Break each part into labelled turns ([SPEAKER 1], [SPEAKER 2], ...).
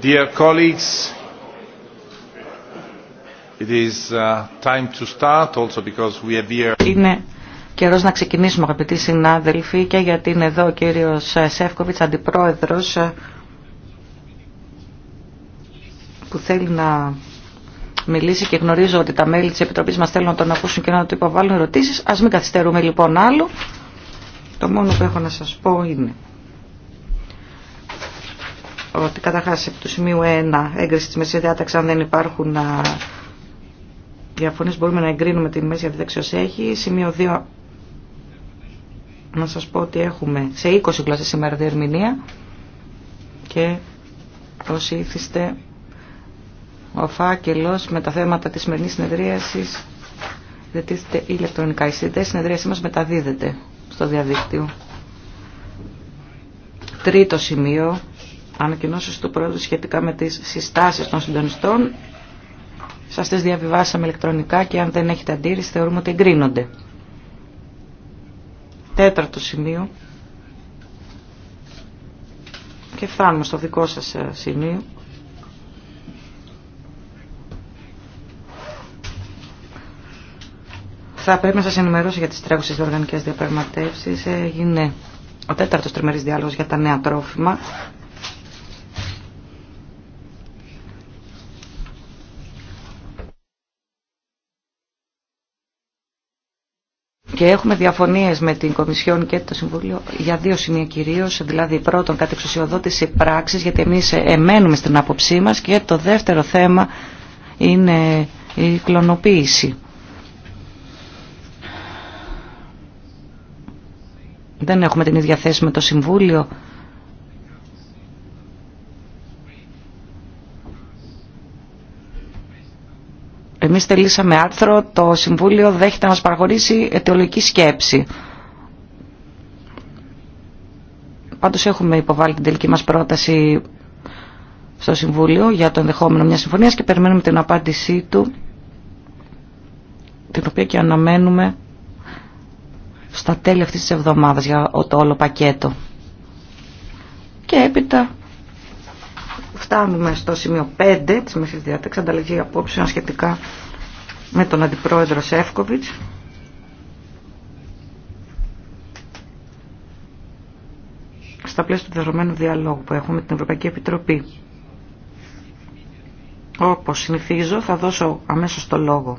[SPEAKER 1] Dear colleagues, it is uh, time to start also because we here... Είναι
[SPEAKER 2] καιρός να ξεκινήσουμε αγαπητοί συνάδελφοι και γιατί είναι εδώ ο κύριος ε, Σεύκοβιτς, αντιπρόεδρος ε, που θέλει να μιλήσει και γνωρίζω ότι τα μέλη της Επιτροπής μας θέλουν να τον ακούσουν και να του υποβάλουν ερωτήσεις. Ας μην καθυστερούμε λοιπόν άλλο. Το μόνο που έχω να σας πω είναι ότι καταρχάς από του σημείου 1 έγκριση της μεσής διάταξης αν δεν υπάρχουν διαφωνίες μπορούμε να εγκρίνουμε τη μέση διάταξη έχει. Σημείο 2 να σας πω ότι έχουμε σε 20 γλώσσες σήμερα διερμηνία και όσοι ήθιστε ο φάκελος με τα θέματα της σημερινής συνεδρίασης διατίθεται ηλεκτρονικά. Η συνεδρίασή μας μεταδίδεται στο διαδίκτυο. Τρίτο σημείο ανακοινώσεις του Πρόεδρου σχετικά με τις συστάσεις των συντονιστών. Σας τις διαβιβάσαμε ηλεκτρονικά και αν δεν έχετε αντίρρηση θεωρούμε ότι εγκρίνονται. Τέταρτο σημείο. Και φτάνουμε στο δικό σας ε, σημείο. Θα πρέπει να σας ενημερώσω για τις τρέχουσες διοργανικές διαπραγματεύσει. Έγινε ο τέταρτος τριμερής διάλογο για τα νέα τρόφιμα Και έχουμε διαφωνίε με την Κομισιόν και το Συμβούλιο για δύο σημεία κυρίω. Δηλαδή, πρώτον, κατ' εξουσιοδότηση πράξη, γιατί εμεί εμένουμε στην άποψή μα. Και το δεύτερο θέμα είναι η κλωνοποίηση. Δεν έχουμε την ίδια θέση με το Συμβούλιο Εμείς τελείσαμε άρθρο, το Συμβούλιο δέχεται να μας παραχωρήσει αιτιολογική σκέψη. Πάντως έχουμε υποβάλει την τελική μας πρόταση στο Συμβούλιο για το ενδεχόμενο μιας συμφωνίας και περιμένουμε την απάντησή του, την οποία και αναμένουμε στα τέλη αυτής της εβδομάδας για το όλο πακέτο. Και έπειτα Φτάνουμε στο σημείο 5 της Μεσής Διάταξης, ανταλλαγή απόψεων σχετικά με τον Αντιπρόεδρο Σεύκοβιτς. Στα πλαίσια του δεδομένου διαλόγου που έχουμε με την Ευρωπαϊκή Επιτροπή. Όπως συνηθίζω θα δώσω αμέσως το λόγο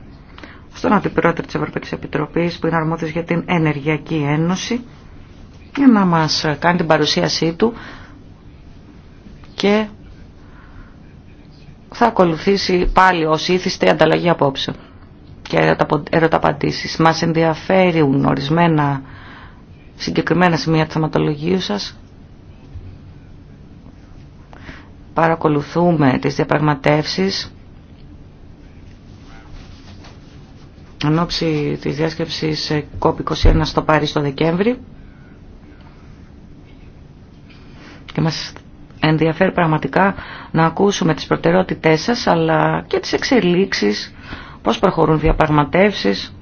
[SPEAKER 2] στον Αντιπρόεδρο της Ευρωπαϊκής Επιτροπής που είναι αρμόδιος για την Ενεργειακή Ένωση για να μας κάνει την παρουσίασή του και θα ακολουθήσει πάλι ως ήθιστε ανταλλαγή απόψε και ερωταπαντήσεις. Μας ενδιαφέρουν ορισμένα συγκεκριμένα σημεία της θεματολογίου σας. Παρακολουθούμε τις διαπραγματεύσεις εν ώψη της διάσκεψης COP21 στο Παρίσι το Δεκέμβρη και μας ενδιαφέρει πραγματικά να ακούσουμε τις προτεραιότητές σας αλλά και τις εξελίξεις, πώς προχωρούν διαπραγματεύσεις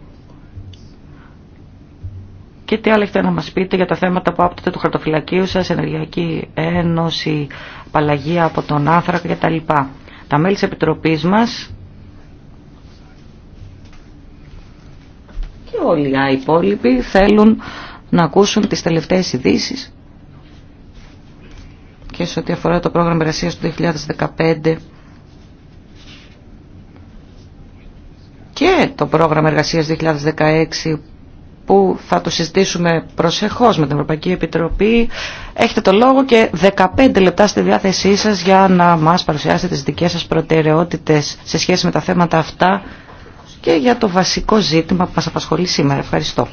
[SPEAKER 2] και τι άλλο έχετε να μας πείτε για τα θέματα που άπτωτε του χαρτοφυλακίου σας, ενεργειακή ένωση, απαλλαγή από τον άνθρακα κτλ. Τα μέλη της Επιτροπής μας και όλοι οι υπόλοιποι θέλουν να ακούσουν τις τελευταίες ειδήσει και σε ό,τι αφορά το πρόγραμμα εργασίας του 2015 και το πρόγραμμα εργασίας 2016 που θα το συζητήσουμε προσεχώς με την Ευρωπαϊκή Επιτροπή. Έχετε το λόγο και 15 λεπτά στη διάθεσή σας για να μας παρουσιάσετε τις δικές σας προτεραιότητες σε σχέση με τα θέματα αυτά
[SPEAKER 3] και για το βασικό ζήτημα που μας απασχολεί σήμερα. Ευχαριστώ.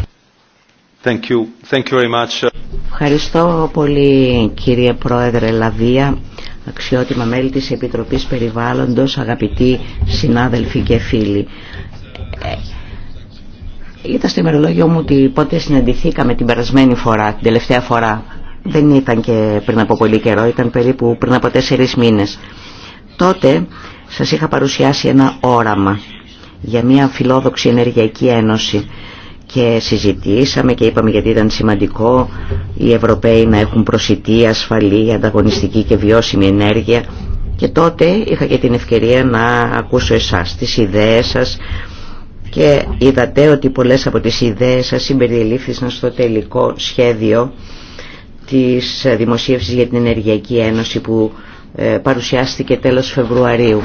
[SPEAKER 3] Ευχαριστώ πολύ κύριε Πρόεδρε Λαβία, αξιότιμα μέλη της Επιτροπής Περιβάλλοντος, αγαπητοί συνάδελφοι και φίλοι. Ε, ήταν στο ημερολόγιο μου ότι πότε συναντηθήκαμε την περασμένη φορά, την τελευταία φορά. Δεν ήταν και πριν από πολύ καιρό, ήταν περίπου πριν από τέσσερις μήνες. Τότε σας είχα παρουσιάσει ένα όραμα για μια φιλόδοξη ενεργειακή ένωση και συζητήσαμε και είπαμε γιατί ήταν σημαντικό οι Ευρωπαίοι να έχουν προσιτή, ασφαλή, ανταγωνιστική και βιώσιμη ενέργεια και τότε είχα και την ευκαιρία να ακούσω εσάς τις ιδέες σας και είδατε ότι πολλές από τις ιδέες σας συμπεριλήφθησαν στο τελικό σχέδιο της δημοσίευσης για την Ενεργειακή Ένωση που ε, παρουσιάστηκε τέλος Φεβρουαρίου.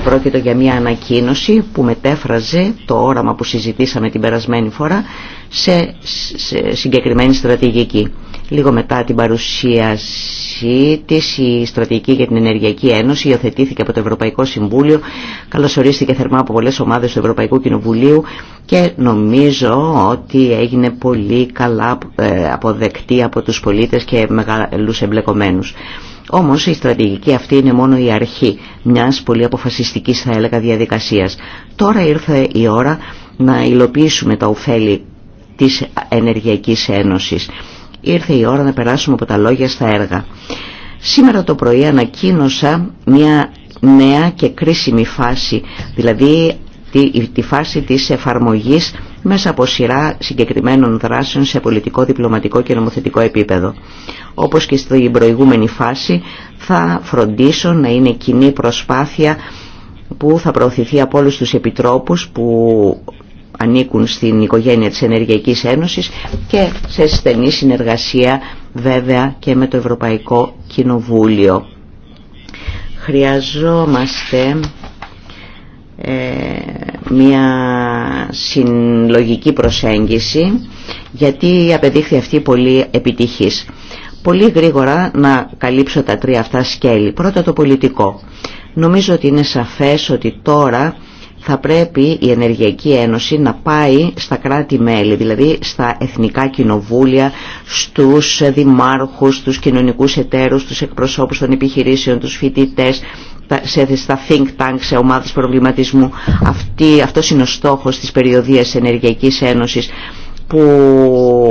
[SPEAKER 3] Πρόκειται για μια ανακοίνωση που μετέφραζε το όραμα που συζητήσαμε την περασμένη φορά σε συγκεκριμένη στρατηγική. Λίγο μετά την παρουσίασή της, η Στρατηγική για την Ενεργειακή Ένωση υιοθετήθηκε από το Ευρωπαϊκό Συμβούλιο, καλωσορίστηκε θερμά από πολλές ομάδες του Ευρωπαϊκού Κοινοβουλίου και νομίζω ότι έγινε πολύ καλά ε, αποδεκτή από τους πολίτες και μεγάλους εμπλεκομένους. Όμως η στρατηγική αυτή είναι μόνο η αρχή μιας πολύ αποφασιστικής θα έλεγα διαδικασίας. Τώρα ήρθε η ώρα να υλοποιήσουμε τα ωφέλη της Ενεργειακής Ένωσης ήρθε η ώρα να περάσουμε από τα λόγια στα έργα. Σήμερα το πρωί ανακοίνωσα μια νέα και κρίσιμη φάση, δηλαδή τη, τη φάση της εφαρμογής μέσα από σειρά συγκεκριμένων δράσεων σε πολιτικό, διπλωματικό και νομοθετικό επίπεδο. Όπως και στην προηγούμενη φάση θα φροντίσω να είναι κοινή προσπάθεια που θα προωθηθεί από όλους τους επιτρόπους που ανήκουν στην οικογένεια της Ενεργειακής Ένωσης και σε στενή συνεργασία βέβαια και με το Ευρωπαϊκό Κοινοβούλιο. Χρειαζόμαστε ε, μια συλλογική προσέγγιση γιατί απεδείχθη αυτή πολύ επιτυχής. Πολύ γρήγορα να καλύψω τα τρία αυτά σκέλη. Πρώτα το πολιτικό. Νομίζω ότι είναι σαφές ότι τώρα θα πρέπει η Ενεργειακή Ένωση να πάει στα κράτη-μέλη, δηλαδή στα εθνικά κοινοβούλια, στους δημάρχους, στους κοινωνικούς εταίρους, στους εκπροσώπους των επιχειρήσεων, τους φοιτητές, στα think tanks, σε ομάδες προβληματισμού. Αυτή, αυτός είναι ο στόχος της περιοδίας Ενεργειακής Ένωσης που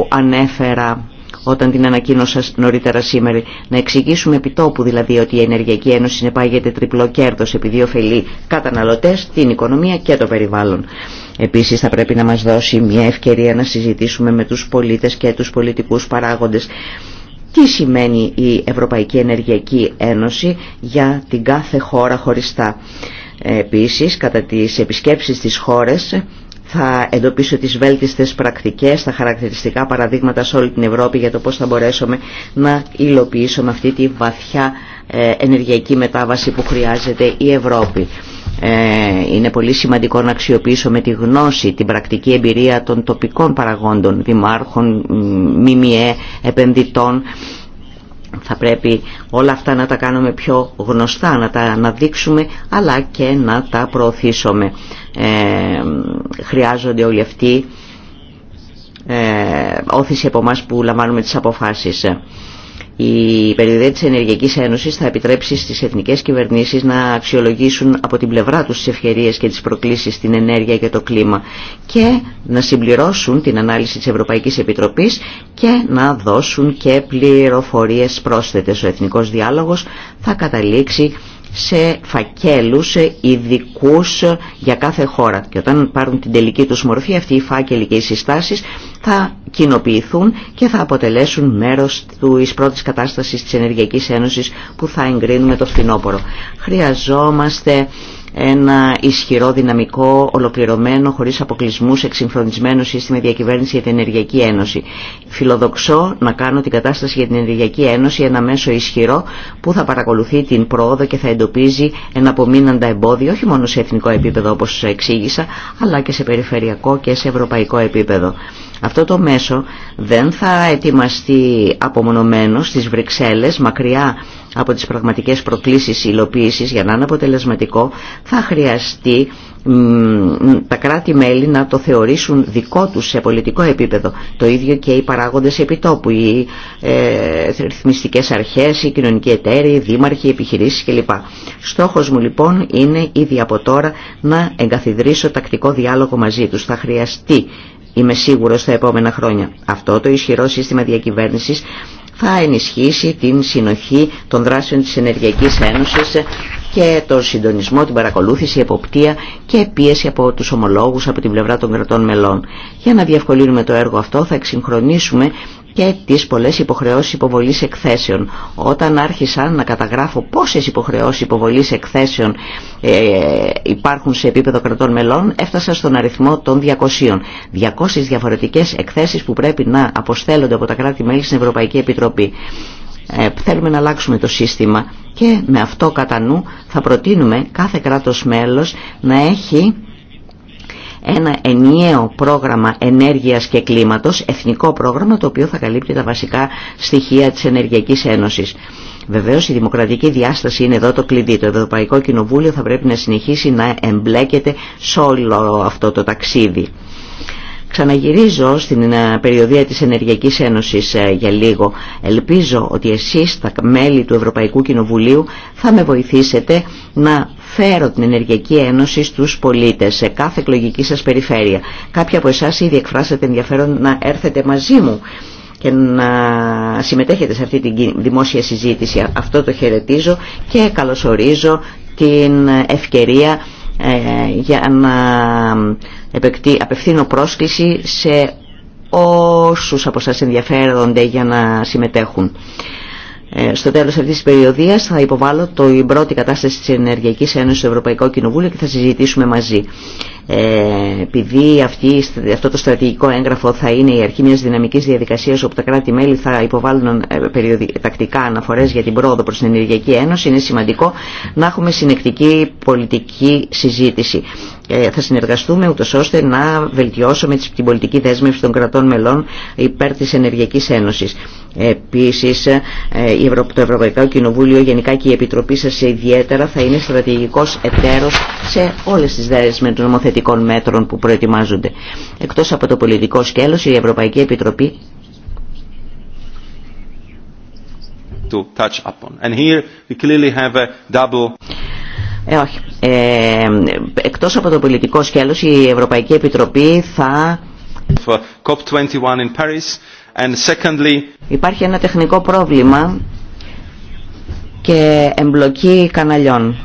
[SPEAKER 3] ανέφερα όταν την ανακοίνωσα νωρίτερα σήμερα. Να εξηγήσουμε επιτόπου δηλαδή ότι η Ενεργειακή Ένωση συνεπάγεται τριπλό κέρδο επειδή ωφελεί καταναλωτέ, την οικονομία και το περιβάλλον. Επίσης θα πρέπει να μας δώσει μια ευκαιρία να συζητήσουμε με τους πολίτες και τους πολιτικούς παράγοντες τι σημαίνει η Ευρωπαϊκή Ενεργειακή Ένωση για την κάθε χώρα χωριστά. Ε, επίσης, κατά τις επισκέψεις στις χώρες θα εντοπίσω τις βέλτιστες πρακτικές, τα χαρακτηριστικά παραδείγματα σε όλη την Ευρώπη για το πώς θα μπορέσουμε να υλοποιήσουμε αυτή τη βαθιά ε, ενεργειακή μετάβαση που χρειάζεται η Ευρώπη. Ε, είναι πολύ σημαντικό να αξιοποιήσουμε τη γνώση, την πρακτική εμπειρία των τοπικών παραγόντων, δημάρχων, ΜΜΕ, επενδυτών. Θα πρέπει όλα αυτά να τα κάνουμε πιο γνωστά, να τα αναδείξουμε αλλά και να τα προωθήσουμε. Ε, χρειάζονται όλοι αυτοί ε, όθηση από εμά που λαμβάνουμε τις αποφάσεις. Η περιοδία της Ενεργειακής Ένωσης θα επιτρέψει στις εθνικές κυβερνήσεις να αξιολογήσουν από την πλευρά τους τις ευκαιρίες και τις προκλήσεις στην ενέργεια και το κλίμα και να συμπληρώσουν την ανάλυση της Ευρωπαϊκής Επιτροπής και να δώσουν και πληροφορίες πρόσθετες. Ο Εθνικός Διάλογος θα καταλήξει σε φακέλους ειδικού για κάθε χώρα. Και όταν πάρουν την τελική τους μορφή αυτοί οι φάκελοι και οι συστάσεις θα κοινοποιηθούν και θα αποτελέσουν μέρος της πρώτης κατάστασης της Ενεργειακής Ένωσης που θα εγκρίνουμε το φθινόπωρο. Χρειαζόμαστε ένα ισχυρό, δυναμικό, ολοκληρωμένο, χωρίς αποκλεισμούς, εξυμφρονισμένο σύστημα διακυβέρνηση για την Ενεργειακή Ένωση. Φιλοδοξώ να κάνω την κατάσταση για την Ενεργειακή Ένωση ένα μέσο ισχυρό που θα παρακολουθεί την πρόοδο και θα εντοπίζει ένα απομείναντα εμπόδιο, όχι μόνο σε εθνικό επίπεδο όπως εξήγησα, αλλά και σε περιφερειακό και σε ευρωπαϊκό επίπεδο. Αυτό το μέσο δεν θα ετοιμαστεί απομονωμένο στις Βρυξέλλες, μακριά από τις πραγματικές προκλήσεις υλοποίησης για να είναι αποτελεσματικό θα χρειαστεί τα κράτη-μέλη να το θεωρήσουν δικό τους σε πολιτικό επίπεδο. Το ίδιο και οι παράγοντες επιτόπου, οι ε, ρυθμιστικές αρχές, οι κοινωνικοί εταίροι, οι δήμαρχοι, οι επιχειρήσεις κλπ. Στόχος μου λοιπόν είναι ήδη από τώρα να εγκαθιδρύσω τακτικό διάλογο μαζί τους. Θα χρειαστεί είμαι σίγουρο στα επόμενα χρόνια. Αυτό το ισχυρό σύστημα διακυβέρνηση θα ενισχύσει την συνοχή των δράσεων της Ενεργειακής Ένωσης και το συντονισμό, την παρακολούθηση, εποπτεία και πίεση από τους ομολόγους από την πλευρά των κρατών μελών. Για να διευκολύνουμε το έργο αυτό θα εξυγχρονίσουμε και τις πολλές υποχρεώσεις υποβολής εκθέσεων. Όταν άρχισα να καταγράφω πόσες υποχρεώσεις υποβολής εκθέσεων ε, υπάρχουν σε επίπεδο κρατών μελών, έφτασα στον αριθμό των 200. 200 διαφορετικές εκθέσεις που πρέπει να αποστέλλονται από τα κράτη-μέλη στην Ευρωπαϊκή Επιτροπή. Ε, θέλουμε να αλλάξουμε το σύστημα και με αυτό κατά νου θα προτείνουμε κάθε κράτος μέλος να έχει ένα ενιαίο πρόγραμμα ενέργειας και κλίματος, εθνικό πρόγραμμα το οποίο θα καλύπτει τα βασικά στοιχεία της Ενεργειακής Ένωσης. Βεβαίως η δημοκρατική διάσταση είναι εδώ το κλειδί. Το Ευρωπαϊκό Κοινοβούλιο θα πρέπει να συνεχίσει να εμπλέκεται σε όλο αυτό το ταξίδι. Ξαναγυρίζω στην ε, περιοδία της Ενεργειακής Ένωσης ε, για λίγο. Ελπίζω ότι εσείς, τα μέλη του Ευρωπαϊκού Κοινοβουλίου, θα με βοηθήσετε να φέρω την Ενεργειακή Ένωση στους πολίτες, σε κάθε εκλογική σας περιφέρεια. Κάποιοι από εσάς ήδη εκφράσατε ενδιαφέρον να έρθετε μαζί μου και να συμμετέχετε σε αυτή τη δημόσια συζήτηση. Αυτό το χαιρετίζω και καλωσορίζω την ευκαιρία ε, για να απευθύνω πρόσκληση σε όσους από σας ενδιαφέρονται για να συμμετέχουν. Ε, στο τέλος αυτής της περιοδίας θα υποβάλω την πρώτη κατάσταση της Ενεργειακής Ένωσης στο Ευρωπαϊκό Κοινοβούλιο και θα συζητήσουμε μαζί. Ε, επειδή αυτή, αυτό το στρατηγικό έγγραφο θα είναι η αρχή μιας δυναμικής διαδικασίας όπου τα κράτη-μέλη θα υποβάλουν ε, τακτικά αναφορές για την πρόοδο προς την Ενεργειακή Ένωση, είναι σημαντικό να έχουμε συνεκτική πολιτική συζήτηση. Ε, θα συνεργαστούμε ούτως ώστε να βελτιώσουμε την πολιτική δέσμευση των κρατών μελών υπέρ της Ενεργειακής Ένωσης. Επίσης, το Ευρωπαϊκό Κοινοβούλιο γενικά και η Επιτροπή σας ιδιαίτερα θα είναι στρατηγικός εταίρος σε όλες τις δέσμες του νομοθετικού πολιτικών μέτρων που προετοιμάζονται. Εκτός από το πολιτικό σκέλος, η Ευρωπαϊκή Επιτροπή
[SPEAKER 1] to touch upon. And here we clearly have a double...
[SPEAKER 3] ε, όχι. Ε, εκτός από το πολιτικό σκέλος, η Ευρωπαϊκή Επιτροπή θα... COP21 in Paris. And secondly... Υπάρχει ένα τεχνικό πρόβλημα και εμπλοκή καναλιών.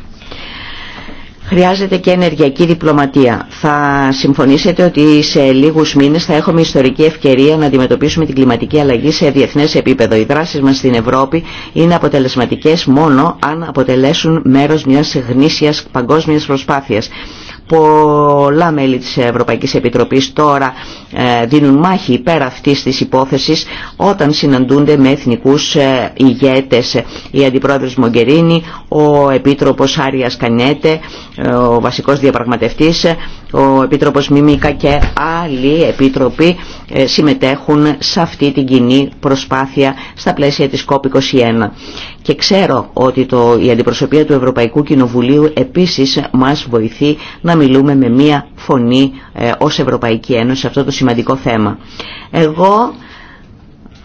[SPEAKER 3] Χρειάζεται και ενεργειακή διπλωματία. Θα συμφωνήσετε ότι σε λίγους μήνες θα έχουμε ιστορική ευκαιρία να αντιμετωπίσουμε την κλιματική αλλαγή σε διεθνές επίπεδο. Οι δράσεις μας στην Ευρώπη είναι αποτελεσματικές μόνο αν αποτελέσουν μέρος μιας γνήσιας παγκόσμιας προσπάθειας. Πολλά μέλη της Ευρωπαϊκής Επιτροπής τώρα ε, δίνουν μάχη υπέρ αυτής της υπόθεσης όταν συναντούνται με εθνικούς ε, ηγέτες. Η Αντιπρόεδρος Μογκερίνη, ο Επίτροπος Άριας Κανέτε, ε, ο βασικός διαπραγματευτής, ο Επίτροπος Μιμίκα και άλλοι επίτροποι συμμετέχουν σε αυτή την κοινή προσπάθεια στα πλαίσια της COP21. Και ξέρω ότι το, η αντιπροσωπεία του Ευρωπαϊκού Κοινοβουλίου επίσης μας βοηθεί να μιλούμε με μία φωνή ε, ως Ευρωπαϊκή Ένωση σε αυτό το σημαντικό θέμα. Εγώ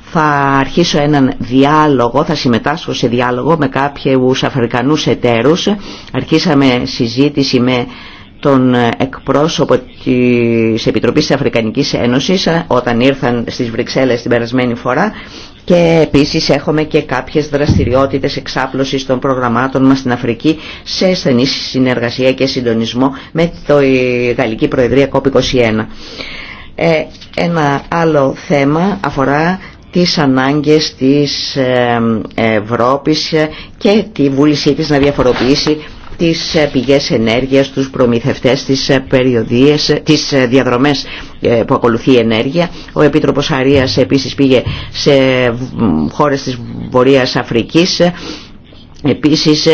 [SPEAKER 3] θα αρχίσω έναν διάλογο, θα συμμετάσχω σε διάλογο με κάποιους Αφρικανούς εταίρους. Αρχίσαμε συζήτηση με τον εκπρόσωπο της Επιτροπής της Αφρικανικής Ένωσης ε, όταν ήρθαν στις Βρυξέλλες την περασμένη φορά και επίσης έχουμε και κάποιες δραστηριότητες εξάπλωσης των προγραμμάτων μας στην Αφρική σε στενή συνεργασία και συντονισμό με το Γαλλική Προεδρία COP21. Ε, ένα άλλο θέμα αφορά τις ανάγκες της ε, ε, Ευρώπης και τη βούλησή της να διαφοροποιήσει τις ε, πηγές ενέργειας, τους προμηθευτές, τις ε, περιοδίες, ε, τις διαδρομές που ακολουθεί η ενέργεια. Ο Επίτροπος Αρίας επίσης πήγε σε χώρες της Βορείας Αφρικής. Επίσης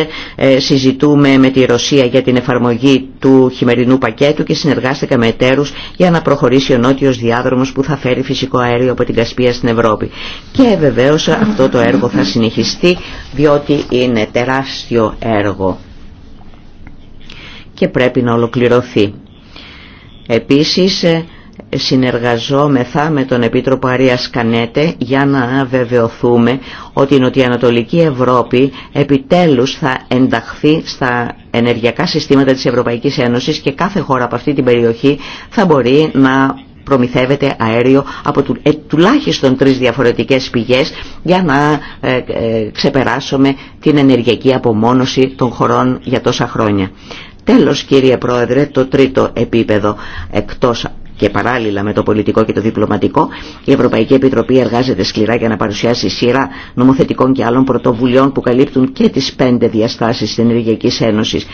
[SPEAKER 3] συζητούμε με τη Ρωσία για την εφαρμογή του χειμερινού πακέτου και συνεργάστηκα με εταίρους για να προχωρήσει ο νότιος διάδρομος που θα φέρει φυσικό αέριο από την Κασπία στην Ευρώπη. Και βεβαίως αυτό το έργο θα συνεχιστεί διότι είναι τεράστιο έργο και πρέπει να ολοκληρωθεί. Επίσης ε, συνεργαζόμεθα με τον Επίτροπο Αρία Κανέτε για να βεβαιωθούμε ότι η Νοτιοανατολική Ευρώπη επιτέλους θα ενταχθεί στα ενεργειακά συστήματα της Ευρωπαϊκής Ένωσης και κάθε χώρα από αυτή την περιοχή θα μπορεί να προμηθεύεται αέριο από ε, τουλάχιστον τρεις διαφορετικές πηγές για να ε, ξεπεράσουμε την ενεργειακή απομόνωση των χωρών για τόσα χρόνια. Τέλος κύριε Πρόεδρε το τρίτο επίπεδο εκτός και παράλληλα με το πολιτικό και το διπλωματικό, η Ευρωπαϊκή Επιτροπή εργάζεται σκληρά για να παρουσιάσει σειρά νομοθετικών και άλλων πρωτοβουλειών που καλύπτουν και τις πέντε διαστάσεις της Ενεργειακής Ένωσης.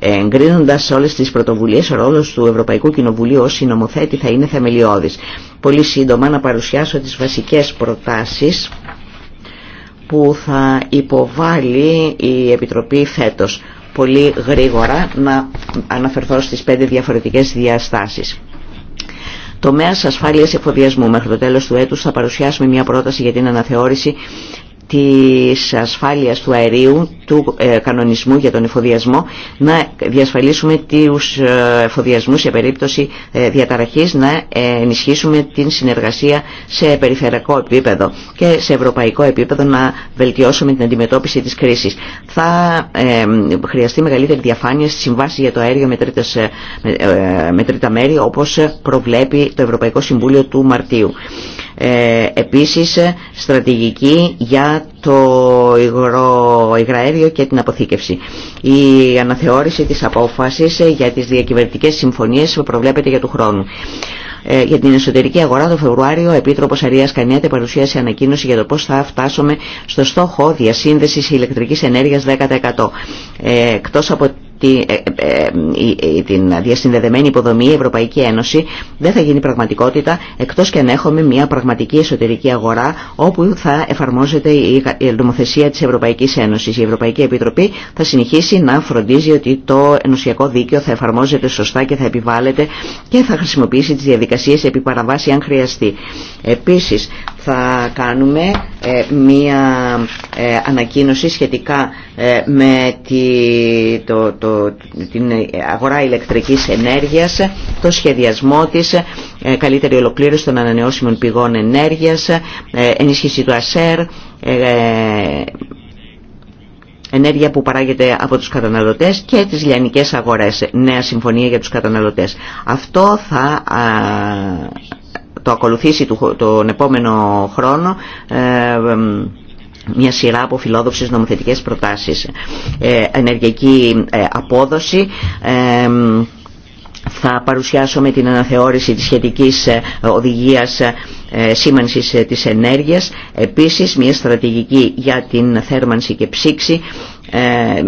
[SPEAKER 3] Εγκρίνοντα όλε τι πρωτοβουλίε, ο ρόλο του Ευρωπαϊκού Κοινοβουλίου ω συνομοθέτη θα είναι θεμελιώδη. Πολύ σύντομα να παρουσιάσω τι βασικέ προτάσει που θα υποβάλει η Επιτροπή φέτος πολύ γρήγορα να αναφερθώ στις πέντε διαφορετικές διαστάσεις. Τομέα ασφάλεια εφοδιασμού. Μέχρι το τέλος του έτους θα παρουσιάσουμε μια πρόταση για την αναθεώρηση της ασφάλειας του αερίου, του ε, κανονισμού για τον εφοδιασμό, να διασφαλίσουμε τους ε, εφοδιασμούς σε περίπτωση ε, διαταραχής, να ενισχύσουμε την συνεργασία σε περιφερειακό επίπεδο και σε ευρωπαϊκό επίπεδο να βελτιώσουμε την αντιμετώπιση της κρίσης. Θα χρειαστεί μεγαλύτερη διαφάνεια στη συμβάση για το αέριο με, με τρίτα μέρη, όπως προβλέπει το Ευρωπαϊκό Συμβούλιο του Μαρτίου. Ε, επίσης στρατηγική για το υγρό υγραέριο και την αποθήκευση. Η αναθεώρηση της απόφασης για τις διακυβερνητικές συμφωνίες προβλέπεται για του χρόνου. Ε, για την εσωτερική αγορά το Φεβρουάριο ο Επίτροπος Αρίας Κανιέτε παρουσίασε ανακοίνωση για το πώς θα φτάσουμε στο στόχο διασύνδεσης ηλεκτρικής ενέργειας 10%. Ε, εκτός από ε, ε, την διασυνδεδεμένη υποδομή η Ευρωπαϊκή Ένωση δεν θα γίνει πραγματικότητα εκτός και αν έχουμε μια πραγματική εσωτερική αγορά όπου θα εφαρμόζεται η νομοθεσία της Ευρωπαϊκής Ένωσης. Η Ευρωπαϊκή Επιτροπή θα συνεχίσει να φροντίζει ότι το ενωσιακό δίκαιο θα εφαρμόζεται σωστά και θα επιβάλλεται και θα χρησιμοποιήσει τις διαδικασίες επί παραβάση αν χρειαστεί. Επίσης θα κάνουμε ε, μία ε, ανακοίνωση σχετικά ε, με τη, το, το, την αγορά ηλεκτρικής ενέργειας, το σχεδιασμό της, καλύτερη ολοκλήρωση των ανανεώσιμων πηγών ενέργειας, ενίσχυση του ΑΣΕΡ, ενέργεια που παράγεται από τους καταναλωτές και τις λιανικές αγορές, νέα συμφωνία για τους καταναλωτές. Αυτό θα το ακολουθήσει τον επόμενο χρόνο ε, μια σειρά από φιλόδοξες νομοθετικές προτάσεις. Ε, ενεργειακή ε, απόδοση θα παρουσιάσω με την αναθεώρηση της σχετικής οδηγίας σήμανσης της ενέργειας. Επίσης, μια στρατηγική για την θέρμανση και ψήξη ε,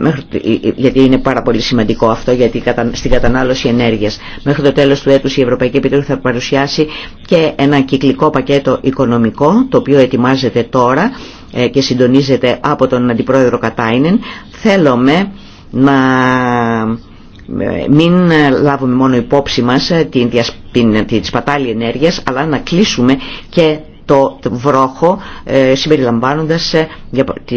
[SPEAKER 3] γιατί είναι πάρα πολύ σημαντικό αυτό γιατί στην κατανάλωση ενέργειας. Μέχρι το τέλος του έτους η Ευρωπαϊκή Επιτροπή θα παρουσιάσει και ένα κυκλικό πακέτο οικονομικό το οποίο ετοιμάζεται τώρα ε, και συντονίζεται από τον Αντιπρόεδρο Κατάινεν. Θέλουμε να ε, μην λάβουμε μόνο υπόψη μας την, την, τη σπατάλη ενέργειας αλλά να κλείσουμε και το βρόχο ε, συμπεριλαμβάνοντας ε,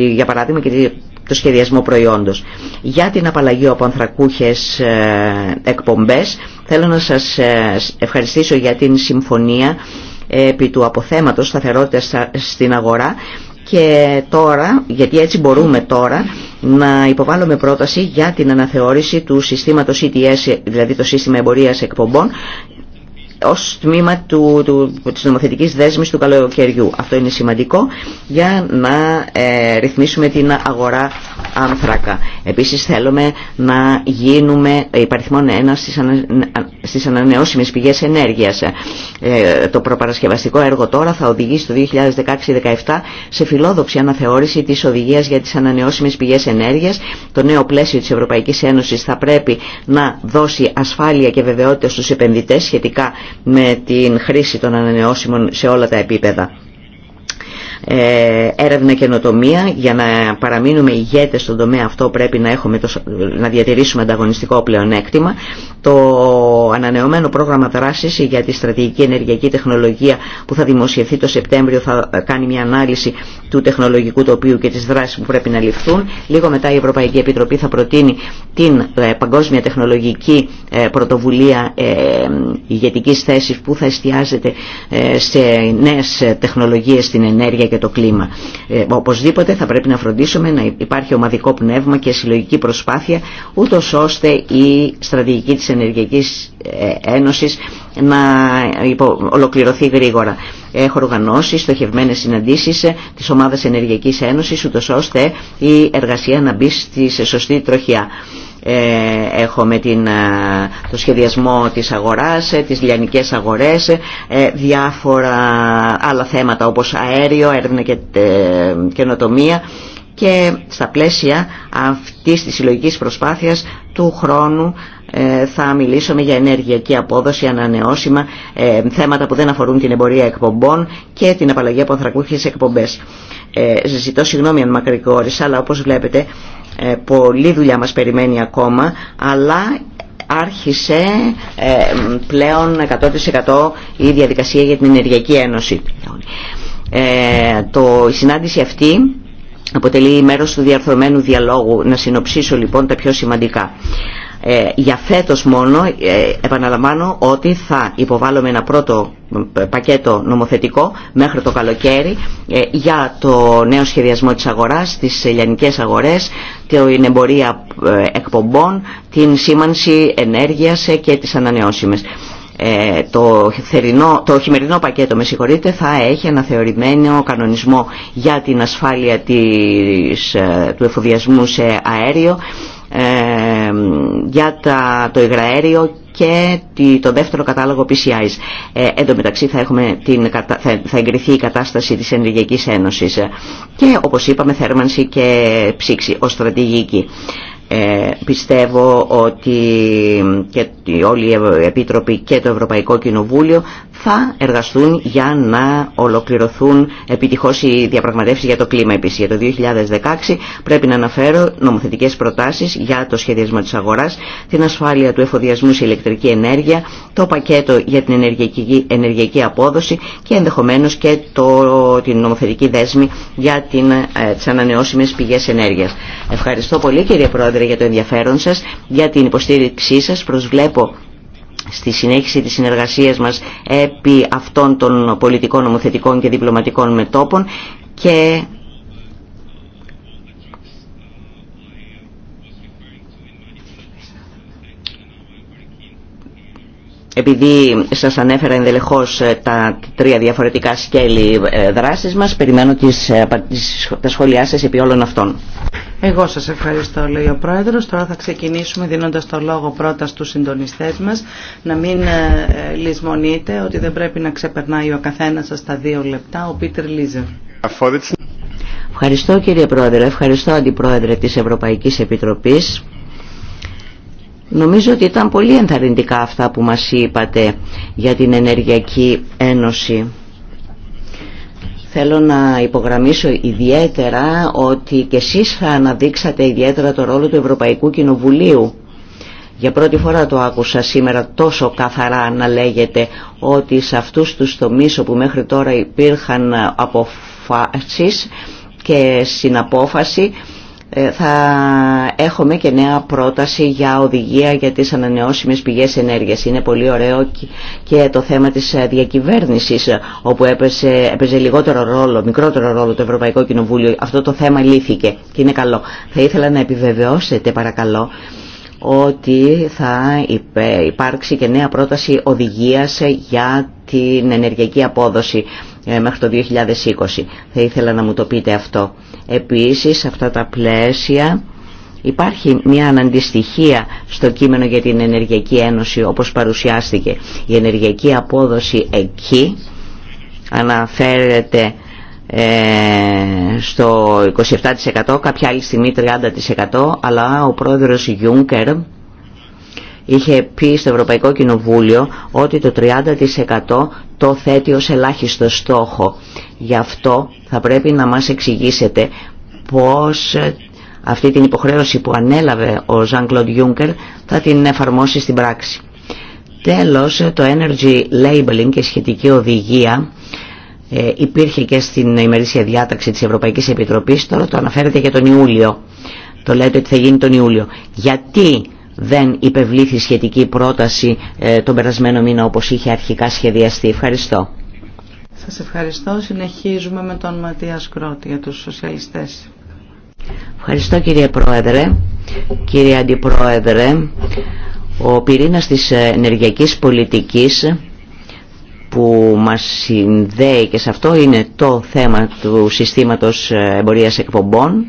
[SPEAKER 3] για παράδειγμα και το σχεδιασμό προϊόντος. Για την απαλλαγή από ανθρακούχες ε, εκπομπές θέλω να σας ευχαριστήσω για την συμφωνία επί του αποθέματος σταθερότητας στην αγορά και τώρα, γιατί έτσι μπορούμε τώρα, να υποβάλλουμε πρόταση για την αναθεώρηση του συστήματος ETS, δηλαδή το σύστημα εμπορίας εκπομπών, ως τμήμα του, του, της νομοθετικής δέσμης του καλοκαιριού. Αυτό είναι σημαντικό για να ε, ρυθμίσουμε την αγορά άνθρακα. Επίσης θέλουμε να γίνουμε υπαριθμόν ένα στις, ανα, στις ανανεώσιμες πηγές ενέργειας. Ε, το προπαρασκευαστικό έργο τώρα θα οδηγήσει το 2016-2017 σε φιλόδοξη αναθεώρηση της οδηγίας για τις ανανεώσιμες πηγές ενέργειας. Το νέο πλαίσιο της Ευρωπαϊκής Ένωσης θα πρέπει να δώσει ασφάλεια και βεβαιότητα στους επενδυτές σχετικά με την χρήση των ανανεώσιμων σε όλα τα επίπεδα. Ε, έρευνα καινοτομία. Για να παραμείνουμε ηγέτες στον τομέα αυτό πρέπει να, έχουμε να διατηρήσουμε ανταγωνιστικό πλεονέκτημα. Το ανανεωμένο πρόγραμμα δράσης για τη στρατηγική ενεργειακή τεχνολογία που θα δημοσιευθεί το Σεπτέμβριο θα κάνει μια ανάλυση του τεχνολογικού τοπίου και τις δράσεις που πρέπει να ληφθούν. Λίγο μετά η Ευρωπαϊκή Επιτροπή θα προτείνει την ε, παγκόσμια τεχνολογική ε, πρωτοβουλία ηγετικής θέσης που θα εστιάζεται σε νέες τεχνολογίες στην ενέργεια και το κλίμα. Ε, οπωσδήποτε θα πρέπει να φροντίσουμε να υπάρχει ομαδικό πνεύμα και συλλογική προσπάθεια ούτω ώστε η στρατηγική της Ενεργειακής ε, Ένωσης να ολοκληρωθεί γρήγορα. Έχω οργανώσει στοχευμένες συναντήσεις ε, της Ομάδας Ενεργειακής Ένωσης ούτως ώστε η εργασία να μπει στη σωστή τροχιά. Ε, έχουμε την, ε, το σχεδιασμό της αγοράς, ε, τις λιανικές αγορές, διάφορα άλλα θέματα όπως αέριο, έρευνα και καινοτομία και στα πλαίσια αυτής της συλλογικής προσπάθειας του χρόνου θα μιλήσουμε για ενεργειακή απόδοση, ανανεώσιμα, θέματα που δεν αφορούν την εμπορία εκπομπών και την απαλλαγή από ανθρακούχες εκπομπές. Ε, ζητώ συγγνώμη αν μακρηγόρησα, αλλά όπως βλέπετε ε, πολλή δουλειά μας περιμένει ακόμα, αλλά άρχισε ε, πλέον 100% η διαδικασία για την Ενεργειακή Ένωση. Ε, το, η συνάντηση αυτή αποτελεί μέρος του διαρθρωμένου διαλόγου. Να συνοψίσω λοιπόν τα πιο σημαντικά. Ε, για φέτος μόνο ε, επαναλαμβάνω ότι θα υποβάλλουμε ένα πρώτο πακέτο νομοθετικό μέχρι το καλοκαίρι ε, για το νέο σχεδιασμό της αγοράς, τις ελληνικές αγορές, την εμπορία εκπομπών, την σήμανση ενέργειας και τις ανανεώσιμες. Ε, το, θερινό, το χειμερινό πακέτο με συγχωρείτε, θα έχει αναθεωρημένο κανονισμό για την ασφάλεια του εφοδιασμού σε αέριο ε, για το υγραέριο και το δεύτερο κατάλογο PCI. Ε, εν τω μεταξύ θα, έχουμε την, θα, εγκριθεί η κατάσταση της Ενεργειακής Ένωσης και όπως είπαμε θέρμανση και ψήξη ως στρατηγική. Ε, πιστεύω ότι και όλοι οι Επίτροποι και το Ευρωπαϊκό Κοινοβούλιο θα εργαστούν για να ολοκληρωθούν επιτυχώς οι διαπραγματεύσεις για το κλίμα επίσης. Για το 2016 πρέπει να αναφέρω νομοθετικές προτάσεις για το σχεδιασμό της αγοράς, την ασφάλεια του εφοδιασμού σε ηλεκτρική ενέργεια, το πακέτο για την ενεργειακή, ενεργειακή απόδοση και ενδεχομένως και το, την νομοθετική δέσμη για την, ε, τις ανανεώσιμες πηγές ενέργειας. Ευχαριστώ πολύ κύριε Πρόεδρε για το ενδιαφέρον σας, για την υποστήριξή σας. Προσβλέπω στη συνέχιση της συνεργασίας μας επί αυτών των πολιτικών, νομοθετικών και διπλωματικών μετόπων και επειδή σας ανέφερα ενδελεχώς ε, τα τρία διαφορετικά σκέλη ε, δράσης μας, περιμένω τις, ε, τα σχόλιά σας επί όλων αυτών.
[SPEAKER 1] Εγώ σας ευχαριστώ, λέει ο Πρόεδρος. Τώρα θα ξεκινήσουμε δίνοντας το λόγο πρώτα στους συντονιστές μας. Να μην ε, λησμονείτε ότι δεν πρέπει να ξεπερνάει ο καθένας σας τα δύο λεπτά. Ο Πίτερ Λίζερ.
[SPEAKER 3] Ευχαριστώ κύριε Πρόεδρε, ευχαριστώ Αντιπρόεδρε της Ευρωπαϊκής Επιτροπής. Νομίζω ότι ήταν πολύ ενθαρρυντικά αυτά που μας είπατε για την Ενεργειακή Ένωση. Θέλω να υπογραμμίσω ιδιαίτερα ότι και εσείς θα αναδείξατε ιδιαίτερα το ρόλο του Ευρωπαϊκού Κοινοβουλίου. Για πρώτη φορά το άκουσα σήμερα τόσο καθαρά να λέγεται ότι σε αυτούς τους τομείς όπου μέχρι τώρα υπήρχαν αποφάσεις και συναπόφαση ε, θα έχουμε και νέα πρόταση για οδηγία για τις ανανεώσιμες πηγές ενέργειας. Είναι πολύ ωραίο και το θέμα της ε, διακυβέρνησης ε, όπου έπαιζε, έπαιζε λιγότερο ρόλο, μικρότερο ρόλο το Ευρωπαϊκό Κοινοβούλιο. Αυτό το θέμα λύθηκε και είναι καλό. Θα ήθελα να επιβεβαιώσετε παρακαλώ ότι θα υπάρξει και νέα πρόταση οδηγίας για την ενεργειακή απόδοση ε, μέχρι το 2020. Θα ήθελα να μου το πείτε αυτό. Επίσης, σε αυτά τα πλαίσια υπάρχει μια αναντιστοιχία στο κείμενο για την Ενεργειακή Ένωση όπως παρουσιάστηκε. Η ενεργειακή απόδοση εκεί αναφέρεται ε, στο 27% κάποια άλλη στιγμή 30% αλλά ο πρόεδρος Γιούνκερ είχε πει στο Ευρωπαϊκό Κοινοβούλιο ότι το 30% το θέτει ως ελάχιστο στόχο. Γι' αυτό θα πρέπει να μας εξηγήσετε πώς ε, αυτή την υποχρέωση που ανέλαβε ο Ζαν Κλοντ Juncker θα την εφαρμόσει στην πράξη. Τέλος, το Energy Labeling και σχετική οδηγία ε, υπήρχε και στην ημερήσια διάταξη της Ευρωπαϊκής Επιτροπής, τώρα το αναφέρεται για τον Ιούλιο. Το λέτε ότι θα γίνει τον Ιούλιο. Γιατί δεν υπευλήθη σχετική πρόταση ε, τον περασμένο μήνα όπως είχε αρχικά σχεδιαστεί. Ευχαριστώ.
[SPEAKER 1] Σας ευχαριστώ. Συνεχίζουμε με τον Ματία Σκρότη για τους σοσιαλιστές.
[SPEAKER 3] Ευχαριστώ κύριε Πρόεδρε, κύριε Αντιπρόεδρε. Ο πυρήνας της ε, ενεργειακής πολιτικής που μας συνδέει και σε αυτό είναι το θέμα του συστήματος ε, εμπορίας εκπομπών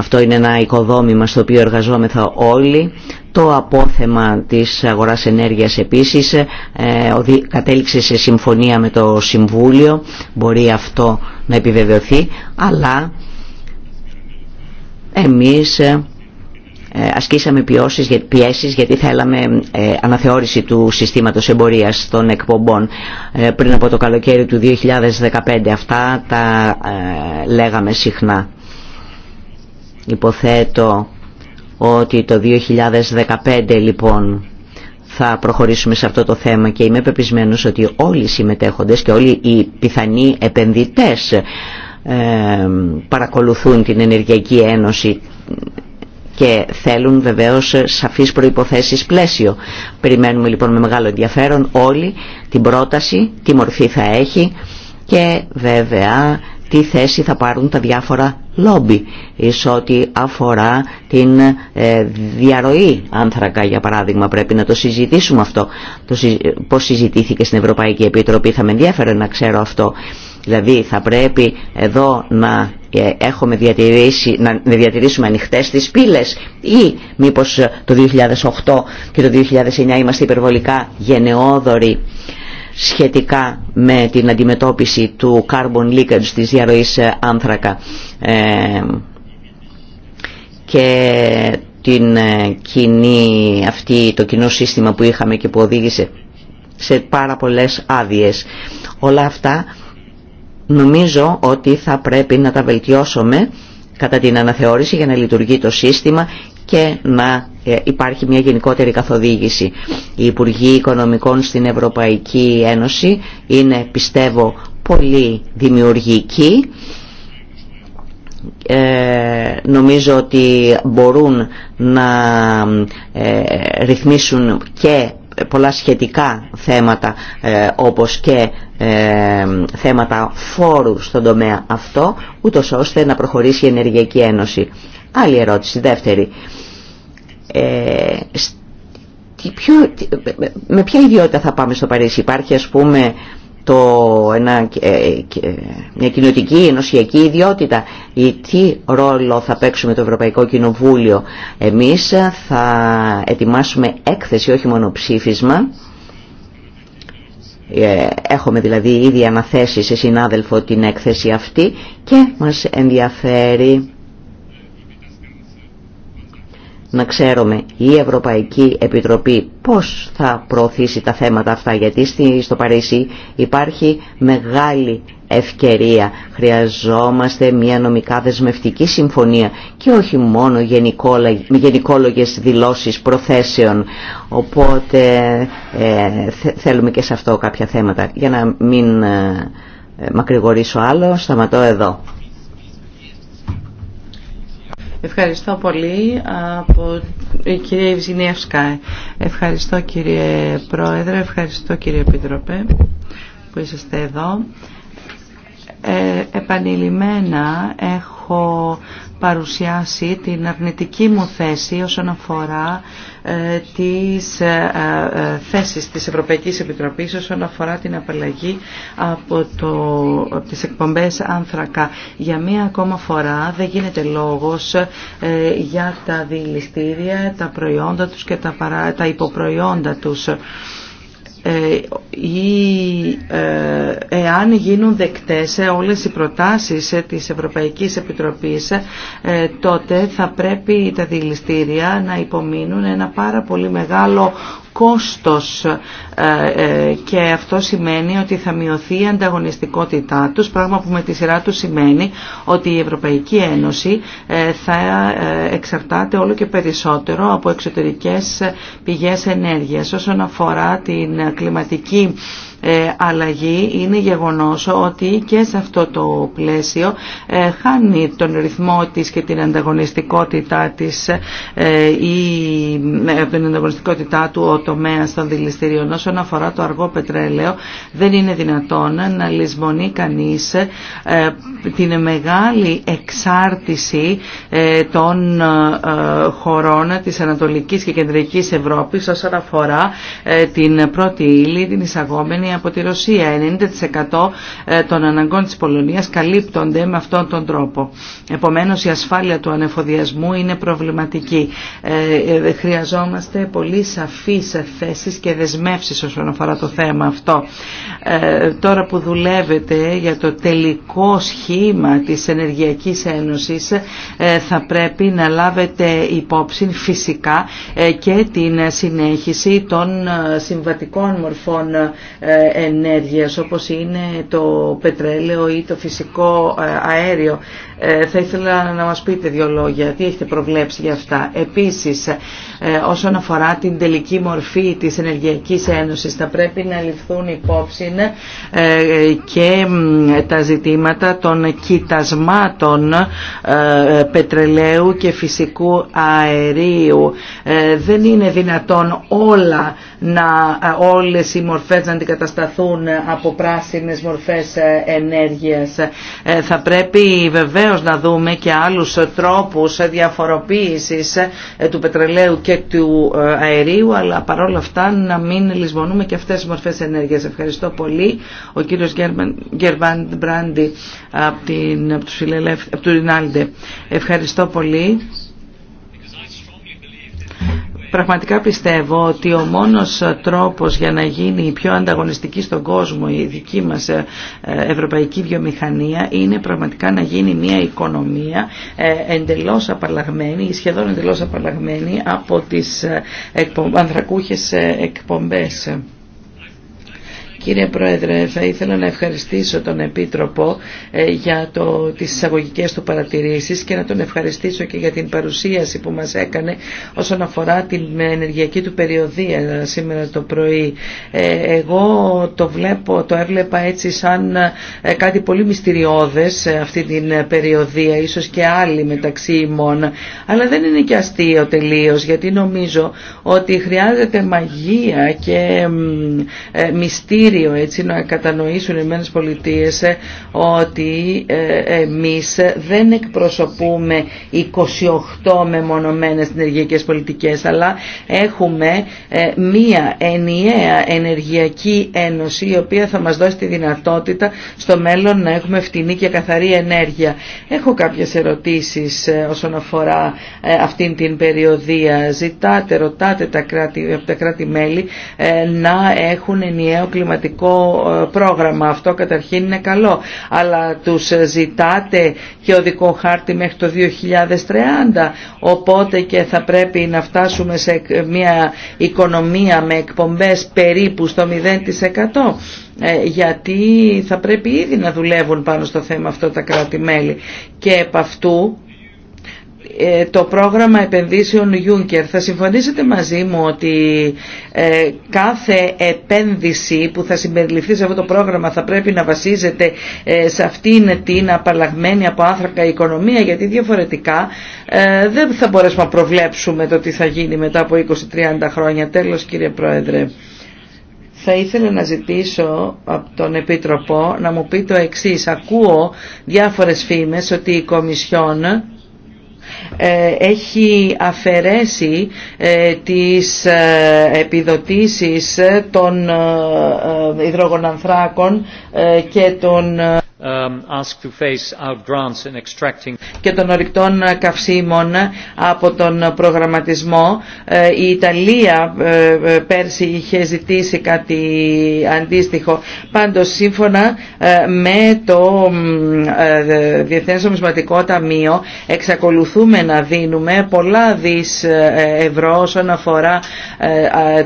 [SPEAKER 3] αυτό είναι ένα οικοδόμημα στο οποίο εργαζόμεθα όλοι. Το απόθεμα της αγοράς ενέργειας επίσης ε, κατέληξε σε συμφωνία με το Συμβούλιο. Μπορεί αυτό να επιβεβαιωθεί, αλλά εμείς ε, ε, ασκήσαμε πιέσεις γιατί θέλαμε αναθεώρηση του συστήματος εμπορίας των εκπομπών πριν από το καλοκαίρι του 2015. Αυτά τα λέγαμε συχνά. Υποθέτω ότι το 2015 λοιπόν θα προχωρήσουμε σε αυτό το θέμα και είμαι πεπισμένος ότι όλοι οι συμμετέχοντες και όλοι οι πιθανοί επενδυτές ε, παρακολουθούν την Ενεργειακή Ένωση και θέλουν βεβαίως σαφείς προϋποθέσεις πλαίσιο. Περιμένουμε λοιπόν με μεγάλο ενδιαφέρον όλοι την πρόταση, τι μορφή θα έχει και βέβαια τι θέση θα πάρουν τα διάφορα λόμπι εις ό,τι αφορά την ε, διαρροή άνθρακα για παράδειγμα πρέπει να το συζητήσουμε αυτό το, πώς συζητήθηκε στην Ευρωπαϊκή Επιτροπή θα με ενδιαφέρε να ξέρω αυτό δηλαδή θα πρέπει εδώ να ε, έχουμε διατηρήσει, να διατηρήσουμε ανοιχτές τις πύλες ή μήπως το 2008 και το 2009 είμαστε υπερβολικά γενναιόδοροι σχετικά με την αντιμετώπιση του carbon leakage της διαρροής ε, άνθρακα ε, και την ε, κοινή αυτή, το κοινό σύστημα που είχαμε και που οδήγησε σε πάρα πολλές άδειες. Όλα αυτά νομίζω ότι θα πρέπει να τα βελτιώσουμε κατά την αναθεώρηση για να λειτουργεί το σύστημα και να ε, υπάρχει μια γενικότερη καθοδήγηση. Οι Υπουργοί Οικονομικών στην Ευρωπαϊκή Ένωση είναι πιστεύω πολύ δημιουργικοί. Ε, νομίζω ότι μπορούν να ε, ρυθμίσουν και πολλά σχετικά θέματα ε, όπως και ε, θέματα φόρου στον τομέα αυτό, ούτως ώστε να προχωρήσει η Ενεργειακή Ένωση. Άλλη ερώτηση, δεύτερη. Ε, με ποια ιδιότητα θα πάμε στο Παρίσι. Υπάρχει ας πούμε το, ένα, ε, ε, μια κοινωτική ενωσιακή ιδιότητα ή τι ρόλο θα παίξουμε το Ευρωπαϊκό Κοινοβούλιο. Εμείς θα ετοιμάσουμε έκθεση, όχι μόνο ψήφισμα. Ε, έχουμε δηλαδή ήδη αναθέσει σε συνάδελφο την έκθεση αυτή και μας ενδιαφέρει να ξέρουμε η Ευρωπαϊκή Επιτροπή πώς θα προωθήσει τα θέματα αυτά γιατί στο Παρίσι υπάρχει μεγάλη ευκαιρία. Χρειαζόμαστε μια νομικά δεσμευτική συμφωνία και όχι μόνο γενικόλογες δηλώσεις προθέσεων. Οπότε ε, θέλουμε και σε αυτό κάποια θέματα. Για να μην ε, μακρηγορήσω άλλο, σταματώ εδώ.
[SPEAKER 1] Ευχαριστώ πολύ από η κυρία Ιβζινεύσκα. Ευχαριστώ κύριε Πρόεδρε, ευχαριστώ κύριε Επιτροπέ που είσαστε εδώ. Ε, επανειλημμένα έχω παρουσιάσει την αρνητική μου θέση όσον αφορά ε, τις ε, ε, θέσεις της Ευρωπαϊκής Επιτροπής όσον αφορά την απαλλαγή από, το, τις εκπομπές άνθρακα. Για μία ακόμα φορά δεν γίνεται λόγος για τα δηληστήρια, τα προϊόντα τους και τα, παρά, τα υποπροϊόντα τους. Ε, ή ε, εάν γίνουν δεκτές όλες οι προτάσεις ε, της Ευρωπαϊκής Επιτροπής τότε θα πρέπει τα δηληστήρια να υπομείνουν ένα πάρα πολύ μεγάλο κόστος ε, ε, και αυτό σημαίνει ότι θα μειωθεί η ανταγωνιστικότητά τους, πράγμα που με τη σειρά του σημαίνει ότι η Ευρωπαϊκή Ένωση ε, θα εξαρτάται όλο και περισσότερο από εξωτερικές πηγές ενέργειας. Όσον αφορά την κλιματική ε, αλλαγή είναι γεγονός ότι και σε αυτό το πλαίσιο ε, χάνει τον ρυθμό της και την ανταγωνιστικότητά της ή ε, την ανταγωνιστικότητά του ο τομέας των δηληστηρίων. Όσον αφορά το αργό πετρέλαιο δεν είναι δυνατόν να λησμονεί κανείς την μεγάλη εξάρτηση των χωρών της Ανατολικής και Κεντρικής Ευρώπης όσον αφορά την πρώτη ύλη, την εισαγόμενη από τη Ρωσία. 90% ε, των αναγκών της Πολωνίας καλύπτονται με αυτόν τον τρόπο. Επομένως η ασφάλεια του ανεφοδιασμού είναι προβληματική. Ε, ε, χρειαζόμαστε πολύ σαφείς θέσεις και δεσμεύσεις όσον αφορά το θέμα αυτό. Τώρα που δουλεύετε για το τελικό σχήμα της Ενεργειακής Ένωσης θα πρέπει να λάβετε υπόψη φυσικά και την συνέχιση των συμβατικών μορφών ενέργειας όπως είναι το πετρέλαιο ή το φυσικό ε, αέριο. Ε, θα ήθελα να μας πείτε δύο λόγια, τι έχετε προβλέψει για αυτά. Επίσης, ε, όσον αφορά την τελική μορφή της Ενεργειακής Ένωσης, θα πρέπει να ληφθούν υπόψη ε, και τα ζητήματα των κοιτασμάτων πετρελαίου και φυσικού αερίου. Δεν είναι δυνατόν όλα να, όλες οι μορφές να αντικατασταθούν από πράσινες μορφές ενέργειας. Θα πρέπει βεβαίως βεβαίως να δούμε και άλλους τρόπους διαφοροποίησης ε, του πετρελαίου και του ε, αερίου, αλλά παρόλα αυτά να μην λησμονούμε και αυτές τις μορφές ενέργειας. Ευχαριστώ πολύ. Ο κύριος Γερβάν Μπράντι από την, από, από την Ευχαριστώ πολύ. Πραγματικά πιστεύω ότι ο μόνος τρόπος για να γίνει πιο ανταγωνιστική στον κόσμο η δική μας ε, ευρωπαϊκή βιομηχανία είναι πραγματικά να γίνει μια οικονομία ε, εντελώς απαλλαγμένη ή σχεδόν εντελώς απαλλαγμένη από τις ε, ανθρακούχες εκπομπές. Κύριε Πρόεδρε, θα ήθελα να ευχαριστήσω τον Επίτροπο ε, για το, τις εισαγωγικέ του παρατηρήσεις και να τον ευχαριστήσω και για την παρουσίαση που μας έκανε όσον αφορά την ενεργειακή του περιοδία ε, σήμερα το πρωί. Ε, εγώ το, βλέπω, το έβλεπα έτσι σαν κάτι πολύ μυστηριώδες αυτή την περιοδία, ίσως και άλλη μεταξύ ημών, αλλά δεν είναι και αστείο τελείω, γιατί νομίζω ότι χρειάζεται μαγεία και μυστήρια κύριο έτσι να κατανοήσουν οι μένες Πολιτείες ε, ότι ε, εμείς δεν εκπροσωπούμε 28 μεμονωμένες ενεργειακές πολιτικές αλλά έχουμε ε, μία ενιαία ενεργειακή ένωση η οποία θα μας δώσει τη δυνατότητα στο μέλλον να έχουμε φτηνή και καθαρή ενέργεια. Έχω κάποιες ερωτήσεις όσον αφορά αυτήν την περιοδία. Ζητάτε, ρωτάτε τα τα κράτη-μέλη να έχουν ενιαίο κλιματικό ε, πρόγραμμα. Αυτό καταρχήν είναι καλό. Αλλά τους ζητάτε και οδικό χάρτη μέχρι το 2030. Οπότε και θα πρέπει να φτάσουμε σε μια οικονομία με εκπομπές περίπου στο 0% ε, γιατί θα πρέπει ήδη να δουλεύουν πάνω στο θέμα αυτό τα κράτη-μέλη. Και επ' αυτού ε, το πρόγραμμα επενδύσεων Juncker. Θα συμφωνήσετε μαζί μου ότι ε, κάθε επένδυση που θα συμπεριληφθεί σε αυτό το πρόγραμμα θα πρέπει να βασίζεται ε, σε αυτήν την απαλλαγμένη από άνθρακα οικονομία γιατί διαφορετικά δεν θα μπορέσουμε να προβλέψουμε το τι θα γίνει μετά από 20-30 χρόνια. Τέλος κύριε Πρόεδρε. Θα ήθελα να ζητήσω από τον Επίτροπο να μου πει το εξής. Ακούω διάφορες φήμες ότι η Κομισιόν ε, έχει αφαιρέσει ε, τις ε, επιδοτήσεις των υδρογονανθράκων και των Um, και των ορυκτών καυσίμων από τον προγραμματισμό. Ε, η Ιταλία ε, ε, πέρσι είχε ζητήσει κάτι αντίστοιχο. Πάντως σύμφωνα με το Διεθνές Ομισματικό Ταμείο εξακολουθούμε να δίνουμε πολλά δις ευρώ όσον αφορά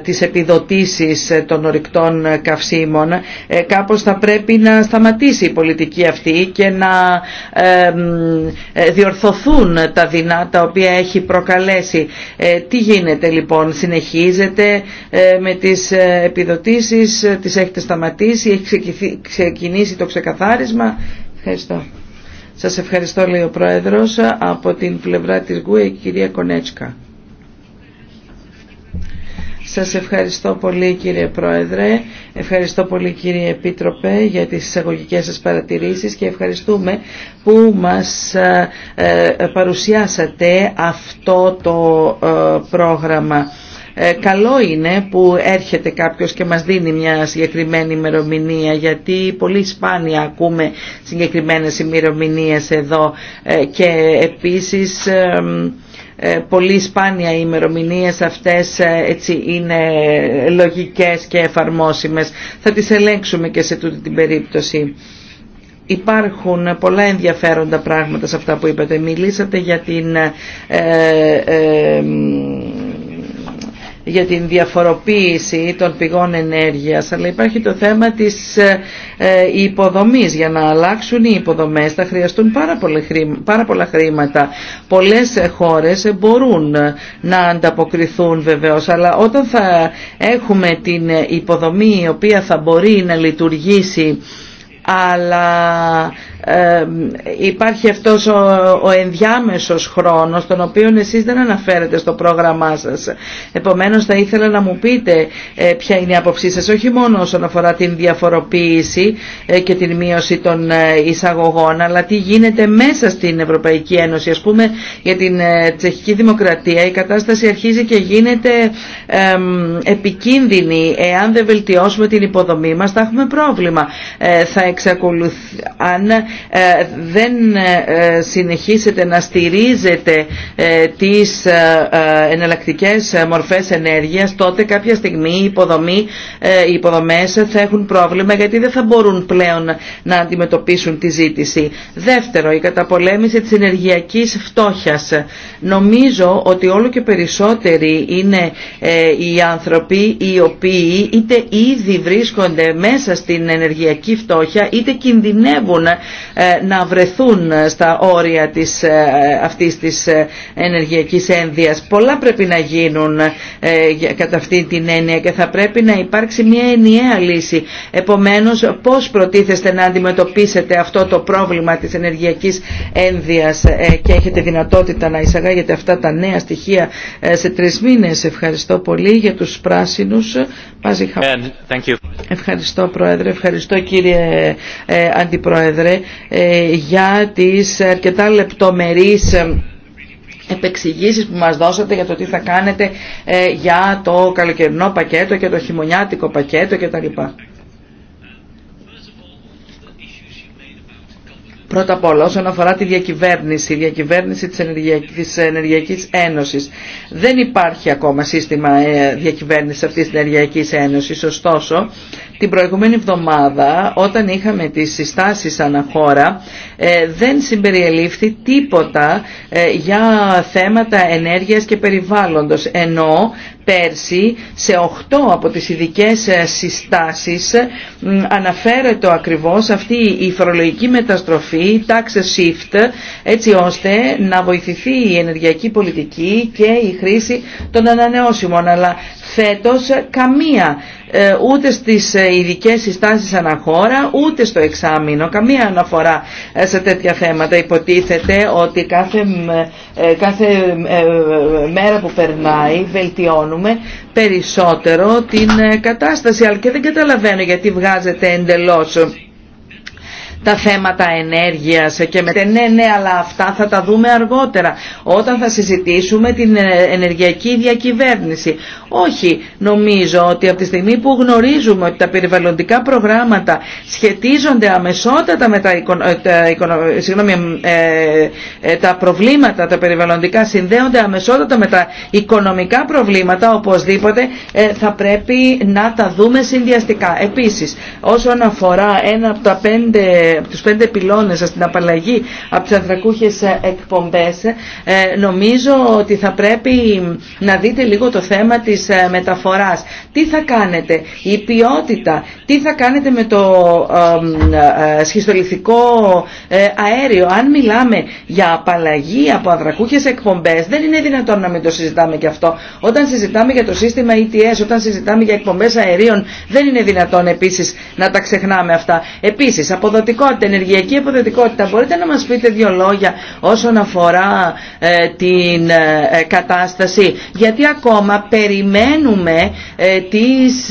[SPEAKER 1] τις επιδοτήσεις των ορυκτών καυσίμων. Κάπως θα πρέπει να σταματήσει η πολιτική πολιτική αυτή και να ε, διορθωθούν τα δεινά τα οποία έχει προκαλέσει. Ε, τι γίνεται λοιπόν, συνεχίζεται ε, με τις επιδοτήσεις, τις έχετε σταματήσει, έχει ξεκινήσει το ξεκαθάρισμα. Ευχαριστώ. Σας ευχαριστώ λέει ο Πρόεδρος από την πλευρά της Γουέ κυρία Κονέτσκα. Σας ευχαριστώ πολύ κύριε Πρόεδρε, ευχαριστώ πολύ κύριε Επίτροπε για τις εισαγωγικέ σας παρατηρήσεις και ευχαριστούμε που μας ε, ε, παρουσιάσατε αυτό το ε, πρόγραμμα. Καλό είναι που έρχεται κάποιος και μας δίνει μια συγκεκριμένη ημερομηνία γιατί πολύ σπάνια ακούμε συγκεκριμένες ημερομηνίες εδώ και επίσης ε, πολύ σπάνια οι ημερομηνίε αυτές ε, έτσι είναι λογικές και εφαρμόσιμες. Θα τις ελέγξουμε και σε τούτη την περίπτωση. Υπάρχουν πολλά ενδιαφέροντα πράγματα σε αυτά που είπατε. Μιλήσατε για την ε, για την διαφοροποίηση των πηγών ενέργειας, αλλά υπάρχει το θέμα της ε, ε, υποδομής. Για να αλλάξουν οι υποδομές θα χρειαστούν πάρα πολλά χρήματα. Πολλές χώρες μπορούν να ανταποκριθούν βεβαίως, αλλά όταν θα έχουμε την υποδομή η οποία θα μπορεί να λειτουργήσει αλλά ε, υπάρχει αυτός ο, ο ενδιάμεσος χρόνος τον οποίο εσείς δεν αναφέρετε στο πρόγραμμά σας. Επομένως θα ήθελα να μου πείτε ε, ποια είναι η άποψή σας όχι μόνο όσον αφορά την διαφοροποίηση ε, και την μείωση των ε, εισαγωγών αλλά τι γίνεται μέσα στην Ευρωπαϊκή Ένωση. Ας πούμε για την Τσεχική Δημοκρατία η κατάσταση αρχίζει και γίνεται επικίνδυνη. Εάν δεν βελτιώσουμε την υποδομή μας θα έχουμε πρόβλημα. θα εξακολουθεί αν ε, δεν ε, συνεχίσετε να στηρίζετε ε, τις εναλλακτικές μορφές ενέργειας, τότε κάποια στιγμή οι, υποδομή, οι υποδομές θα έχουν πρόβλημα γιατί δεν θα μπορούν πλέον να αντιμετωπίσουν τη ζήτηση. Δεύτερο, η καταπολέμηση της ενεργειακής φτώχειας. Νομίζω ότι όλο και περισσότεροι είναι οι άνθρωποι οι οποίοι είτε ήδη βρίσκονται μέσα στην ενεργειακή φτώχεια είτε κινδυνεύουν ε, να βρεθούν ε, στα όρια της, ε, αυτής της ενεργειακής ένδυας. Πολλά πρέπει να γίνουν κατά αυτή την έννοια και θα πρέπει να υπάρξει μια ενιαία λύση. Επομένως, πώς προτίθεστε να αντιμετωπίσετε αυτό το πρόβλημα της ενεργειακής ένδυας και έχετε δυνατότητα να εισαγάγετε αυτά τα νέα στοιχεία σε τρεις μήνες. Ευχαριστώ πολύ για τους πράσινους. Ευχαριστώ Πρόεδρε, ευχαριστώ κύριε Αντιπρόεδρε. Ε, για τις αρκετά λεπτομερείς ε, επεξηγήσεις που μας δώσατε για το τι θα κάνετε ε, για το καλοκαιρινό πακέτο και το χειμωνιάτικο πακέτο κτλ. Πρώτα απ' όλα όσον αφορά τη διακυβέρνηση, η διακυβέρνηση της, Ενεργειακής, Ενεργειακής Ένωσης. Δεν υπάρχει ακόμα σύστημα ε, διακυβέρνησης αυτής της Ενεργειακής Ένωσης, ωστόσο την προηγούμενη εβδομάδα όταν είχαμε τις συστάσεις αναχώρα ε, δεν συμπεριελήφθη τίποτα ε, για θέματα ενέργειας και περιβάλλοντος ενώ πέρσι σε 8 από τις ειδικέ ε, συστάσεις ε, αναφέρεται ακριβώς αυτή η φορολογική μεταστροφή, η tax shift, έτσι ώστε να βοηθηθεί η ενεργειακή πολιτική και η χρήση των ανανεώσιμων. Αλλά φέτος καμία ε, ούτε στις ε, ειδικέ συστάσεις αναχώρα, ούτε στο εξάμεινο. Καμία αναφορά ε, σε τέτοια θέματα. Υποτίθεται ότι κάθε, κάθε μέρα που περνάει βελτιώνουμε περισσότερο την κατάσταση. Αλλά και δεν καταλαβαίνω γιατί βγάζεται εντελώς τα θέματα ενέργειας και με... Ναι, ναι, αλλά αυτά θα τα δούμε αργότερα όταν θα συζητήσουμε την ε, ενεργειακή διακυβέρνηση. Όχι, νομίζω ότι από τη στιγμή που γνωρίζουμε ότι τα περιβαλλοντικά προγράμματα σχετίζονται αμεσότατα με τα, ε, τα, ε, Συγγνώμη, τα προβλήματα, τα περιβαλλοντικά συνδέονται αμεσότατα με τα οικονομικά προβλήματα, οπωσδήποτε ε... θα πρέπει να τα δούμε συνδυαστικά. Επίσης, όσον αφορά ένα από τα πέντε από τους πέντε πυλώνες στην απαλλαγή από τις ανθρακούχες ε, εκπομπές ε, νομίζω ότι θα πρέπει να δείτε λίγο το θέμα της ε, μεταφοράς. Τι θα κάνετε, η ποιότητα, τι θα κάνετε με το σχιστολιθικό αέριο. Αν μιλάμε για απαλλαγή από ανθρακούχες εκπομπές δεν είναι δυνατόν να μην το συζητάμε και αυτό. Όταν συζητάμε για το σύστημα ETS, όταν συζητάμε για εκπομπές αερίων δεν είναι δυνατόν επίσης να τα ξεχνάμε αυτά. Επίσης, αποδοτικό αποδοτικότητα, ενεργειακή αποδοτικότητα. Μπορείτε να μας πείτε δύο λόγια όσον αφορά ε, την ε, ε, κατάσταση, γιατί ακόμα περιμένουμε τις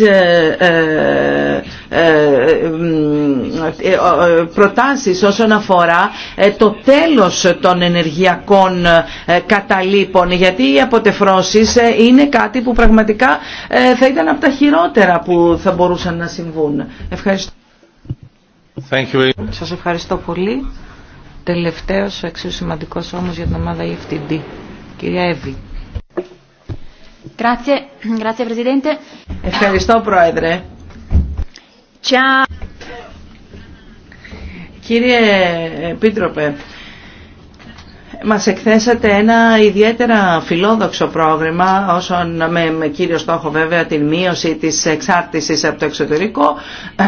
[SPEAKER 1] προτάσεις όσον αφορά το τέλος των ενεργειακών καταλήπων γιατί οι αποτεφρώσεις είναι κάτι που πραγματικά θα ήταν από τα χειρότερα που θα μπορούσαν
[SPEAKER 2] να συμβούν. Ευχαριστώ. Σας ευχαριστώ πολύ. Τελευταίος, εξίσου σημαντικός όμως για την ομάδα EFTD. Κυρία Εύη. Ευχαριστώ Πρόεδρε.
[SPEAKER 1] Κύριε Επίτροπε, μας εκθέσατε ένα ιδιαίτερα φιλόδοξο πρόγραμμα όσον με, με κύριο στόχο βέβαια την μείωση της εξάρτησης από το εξωτερικό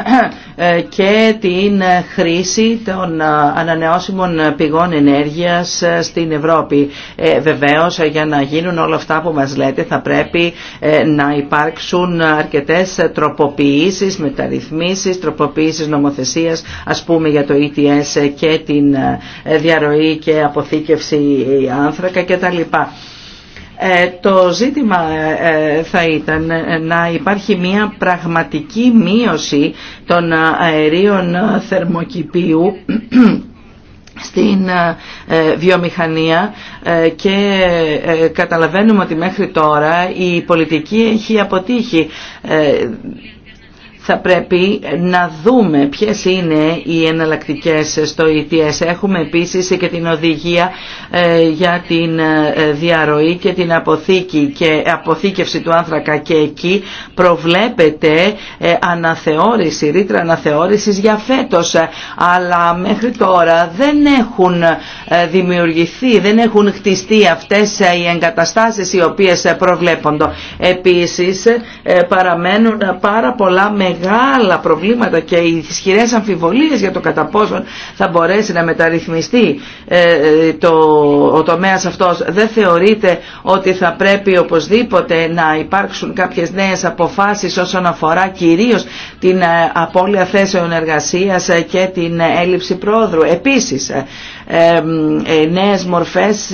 [SPEAKER 1] και την χρήση των ανανεώσιμων πηγών ενέργειας στην Ευρώπη. Ε, βεβαίως για να γίνουν όλα αυτά που μας λέτε θα πρέπει ε, να υπάρξουν αρκετές τροποποιήσεις, μεταρρυθμίσεις, τροποποιήσεις νομοθεσίας ας πούμε για το ETS και την ε, διαρροή και αποθήκευση η άνθρακα κτλ. Ε, το ζήτημα ε, θα ήταν να υπάρχει μια πραγματική μείωση των αερίων θερμοκηπίου στην ε, βιομηχανία και καταλαβαίνουμε ότι μέχρι τώρα η πολιτική έχει αποτύχει θα πρέπει να δούμε ποιες είναι οι εναλλακτικές στο ETS. Έχουμε επίσης και την οδηγία ε, για την ε, διαρροή και την αποθήκη και αποθήκευση του άνθρακα και εκεί προβλέπεται ε, αναθεώρηση, ρήτρα αναθεώρησης για φέτος. Αλλά μέχρι τώρα δεν έχουν δημιουργηθεί, δεν έχουν χτιστεί αυτές οι εγκαταστάσεις οι οποίες προβλέπονται. Επίσης παραμένουν πάρα πολλά μεγάλα προβλήματα και ισχυρές αμφιβολίες για το κατά πόσο θα μπορέσει να μεταρρυθμιστεί ε, ε, το, ο τομέας αυτός. Δεν θεωρείται ότι θα πρέπει οπωσδήποτε να υπάρξουν κάποιες νέες αποφάσεις όσον αφορά κυρίως την ε, απώλεια θέσεων εργασίας και την έλλειψη πρόδρου. Επίσης, νέες μορφές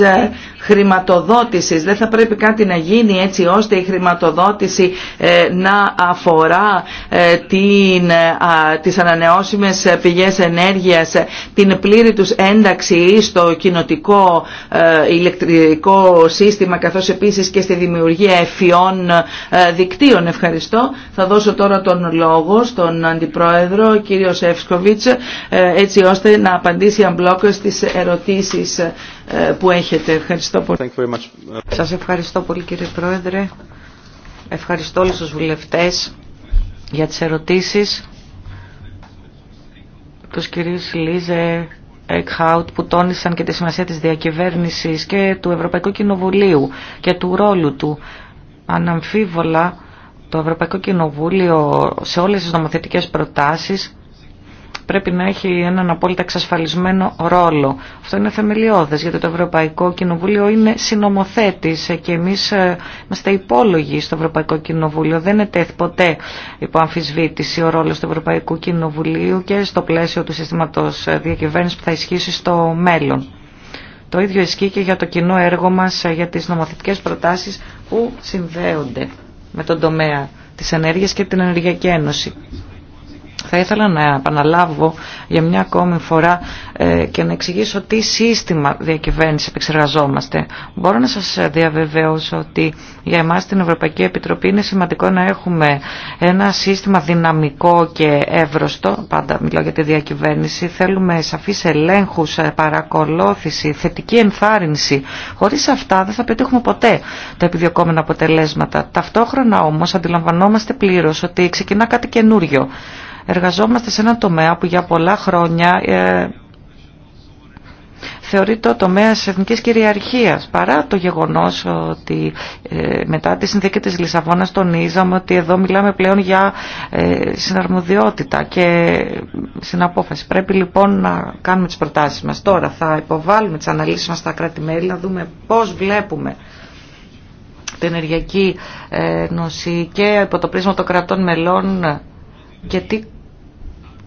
[SPEAKER 1] χρηματοδότησης. Δεν θα πρέπει κάτι να γίνει έτσι ώστε η χρηματοδότηση ε, να αφορά ε, την, ε, τις ανανεώσιμες πηγές ενέργειας, την πλήρη τους ένταξη στο κοινοτικό ηλεκτρικό σύστημα καθώς επίσης και στη δημιουργία ευφυών δικτύων. Ευχαριστώ. Θα δώσω τώρα τον λόγο στον Αντιπρόεδρο κύριο Σεύσκοβιτς έτσι ώστε να απαντήσει αν
[SPEAKER 2] στις ερωτήσεις ε, που Ευχαριστώ πολύ. Σας ευχαριστώ πολύ κύριε Πρόεδρε. Ευχαριστώ όλους τους βουλευτές για τις ερωτήσεις. Τους κυρίους Λίζε Εκχάουτ που τόνισαν και τη σημασία της διακυβέρνησης και του Ευρωπαϊκού Κοινοβουλίου και του ρόλου του. Αναμφίβολα το Ευρωπαϊκό Κοινοβούλιο σε όλες τις νομοθετικές προτάσεις πρέπει να έχει έναν απόλυτα εξασφαλισμένο ρόλο. Αυτό είναι θεμελιώδες γιατί το Ευρωπαϊκό Κοινοβούλιο είναι συνομοθέτης και εμείς ε, είμαστε υπόλογοι στο Ευρωπαϊκό Κοινοβούλιο. Δεν ετέθη ποτέ υπό αμφισβήτηση ο ρόλος του Ευρωπαϊκού Κοινοβουλίου και στο πλαίσιο του συστήματος ε, διακυβέρνησης που θα ισχύσει στο μέλλον. Το ίδιο ισχύει και για το κοινό έργο μας ε, για τις νομοθετικές προτάσεις που συνδέονται με τον τομέα της ενέργειας και την Ενεργειακή Ένωση. Θα ήθελα να επαναλάβω για μια ακόμη φορά ε, και να εξηγήσω τι σύστημα διακυβέρνηση επεξεργαζόμαστε. Μπορώ να σας διαβεβαιώσω ότι για εμάς στην Ευρωπαϊκή Επιτροπή είναι σημαντικό να έχουμε ένα σύστημα δυναμικό και εύρωστο, πάντα μιλάω για τη διακυβέρνηση, θέλουμε σαφείς ελέγχους, ε, παρακολούθηση, θετική ενθάρρυνση. Χωρίς αυτά δεν θα πετύχουμε ποτέ τα επιδιωκόμενα αποτελέσματα. Ταυτόχρονα όμως αντιλαμβανόμαστε πλήρως ότι ξεκινά κάτι καινούριο εργαζόμαστε σε ένα τομέα που για πολλά χρόνια ε, θεωρείται τομέα τομέας εθνικής κυριαρχίας παρά το γεγονός ότι ε, μετά τη συνθήκη της Λισαβόνας τονίζαμε ότι εδώ μιλάμε πλέον για ε, συναρμοδιότητα και συναπόφαση. Πρέπει λοιπόν να κάνουμε τις προτάσεις μας. Τώρα θα υποβάλουμε τις αναλύσεις μας στα κράτη-μέλη να δούμε πώς βλέπουμε την ενεργειακή ε, νοσή και υπό το πρίσμα των κρατών μελών και τι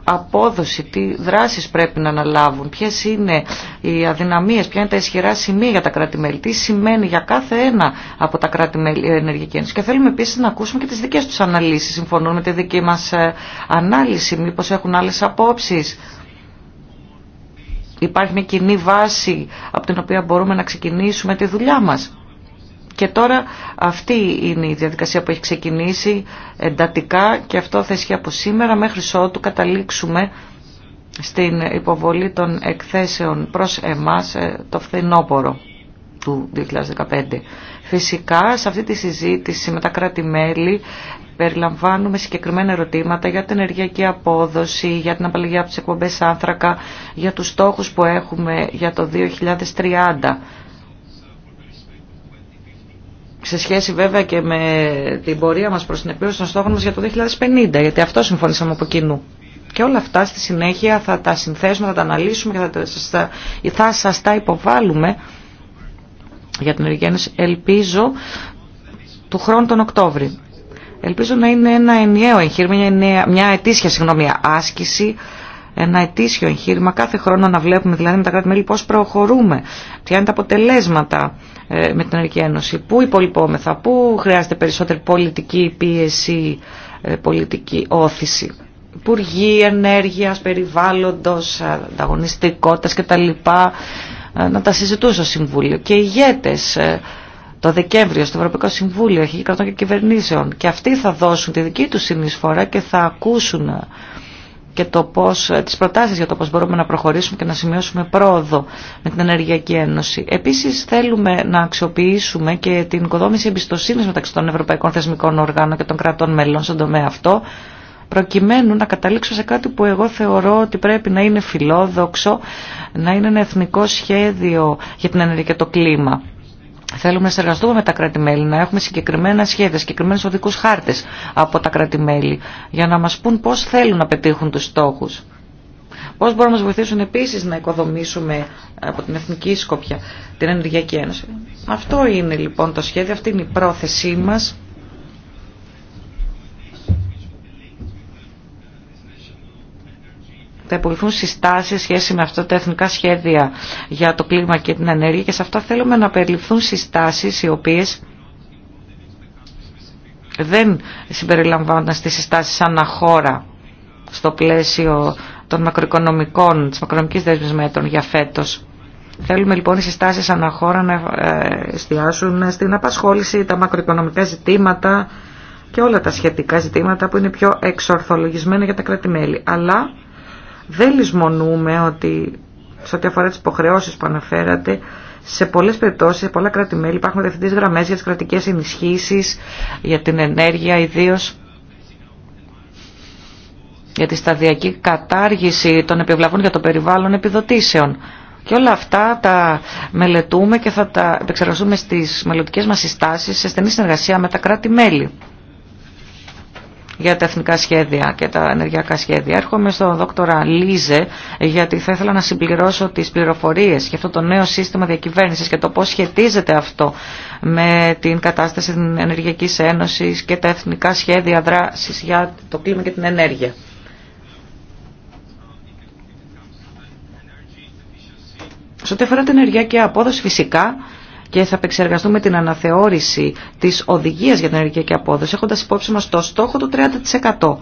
[SPEAKER 2] απόδοση, τι δράσεις πρέπει να αναλάβουν, ποιες είναι οι αδυναμίες, ποια είναι τα ισχυρά σημεία για τα κράτη-μέλη, τι σημαίνει για κάθε ένα από τα κράτη-μέλη ενεργειακή ένωση. Και θέλουμε επίσης να ακούσουμε και τις δικές τους αναλύσεις, συμφωνούν με τη δική μας ε, ανάλυση, μήπως έχουν άλλες απόψεις. Υπάρχει μια κοινή βάση από την οποία μπορούμε να ξεκινήσουμε τη δουλειά μας. Και τώρα αυτή είναι η διαδικασία που έχει ξεκινήσει εντατικά και αυτό θα ισχύει από σήμερα μέχρι ότου καταλήξουμε στην υποβολή των εκθέσεων προς εμάς ε, το φθινόπορο του 2015. Φυσικά σε αυτή τη συζήτηση με τα κράτη-μέλη περιλαμβάνουμε συγκεκριμένα ερωτήματα για την ενεργειακή απόδοση, για την απαλλαγή από τις εκπομπές άνθρακα, για τους στόχους που έχουμε για το 2030 σε σχέση βέβαια και με την πορεία μας προς την εκπλήρωση των στόχων μας για το 2050, γιατί αυτό συμφωνήσαμε από κοινού. Και όλα αυτά στη συνέχεια θα τα συνθέσουμε, θα τα αναλύσουμε και θα, τα, θα, σας τα υποβάλουμε για την Ενεργή ελπίζω, του χρόνου τον Οκτώβρη. Ελπίζω να είναι ένα ενιαίο εγχείρημα, μια, μια συγγνώμη, άσκηση ένα ετήσιο εγχείρημα κάθε χρόνο να βλέπουμε δηλαδή με τα κράτη-μέλη πώς προχωρούμε, ποια είναι τα αποτελέσματα ε, με την Ευρωπαϊκή πού υπολοιπόμεθα, πού χρειάζεται περισσότερη πολιτική πίεση, ε, πολιτική όθηση. Υπουργοί ενέργειας, περιβάλλοντος, ανταγωνιστικοτητα κτλ. Ε, να τα συζητούσε στο Συμβούλιο και οι ηγέτες το Δεκέμβριο στο Ευρωπαϊκό Συμβούλιο Αρχηγοί Κρατών και Κυβερνήσεων και αυτοί θα δώσουν τη δική τους συνεισφορά και θα ακούσουν και το πώς, ε, τις προτάσεις για το πώς μπορούμε να προχωρήσουμε και να σημειώσουμε πρόοδο με την Ενεργειακή Ένωση. Επίσης θέλουμε να αξιοποιήσουμε και την οικοδόμηση εμπιστοσύνης μεταξύ των Ευρωπαϊκών Θεσμικών Οργάνων και των κρατών μελών στον τομέα αυτό, προκειμένου να καταλήξω σε κάτι που εγώ θεωρώ ότι πρέπει να είναι φιλόδοξο, να είναι ένα εθνικό σχέδιο για την ενέργεια και το κλίμα. Θέλουμε να συνεργαστούμε με τα κράτη-μέλη, να έχουμε συγκεκριμένα σχέδια, συγκεκριμένου οδικού χάρτε από τα κράτη-μέλη, για να μα πούν πώ θέλουν να πετύχουν του στόχου. Πώ μπορούν να μα βοηθήσουν επίση να οικοδομήσουμε ε, από την Εθνική Σκοπιά την Ενεργειακή Ένωση. Αυτό είναι λοιπόν το σχέδιο, αυτή είναι η πρόθεσή μα. θα υποβληθούν συστάσεις σχέση με αυτά τα εθνικά σχέδια για το κλίμα και την ενέργεια και σε αυτά θέλουμε να περιληφθούν συστάσεις οι οποίες δεν συμπεριλαμβάνονται στις συστάσεις αναχώρα στο πλαίσιο των μακροοικονομικών, της μακροοικονομικής δέσμης μέτρων για φέτος. Θέλουμε λοιπόν οι συστάσεις αναχώρα να ε, εστιάσουν στην απασχόληση, τα μακροοικονομικά ζητήματα και όλα τα σχετικά ζητήματα που είναι πιο εξορθολογισμένα για τα κράτη-μέλη. Αλλά δεν λησμονούμε ότι σε ό,τι αφορά τις υποχρεώσεις που αναφέρατε, σε πολλέ περιπτώσει, σε πολλά κράτη-μέλη υπάρχουν διευθυντές γραμμέ για τι κρατικέ ενισχύσει, για την ενέργεια ιδίω. Για τη σταδιακή κατάργηση των επιβλαβών για το περιβάλλον επιδοτήσεων. Και όλα αυτά τα μελετούμε και θα τα επεξεργαστούμε στι μελλοντικές μα συστάσεις σε στενή συνεργασία με τα κράτη-μέλη για τα εθνικά σχέδια και τα ενεργειακά σχέδια. Έρχομαι στον δόκτωρα Λίζε γιατί θα ήθελα να συμπληρώσω τις πληροφορίες για αυτό το νέο σύστημα διακυβέρνησης και το πώς σχετίζεται αυτό με την κατάσταση της Ενεργειακής Ένωσης και τα εθνικά σχέδια δράσης για το κλίμα και την ενέργεια. Σε ό,τι αφορά την ενεργειακή απόδοση φυσικά και θα επεξεργαστούμε την αναθεώρηση της οδηγίας για την ενεργειακή απόδοση έχοντας υπόψη μας το στόχο του 30%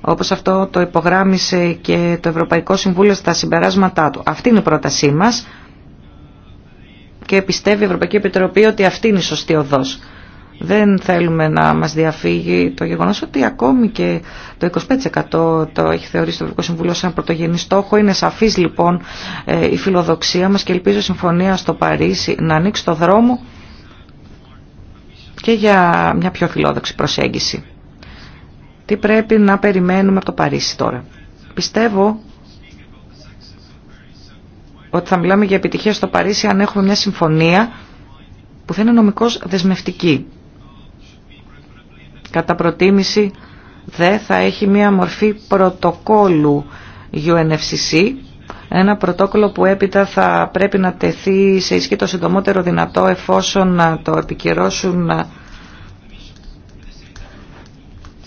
[SPEAKER 2] όπως αυτό το υπογράμμισε και το Ευρωπαϊκό Συμβούλιο στα συμπεράσματά του. Αυτή είναι η πρότασή μας και πιστεύει η Ευρωπαϊκή Επιτροπή ότι αυτή είναι η σωστή οδός. Δεν θέλουμε να μας διαφύγει το γεγονός ότι ακόμη και το 25% το έχει θεωρήσει το Ευρωπαϊκό Συμβουλίο σαν πρωτογενή στόχο. Είναι σαφής λοιπόν ε, η φιλοδοξία μας και ελπίζω η συμφωνία στο Παρίσι να ανοίξει το δρόμο και για μια πιο φιλόδοξη προσέγγιση. Τι πρέπει να περιμένουμε από το Παρίσι τώρα. Πιστεύω ότι θα μιλάμε για επιτυχία στο Παρίσι αν έχουμε μια συμφωνία που θα είναι νομικώς δεσμευτική κατά προτίμηση δε θα έχει μία μορφή πρωτοκόλου UNFCC, ένα πρωτόκολλο που έπειτα θα πρέπει να τεθεί σε ισχύ το συντομότερο δυνατό εφόσον το επικυρώσουν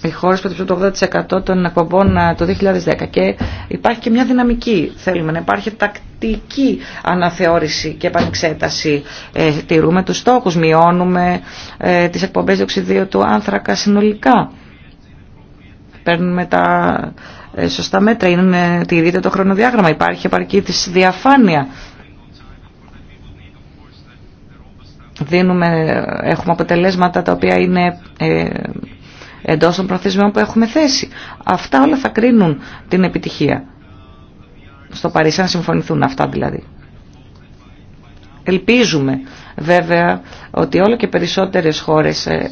[SPEAKER 2] οι χώρες που το 80% των εκπομπών ε, το 2010 και υπάρχει και μια δυναμική θέλουμε να υπάρχει τακτική αναθεώρηση και επανεξέταση ε, τηρούμε τους στόχους, μειώνουμε ε, τις εκπομπές διοξιδίου του άνθρακα συνολικά παίρνουμε τα ε, σωστά μέτρα, είναι, τηρείται το χρονοδιάγραμμα υπάρχει επαρκή της διαφάνεια δίνουμε, ε, έχουμε αποτελέσματα τα οποία είναι Εντό των προθεσμών που έχουμε θέσει. Αυτά όλα θα κρίνουν την επιτυχία. Στο Παρίσι, αν συμφωνηθούν αυτά δηλαδή. Ελπίζουμε βέβαια ότι όλο και περισσότερες χώρες ε,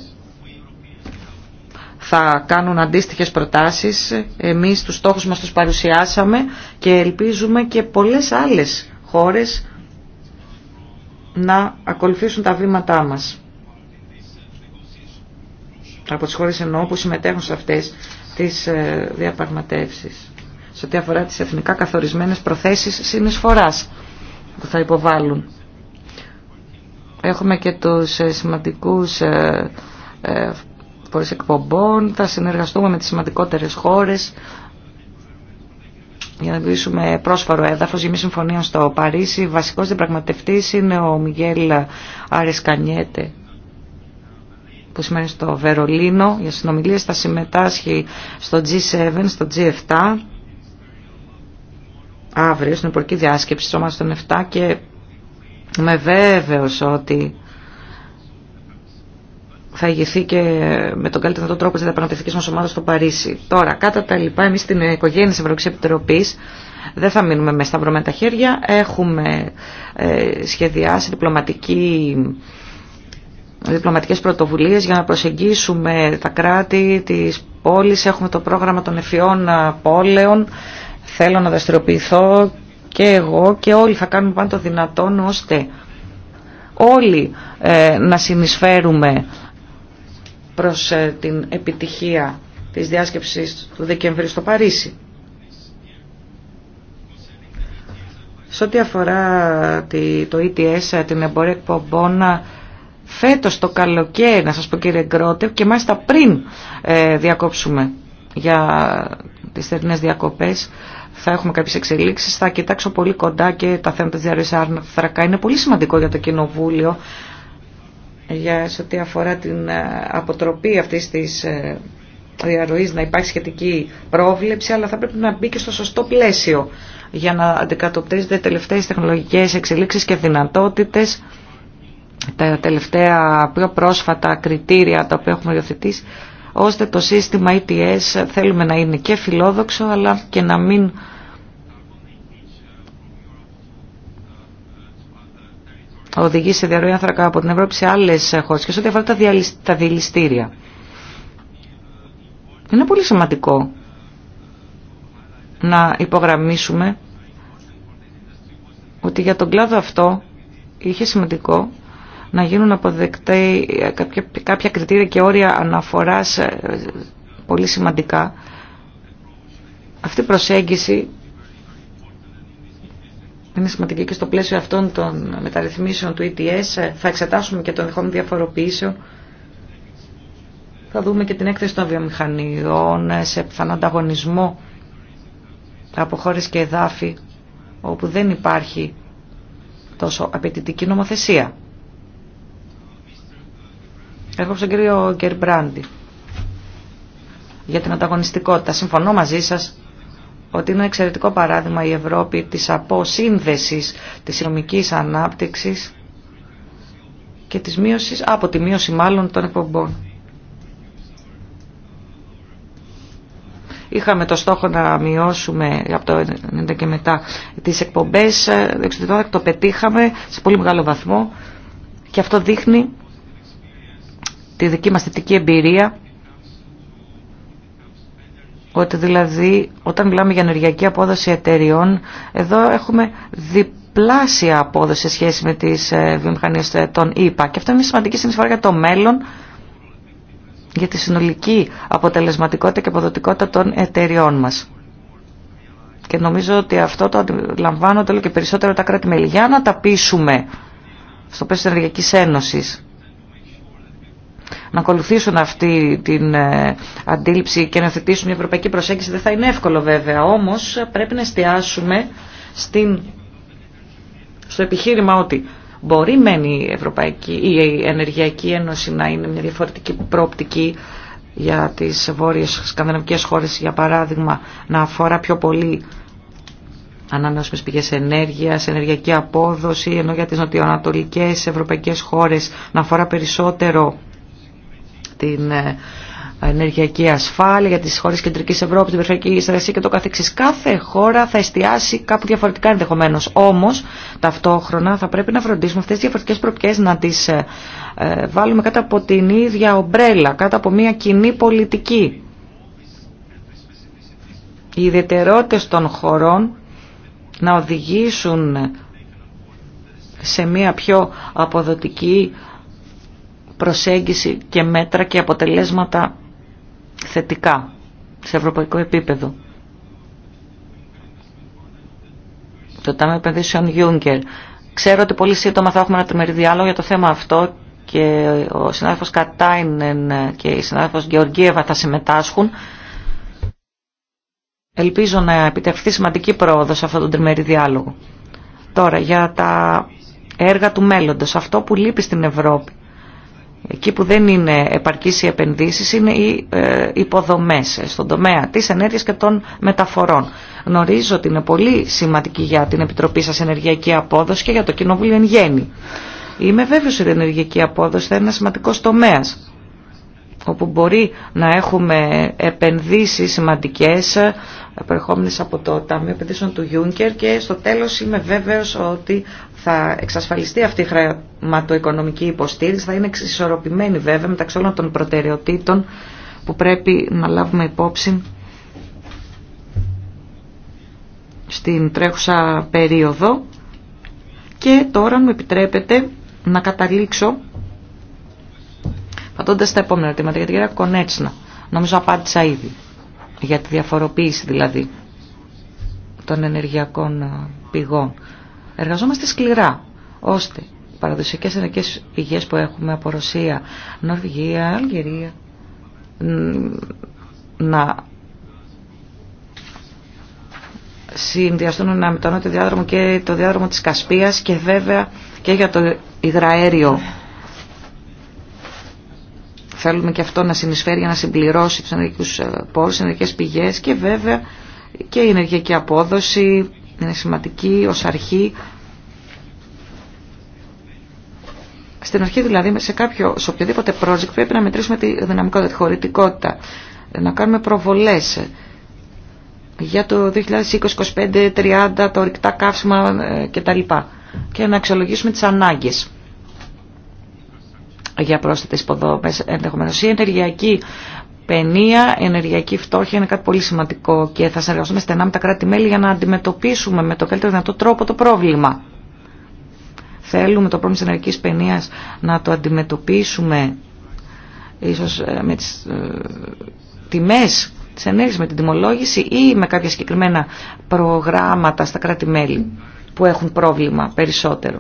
[SPEAKER 2] θα κάνουν αντίστοιχες προτάσεις. Εμείς τους στόχους μας τους παρουσιάσαμε και ελπίζουμε και πολλές άλλες χώρες να ακολουθήσουν τα βήματά μας από τις χώρες εννοώ που συμμετέχουν σε αυτές τις ε, διαπραγματεύσεις σε ό,τι αφορά τις εθνικά καθορισμένες προθέσεις συνεισφοράς που θα υποβάλουν. Έχουμε και τους ε, σημαντικούς ε, φορείς εκπομπών, θα συνεργαστούμε με τις σημαντικότερες χώρες για να δημιουργήσουμε πρόσφορο έδαφος για μια συμφωνία στο Παρίσι. Βασικός διαπραγματευτής είναι ο Μιγέλ Αρεσκανιέτε που σημαίνει στο Βερολίνο για συνομιλίες θα συμμετάσχει στο G7, στο G7 αύριο στην υπορκή διάσκεψη στο 7 και με βέβαιος ότι θα ηγηθεί και με τον καλύτερο τρόπο τη διαπραγματευτική μα ομάδα στο Παρίσι. Τώρα, κατά τα λοιπά, εμεί στην οικογένεια τη Ευρωπαϊκή Επιτροπή δεν θα μείνουμε με σταυρωμένα τα χέρια. Έχουμε ε, σχεδιάσει διπλωματική διπλωματικές πρωτοβουλίες για να προσεγγίσουμε τα κράτη της πόλης. Έχουμε το πρόγραμμα των εφιών πόλεων. Θέλω να δραστηριοποιηθώ και εγώ και όλοι θα κάνουμε πάντα δυνατόν ώστε όλοι ε, να συνεισφέρουμε προς ε, την επιτυχία της διάσκεψης του Δεκεμβρίου στο Παρίσι. Σε ό,τι αφορά το ETS, την εμπορία εκπομπών, φέτος το καλοκαίρι, να σας πω κύριε Γκρότε, και μάλιστα πριν ε, διακόψουμε για τις θερινές διακοπές, θα έχουμε κάποιες εξελίξεις, θα κοιτάξω πολύ κοντά και τα θέματα της διαρροής άρθρακα. Είναι πολύ σημαντικό για το Κοινοβούλιο, για σε ό,τι αφορά την ε, αποτροπή αυτής της ε, διαρροής, να υπάρχει σχετική πρόβλεψη, αλλά θα πρέπει να μπει και στο σωστό πλαίσιο για να αντικατοπτρίζονται τελευταίες τεχνολογικές εξελίξεις και δυνατότητες τα τελευταία πιο πρόσφατα κριτήρια τα οποία έχουμε υιοθετήσει ώστε το σύστημα ETS θέλουμε να είναι και φιλόδοξο αλλά και να μην οδηγεί σε διαρροή άνθρακα από την Ευρώπη σε άλλες χώρες και σε ό,τι αφορά τα διελιστήρια. Είναι πολύ σημαντικό να υπογραμμίσουμε ότι για τον κλάδο αυτό είχε σημαντικό να γίνουν αποδεκτέ κάποια, κάποια κριτήρια και όρια αναφοράς ε, πολύ σημαντικά. Αυτή η προσέγγιση είναι σημαντική και στο πλαίσιο αυτών των μεταρρυθμίσεων του ETS. Ε, θα εξετάσουμε και τον δεχόμενο διαφοροποιήσεων. Θα δούμε και την έκθεση των βιομηχανιών ε, σε πιθανό ανταγωνισμό από χώρε και εδάφη όπου δεν υπάρχει τόσο απαιτητική νομοθεσία. Έρχομαι στον κύριο Γκερμπράντι για την ανταγωνιστικότητα. Συμφωνώ μαζί σας ότι είναι ένα εξαιρετικό παράδειγμα η Ευρώπη της αποσύνδεσης της οικονομικής ανάπτυξης και της μείωσης, από τη μείωση μάλλον των εκπομπών. Είχαμε το στόχο να μειώσουμε από το 90 και μετά τις εκπομπές ε, το πετύχαμε σε πολύ μεγάλο βαθμό και αυτό δείχνει τη δική μας θετική εμπειρία ότι δηλαδή όταν μιλάμε για ενεργειακή απόδοση εταιριών εδώ έχουμε διπλάσια απόδοση σε σχέση με τις ε, βιομηχανίες ε, των ΙΠΑ και αυτό είναι σημαντική συνεισφορά για το μέλλον για τη συνολική αποτελεσματικότητα και αποδοτικότητα των εταιριών μας. Και νομίζω ότι αυτό το αντιλαμβάνονται όλο και περισσότερο τα κράτη-μέλη. Για να τα πείσουμε στο πλαίσιο της Ενεργειακής Ένωσης να ακολουθήσουν αυτή την ε, αντίληψη και να θετήσουν μια ευρωπαϊκή προσέγγιση δεν θα είναι εύκολο βέβαια. Όμως πρέπει να εστιάσουμε στην, στο επιχείρημα ότι μπορεί η, Ευρωπαϊκή, η Ενεργειακή Ένωση να είναι μια διαφορετική πρόπτικη για τις βόρειες σκανδιναβικές χώρες για παράδειγμα να αφορά πιο πολύ ανανεώσιμες πηγές ενέργειας, ενεργειακή απόδοση, ενώ για τις νοτιοανατολικές ευρωπαϊκές χώρες να αφορά περισσότερο την ε, ενεργειακή ασφάλεια, για τις χώρες κεντρικής Ευρώπης, την περιφερειακή συνεργασία και το καθεξής. Κάθε χώρα θα εστιάσει κάπου διαφορετικά ενδεχομένω. Όμως, ταυτόχρονα θα πρέπει να φροντίσουμε αυτές τις διαφορετικές προπιές να τις ε, ε, βάλουμε κάτω από την ίδια ομπρέλα, κάτω από μια κοινή πολιτική. Οι ιδιαιτερότητες των χωρών να οδηγήσουν σε μια πιο αποδοτική προσέγγιση και μέτρα και αποτελέσματα θετικά σε ευρωπαϊκό επίπεδο. Το Τάμιο Επενδύσεων Juncker. Ξέρω ότι πολύ σύντομα θα έχουμε ένα τριμερή διάλογο για το θέμα αυτό και ο συνάδελφος Κατάινεν και η συνάδελφος Γεωργίευα θα συμμετάσχουν. Ελπίζω να επιτευχθεί σημαντική πρόοδο σε αυτόν τον τριμερή διάλογο. Τώρα, για τα έργα του μέλλοντος, αυτό που λείπει στην Ευρώπη εκεί που δεν είναι επαρκής οι επενδύσεις είναι οι ε, υποδομές ε, στον τομέα της ενέργειας και των μεταφορών. Γνωρίζω ότι είναι πολύ σημαντική για την Επιτροπή σας ενεργειακή απόδοση και για το Κοινοβούλιο εν γέννη. Είμαι βέβαιος ότι η ενεργειακή απόδοση θα είναι ένα σημαντικό τομέας όπου μπορεί να έχουμε επενδύσεις σημαντικές ε, προερχόμενες από το Ταμείο Επενδύσεων του Γιούνκερ και στο τέλος είμαι βέβαιος ότι θα εξασφαλιστεί αυτή η χρηματοοικονομική υποστήριξη, θα είναι εξισορροπημένη βέβαια μεταξύ όλων των προτεραιοτήτων που πρέπει να λάβουμε υπόψη στην τρέχουσα περίοδο. Και τώρα, μου επιτρέπετε, να καταλήξω πατώντας τα επόμενα ερωτήματα για την κυρία Κονέτσνα. Νομίζω απάντησα ήδη για τη διαφοροποίηση δηλαδή των ενεργειακών ε, πηγών. Εργαζόμαστε σκληρά, ώστε οι παραδοσιακέ ενεργέ πηγέ που έχουμε από Ρωσία, Νορβηγία, Αλγερία, να συνδυαστούν να με το διάδρομο και το διάδρομο της Κασπίας και βέβαια και για το υγραέριο. Θέλουμε και αυτό να συνεισφέρει για να συμπληρώσει τους ενεργικούς ε, πόρους, ενεργικές πηγές και βέβαια και η ενεργειακή απόδοση, είναι σημαντική ως αρχή. Στην αρχή δηλαδή σε, κάποιο, οποιοδήποτε project πρέπει να μετρήσουμε τη δυναμικότητα, τη χωρητικότητα, να κάνουμε προβολές για το 2020, 2025, 30, τα ορυκτά καύσιμα ε, κτλ. Και να αξιολογήσουμε τις ανάγκες για πρόσθετες υποδομές ενδεχομένως. Η ενεργειακή παινία, ενεργειακή φτώχεια είναι κάτι πολύ σημαντικό και θα συνεργαστούμε στενά με τα κράτη-μέλη για να αντιμετωπίσουμε με το καλύτερο δυνατό τρόπο το πρόβλημα. Θέλουμε το πρόβλημα της ενεργειακής παινίας να το αντιμετωπίσουμε ίσως ε, με τις ε, τιμές της ενέργειας, με την τιμολόγηση ή με κάποια συγκεκριμένα προγράμματα στα κράτη-μέλη που έχουν πρόβλημα περισσότερο.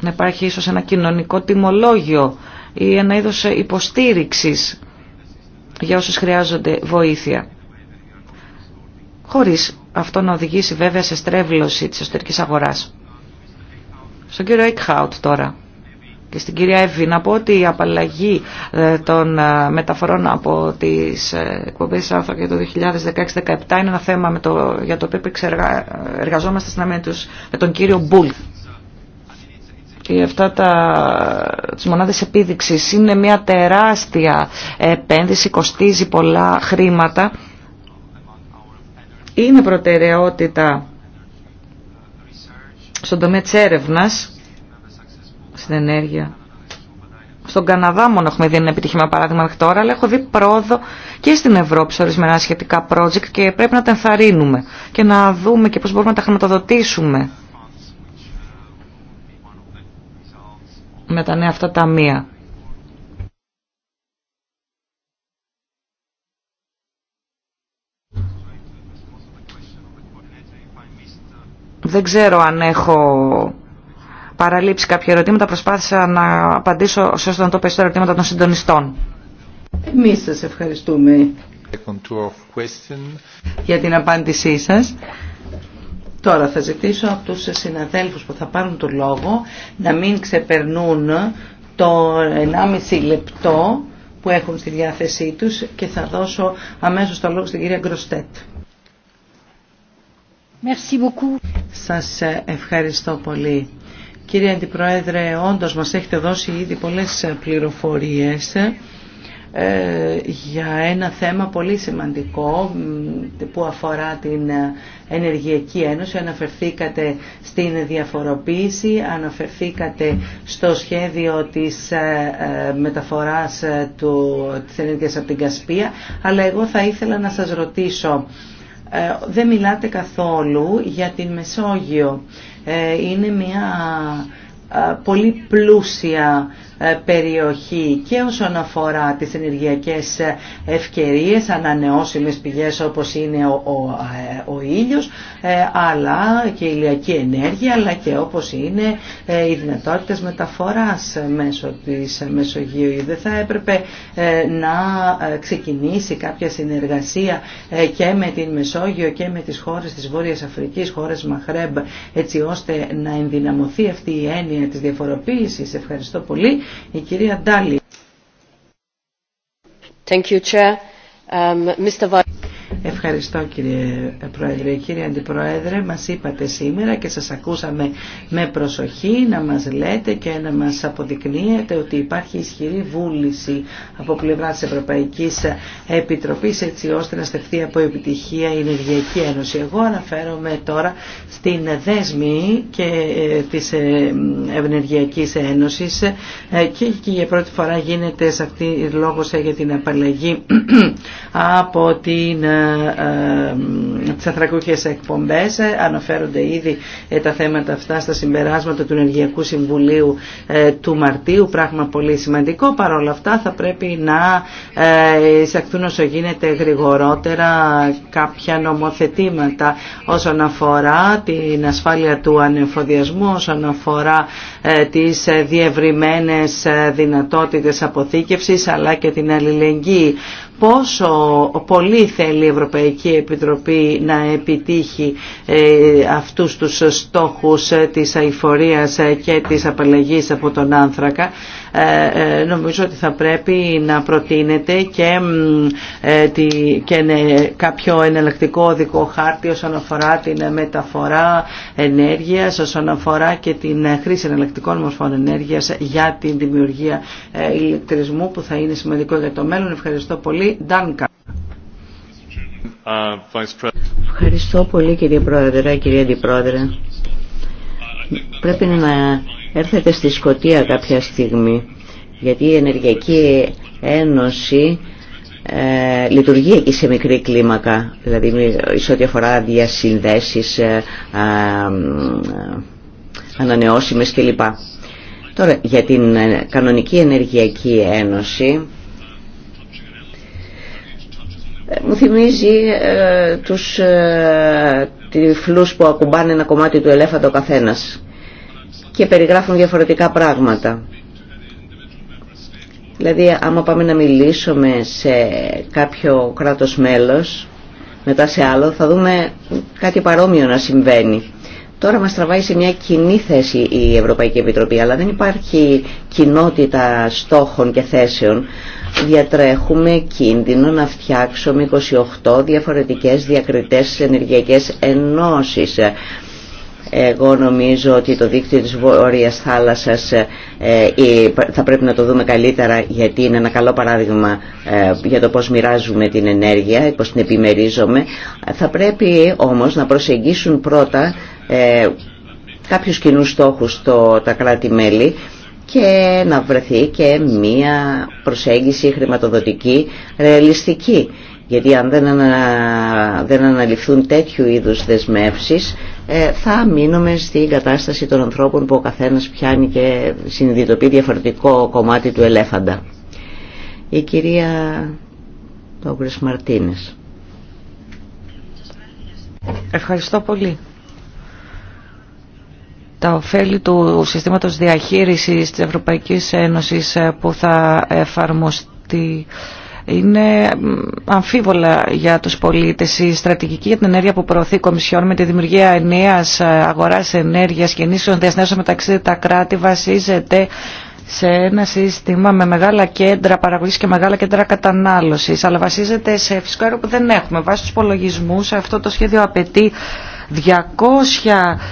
[SPEAKER 2] Να υπάρχει ίσως ένα κοινωνικό τιμολόγιο ή ένα είδος υποστήριξης για όσους χρειάζονται βοήθεια. Χωρίς αυτό να οδηγήσει βέβαια σε στρέβλωση της εσωτερικής αγοράς. Στον κύριο Eichhout τώρα και στην κυρία Εύη να πω ότι η απαλλαγή ε, των ε, μεταφορών από τις ε, εκπομπές άνθρωποι για το 2016-2017 είναι ένα θέμα με το, για το οποίο εργαζόμαστε στην με, με τον κύριο Μπούλ και αυτά τα, τις μονάδες επίδειξης είναι μια τεράστια επένδυση, κοστίζει πολλά χρήματα. Είναι προτεραιότητα στον τομέα της έρευνας, στην ενέργεια. Στον Καναδά μόνο έχουμε δει ένα επιτυχημένο παράδειγμα μέχρι τώρα, αλλά έχω δει πρόοδο και στην Ευρώπη σε ορισμένα σχετικά project και πρέπει να τα ενθαρρύνουμε και να δούμε και πώς μπορούμε να τα χρηματοδοτήσουμε με τα νέα αυτά ταμεία. Δεν ξέρω αν έχω παραλείψει κάποια ερωτήματα. Προσπάθησα να απαντήσω σε όσο το περισσότερο ερωτήματα των συντονιστών.
[SPEAKER 1] Εμείς σας ευχαριστούμε για την απάντησή σας. Τώρα θα ζητήσω από τους συναδέλφους που θα πάρουν το λόγο να μην ξεπερνούν το 1,5 λεπτό που έχουν στη διάθεσή τους και θα δώσω αμέσως το λόγο στην κυρία Γκροστέτ.
[SPEAKER 2] Merci beaucoup.
[SPEAKER 1] Σας ευχαριστώ πολύ. Κύριε Αντιπρόεδρε, όντως μας έχετε δώσει ήδη πολλές πληροφορίες. Ε, για ένα θέμα πολύ σημαντικό που αφορά την ε, Ενεργειακή Ένωση. Αναφερθήκατε στην διαφοροποίηση, αναφερθήκατε στο σχέδιο της ε, μεταφοράς του, της ενέργειας από την Κασπία, αλλά εγώ θα ήθελα να σας ρωτήσω, δεν μιλάτε καθόλου για την Μεσόγειο. Είναι μια πολύ πλούσια ε, περιοχή και όσον αφορά τις ενεργειακές ε, ευκαιρίες, ανανεώσιμες πηγές όπως είναι ο, ο, ε, ήλιος, αλλά και η ηλιακή ενέργεια, αλλά και όπως είναι οι δυνατότητες μεταφοράς μέσω της Μεσογείου. Δεν θα έπρεπε να ξεκινήσει κάποια συνεργασία και με την Μεσόγειο και με τις χώρες της Βόρειας Αφρικής, χώρες Μαχρέμπ, έτσι ώστε να ενδυναμωθεί αυτή η έννοια της διαφοροποίησης. Ευχαριστώ πολύ η κυρία Ντάλι. Thank you, Chair. Ευχαριστώ κύριε Πρόεδρε. Κύριε Αντιπρόεδρε, μας είπατε σήμερα και σας ακούσαμε με προσοχή να μας λέτε και να μας αποδεικνύετε ότι υπάρχει ισχυρή βούληση από πλευρά της Ευρωπαϊκής Επιτροπής έτσι ώστε να στεφθεί από επιτυχία η Ενεργειακή Ένωση. Εγώ αναφέρομαι τώρα στην δέσμη και ε, της ε, Ενεργειακής Ένωσης ε, και για πρώτη φορά γίνεται σε αυτή λόγος για την απαλλαγή από την ε, ε, τις ανθρακούχες εκπομπές. Ε, αναφέρονται ήδη τα θέματα αυτά στα συμπεράσματα του Ενεργειακού Συμβουλίου του Μαρτίου, πράγμα πολύ σημαντικό. παρόλα αυτά θα πρέπει να εισαχθούν όσο γίνεται γρηγορότερα κάποια νομοθετήματα όσον αφορά την ασφάλεια του ανεφοδιασμού, όσον αφορά τις διευρυμένες δυνατότητες αποθήκευσης αλλά και την αλληλεγγύη πόσο πολύ θέλει η Ευρωπαϊκή Επιτροπή να επιτύχει ε, αυτούς τους στόχους ε, της αηφορίας ε, και της απαλλαγής από τον άνθρακα ε, ε, νομίζω ότι θα πρέπει να προτείνεται και, ε, και ναι, κάποιο εναλλακτικό οδικό χάρτη όσον αφορά την μεταφορά ενέργειας, όσον αφορά και την χρήση εναλλακτικών μορφών ενέργειας για την δημιουργία ηλεκτρισμού που θα είναι σημαντικό για το μέλλον. Ευχαριστώ πολύ. Ντάνκα.
[SPEAKER 3] Ευχαριστώ πολύ κύριε Πρόεδρε, κύριε Αντιπρόεδρε. Πρέπει να έρθετε στη σκοτία κάποια στιγμή γιατί η Ενεργειακή Ένωση ε, λειτουργεί εκεί σε μικρή κλίμακα δηλαδή σε ό,τι αφορά διασυνδέσεις ε, ανανεώσιμες κλπ. Τώρα για την ε, Κανονική Ενεργειακή Ένωση ε, μου θυμίζει τους τυφλούς που ακουμπάνε ένα κομμάτι του ελέφαντο καθένας και περιγράφουν διαφορετικά πράγματα. Δηλαδή, άμα πάμε να μιλήσουμε σε κάποιο κράτος μέλος, μετά σε άλλο, θα δούμε κάτι παρόμοιο να συμβαίνει. Τώρα μας τραβάει σε μια κοινή θέση η Ευρωπαϊκή Επιτροπή, αλλά δεν υπάρχει κοινότητα στόχων και θέσεων. Διατρέχουμε κίνδυνο να φτιάξουμε 28 διαφορετικές διακριτές ενεργειακές ενώσεις εγώ νομίζω ότι το δίκτυο της Βόρειας Θάλασσας ε, ε, θα πρέπει να το δούμε καλύτερα γιατί είναι ένα καλό παράδειγμα ε, για το πώς μοιράζουμε την ενέργεια, πώς την επιμερίζομαι. Θα πρέπει όμως να προσεγγίσουν πρώτα κάποιους κοινούς στόχους το, τα κράτη-μέλη και να βρεθεί και μία προσέγγιση χρηματοδοτική ρεαλιστική γιατί αν δεν, ανα, δεν τέτοιου είδους δεσμεύσεις ε, θα μείνουμε στην κατάσταση των ανθρώπων που ο καθένας πιάνει και συνειδητοποιεί διαφορετικό κομμάτι του ελέφαντα. Η κυρία Τόγκρες Μαρτίνες. Ευχαριστώ πολύ. Τα
[SPEAKER 2] ωφέλη του συστήματος διαχείρισης της Ευρωπαϊκής Ένωσης ε, που θα εφαρμοστεί είναι αμφίβολα για τους πολίτες η στρατηγική για την ενέργεια που προωθεί η Κομισιόν με τη δημιουργία ενιαίας ε, αγοράς ενέργειας και ενίσχυων διασυνέσεων μεταξύ τα κράτη βασίζεται σε ένα σύστημα με μεγάλα κέντρα παραγωγής και μεγάλα κέντρα κατανάλωσης, αλλά βασίζεται σε φυσικό αέριο που δεν έχουμε. Βάσει τους υπολογισμούς αυτό το σχέδιο απαιτεί 200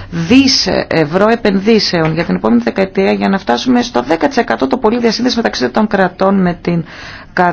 [SPEAKER 2] δις ευρώ επενδύσεων για την επόμενη δεκαετία για να φτάσουμε στο 10% το πολύ διασύνδεση μεταξύ των κρατών με την κατά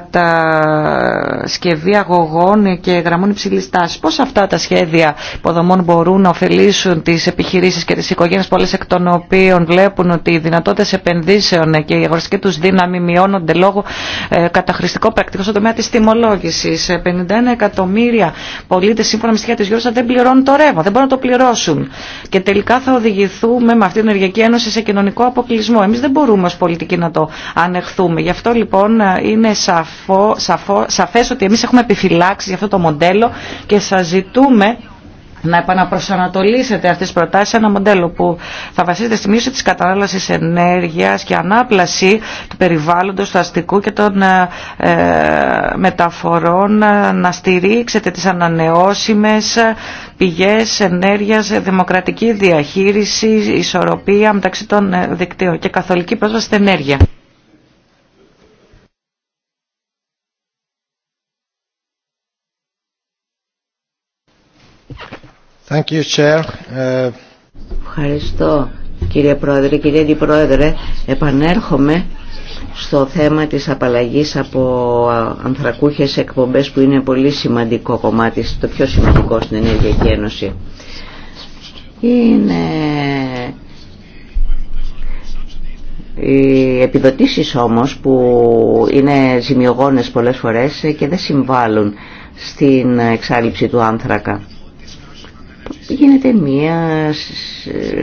[SPEAKER 2] κατασκευή αγωγών και γραμμών υψηλής τάσης. Πώς αυτά τα σχέδια υποδομών μπορούν να ωφελήσουν τις επιχειρήσεις και τις οικογένειες, πολλές εκ των οποίων βλέπουν ότι οι δυνατότητες επενδύσεων και η αγοραστική τους δύναμη μειώνονται λόγω ε, καταχρηστικό πρακτικό στον τομέα της τιμολόγησης. 51 ε, εκατομμύρια πολίτες σύμφωνα με στοιχεία της Γιώργης δεν πληρώνουν το ρεύμα, δεν μπορούν να το πληρώσουν. Και τελικά θα οδηγηθούμε με αυτή την Ενεργειακή Ένωση σε κοινωνικό αποκλεισμό. Εμείς δεν μπορούμε ως πολιτικοί να το ανεχθούμε. Γι' αυτό λοιπόν ε, είναι σαφό, σαφό, σαφές ότι εμείς έχουμε επιφυλάξει για αυτό το μοντέλο και σας ζητούμε να επαναπροσανατολίσετε αυτές τις προτάσεις σε ένα μοντέλο που θα βασίζεται στη μείωση της κατανάλωσης ενέργειας και ανάπλαση του περιβάλλοντος, του αστικού και των ε, ε, μεταφορών, ε, να στηρίξετε τις ανανεώσιμες πηγές ενέργειας, δημοκρατική διαχείριση, ισορροπία μεταξύ των δικτύων και καθολική πρόσβαση στην ενέργεια.
[SPEAKER 3] Ευχαριστώ κύριε Πρόεδρε, κύριε Αντιπρόεδρε. Επανέρχομαι στο θέμα της απαλλαγής από ανθρακούχες εκπομπές που είναι πολύ σημαντικό κομμάτι, το πιο σημαντικό στην Ενεργειακή Ένωση. Είναι... Οι επιδοτήσεις όμως που είναι ζημιογόνες πολλές φορές και δεν συμβάλλουν στην εξάλληψη του άνθρακα γίνεται μία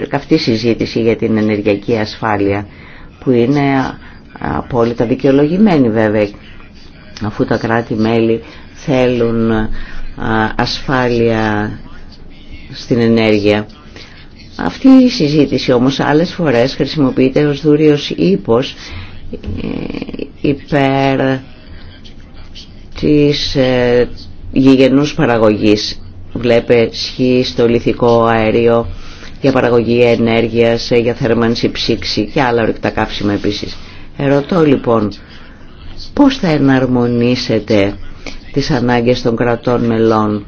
[SPEAKER 3] ε, καυτή συζήτηση για την ενεργειακή ασφάλεια που είναι απόλυτα δικαιολογημένη βέβαια αφού τα κράτη-μέλη θέλουν ε, ασφάλεια στην ενέργεια. Αυτή η συζήτηση όμως άλλες φορές χρησιμοποιείται ως δούριος ύπος ε, υπέρ της γηγενούς παραγωγής βλέπε σχή στο λιθικό αέριο για παραγωγή ενέργειας, ε, για θέρμανση ψήξη και άλλα ορυκτά καύσιμα επίσης. Ερωτώ λοιπόν πώς θα εναρμονίσετε τις ανάγκες των κρατών μελών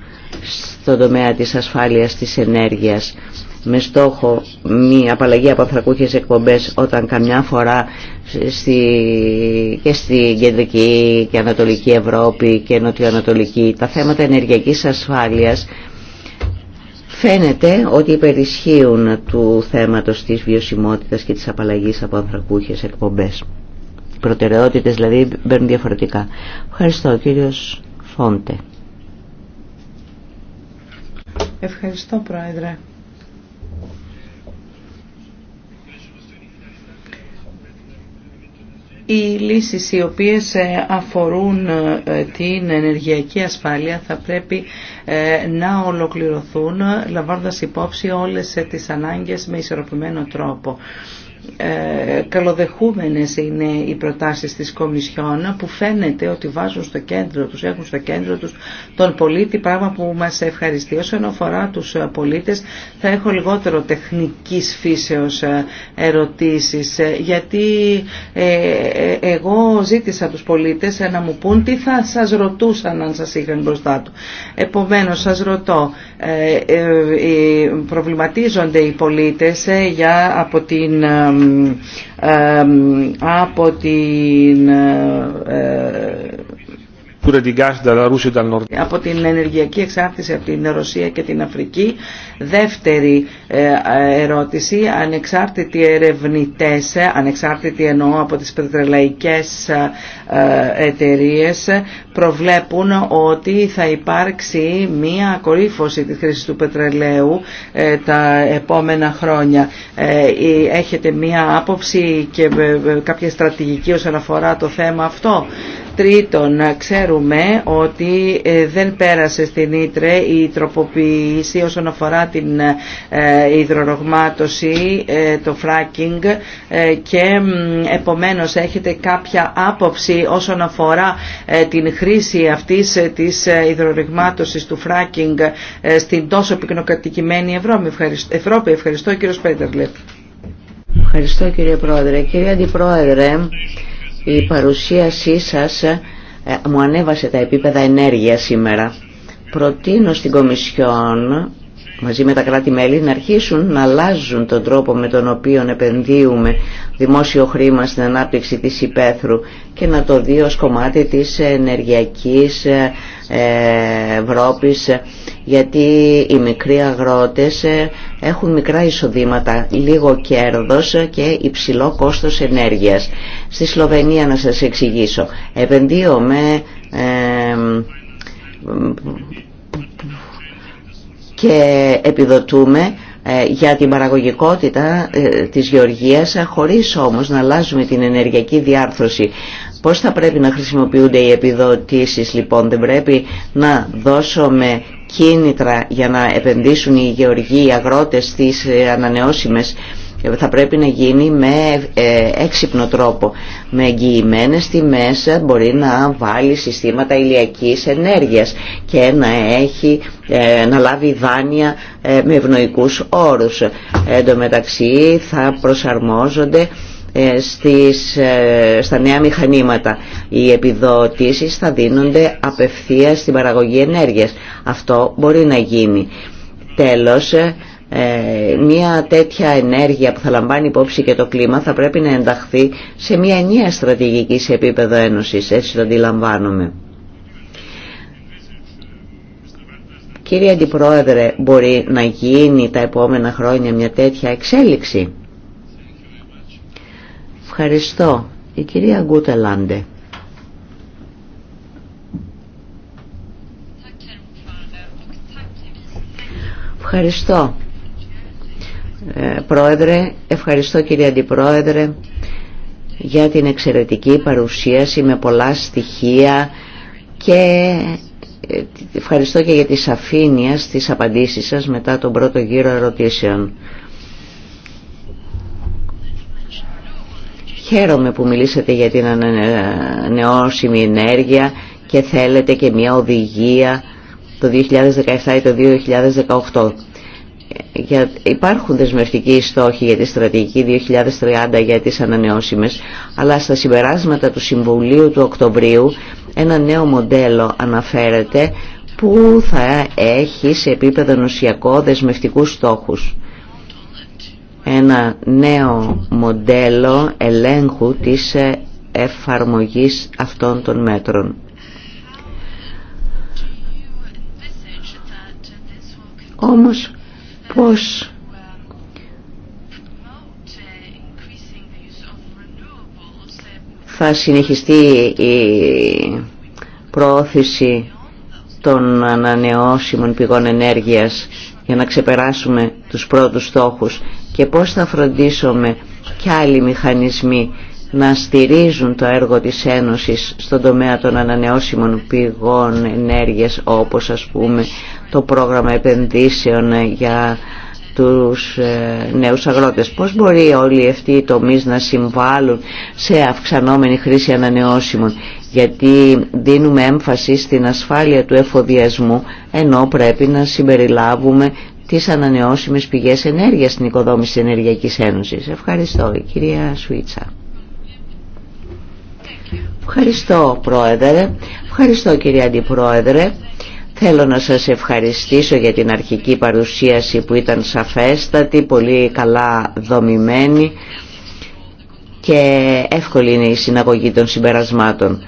[SPEAKER 3] στον τομέα της ασφάλειας της ενέργειας με στόχο μια απαλλαγή από ανθρακούχες εκπομπές όταν καμιά φορά στη, και στην κεντρική και ανατολική Ευρώπη και νοτιοανατολική τα θέματα ενεργειακής ασφάλειας φαίνεται ότι υπερισχύουν του θέματος της βιωσιμότητας και της απαλλαγής από ανθρακούχες εκπομπές. Οι προτεραιότητες δηλαδή μπαίνουν διαφορετικά. Ευχαριστώ κύριος Φόντε.
[SPEAKER 1] Ευχαριστώ Πρόεδρε. Οι λύσεις οι οποίες ε, αφορούν ε, την ενεργειακή ασφάλεια θα πρέπει ε, να ολοκληρωθούν λαμβάνοντας υπόψη όλες τις ανάγκες με ισορροπημένο τρόπο. Ε, καλοδεχούμενες είναι οι προτάσεις της Κομισιόν που φαίνεται ότι βάζουν στο κέντρο τους, έχουν στο κέντρο τους τον πολίτη, πράγμα που μας ευχαριστεί. Όσον αφορά τους πολίτες θα έχω λιγότερο τεχνικής φύσεως ε, ερωτήσεις ε, γιατί εγώ ζήτησα τους πολίτες να μου πούν τι θα σας ρωτούσαν αν σας είχαν μπροστά του. Επομένως σας ρωτώ, προβληματίζονται οι πολίτες για από την από την ε, από την ενεργειακή εξάρτηση από την Ρωσία και την Αφρική. Δεύτερη ε, ερώτηση, ανεξάρτητοι ερευνητές, ε, ανεξάρτητοι εννοώ από τις πετρελαϊκές ε, εταιρείες, προβλέπουν ότι θα υπάρξει μία κορύφωση της χρήσης του πετρελαίου τα επόμενα χρόνια. Έχετε μία άποψη και κάποια στρατηγική όσον αφορά το θέμα αυτό. Τρίτον, ξέρουμε ότι ε, δεν πέρασε στην Ήτρε η τροποποίηση όσον αφορά την ε, υδρορογμάτωση, ε, το fracking και επομένως έχετε κάποια άποψη όσον αφορά την χρήση αυτής της υδρορογμάτωσης του fracking στην τόσο πυκνοκατοικημένη Ευρώπη. Ευχαριστώ κύριε Σπέντερλετ.
[SPEAKER 3] Ευχαριστώ κύριε Πρόεδρε. Κύριε Αντιπρόεδρε, η παρουσίασή σας ε, μου ανέβασε τα επίπεδα ενέργεια σήμερα. Προτείνω στην Κομισιόν μαζί με τα κράτη-μέλη να αρχίσουν να αλλάζουν τον τρόπο με τον οποίο επενδύουμε δημόσιο χρήμα στην ανάπτυξη της υπαίθρου και να το δει ως κομμάτι της ενεργειακής ε, ε, Ευρώπης γιατί οι μικροί αγρότες έχουν μικρά εισοδήματα, λίγο κέρδος και υψηλό κόστος ενέργειας. Στη Σλοβενία να σας εξηγήσω. Επενδύω και επιδοτούμε ε, για την παραγωγικότητα ε, της γεωργίας χωρίς όμως να αλλάζουμε την ενεργειακή διάρθρωση. Πώς θα πρέπει να χρησιμοποιούνται οι επιδοτήσεις λοιπόν, δεν πρέπει να δώσουμε κίνητρα για να επενδύσουν οι γεωργοί, οι αγρότες στις ε, ανανεώσιμες ε, θα πρέπει να γίνει με ε, έξυπνο τρόπο. Με εγγυημένες τιμές μπορεί να βάλει συστήματα ηλιακής ενέργειας και να, έχει, να λάβει δάνεια με ευνοϊκούς όρους. Εν τω μεταξύ θα προσαρμόζονται ε, στις, ε, στα νέα μηχανήματα. Οι επιδοτήσεις θα δίνονται απευθείας στην παραγωγή ενέργειας. Αυτό μπορεί να γίνει. Τέλος, ε, μια τέτοια ενέργεια που θα λαμβάνει υπόψη και το κλίμα θα πρέπει να ενταχθεί σε μια νέα στρατηγική σε επίπεδο ένωσης. Έτσι το αντιλαμβάνομαι. Κύριε Αντιπρόεδρε, μπορεί να γίνει τα επόμενα χρόνια μια τέτοια εξέλιξη. Ευχαριστώ. Η κυρία Γκούτελάντε. Ευχαριστώ. Ε, πρόεδρε, ευχαριστώ κύριε Αντιπρόεδρε για την εξαιρετική παρουσίαση με πολλά στοιχεία και ε, ευχαριστώ και για τη σαφήνεια στις απαντήσεις σας μετά τον πρώτο γύρο ερωτήσεων. Χαίρομαι που μιλήσατε για την ανανεώσιμη ενέργεια και θέλετε και μια οδηγία το 2017 ή το 2018. Για, υπάρχουν δεσμευτικοί στόχοι για τη στρατηγική 2030 για τις ανανεώσιμες, αλλά στα συμπεράσματα του Συμβουλίου του Οκτωβρίου ένα νέο μοντέλο αναφέρεται που θα έχει σε επίπεδο νοσιακό δεσμευτικούς στόχους ένα νέο μοντέλο ελέγχου της ε, εφαρμογής αυτών των μέτρων. Όμως πώς θα συνεχιστεί η προώθηση των ανανεώσιμων πηγών ενέργειας για να ξεπεράσουμε τους πρώτους στόχους και πώς θα φροντίσουμε και άλλοι μηχανισμοί να στηρίζουν το έργο της Ένωσης στον τομέα των ανανεώσιμων πηγών ενέργειας όπως ας πούμε το πρόγραμμα επενδύσεων για τους ε, νέους αγρότες. Πώς μπορεί όλοι αυτοί οι τομείς να συμβάλλουν σε αυξανόμενη χρήση ανανεώσιμων γιατί δίνουμε έμφαση στην ασφάλεια του εφοδιασμού ενώ πρέπει να συμπεριλάβουμε τις ανανεώσιμες πηγές ενέργειας στην οικοδόμηση της Ενεργειακής Ένωσης. Ευχαριστώ, κυρία Σουίτσα. Ευχαριστώ, Πρόεδρε. Ευχαριστώ, κυρία Αντιπρόεδρε. Θέλω να σας ευχαριστήσω για την αρχική παρουσίαση που ήταν σαφέστατη, πολύ καλά δομημένη και εύκολη είναι η συναγωγή των συμπερασμάτων.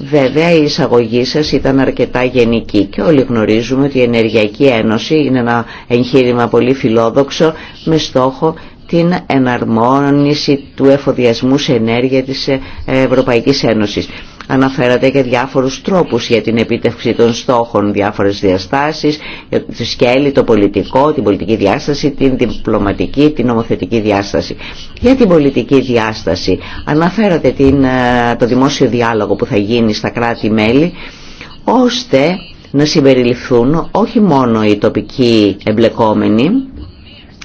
[SPEAKER 3] Βέβαια η εισαγωγή σας ήταν αρκετά γενική και όλοι γνωρίζουμε ότι η Ενεργειακή Ένωση είναι ένα εγχείρημα πολύ φιλόδοξο με στόχο την εναρμόνιση του εφοδιασμού σε ενέργεια της ε, Ευρωπαϊκής Ένωσης. Αναφέρατε και διάφορους τρόπους για την επίτευξη των στόχων, διάφορες διαστάσεις, τη σκέλη, το πολιτικό, την πολιτική διάσταση, την διπλωματική, την νομοθετική διάσταση. Για την πολιτική διάσταση, αναφέρατε την, ε, το δημόσιο διάλογο που θα γίνει στα κράτη-μέλη, ώστε να συμπεριληφθούν όχι μόνο οι τοπικοί εμπλεκόμενοι,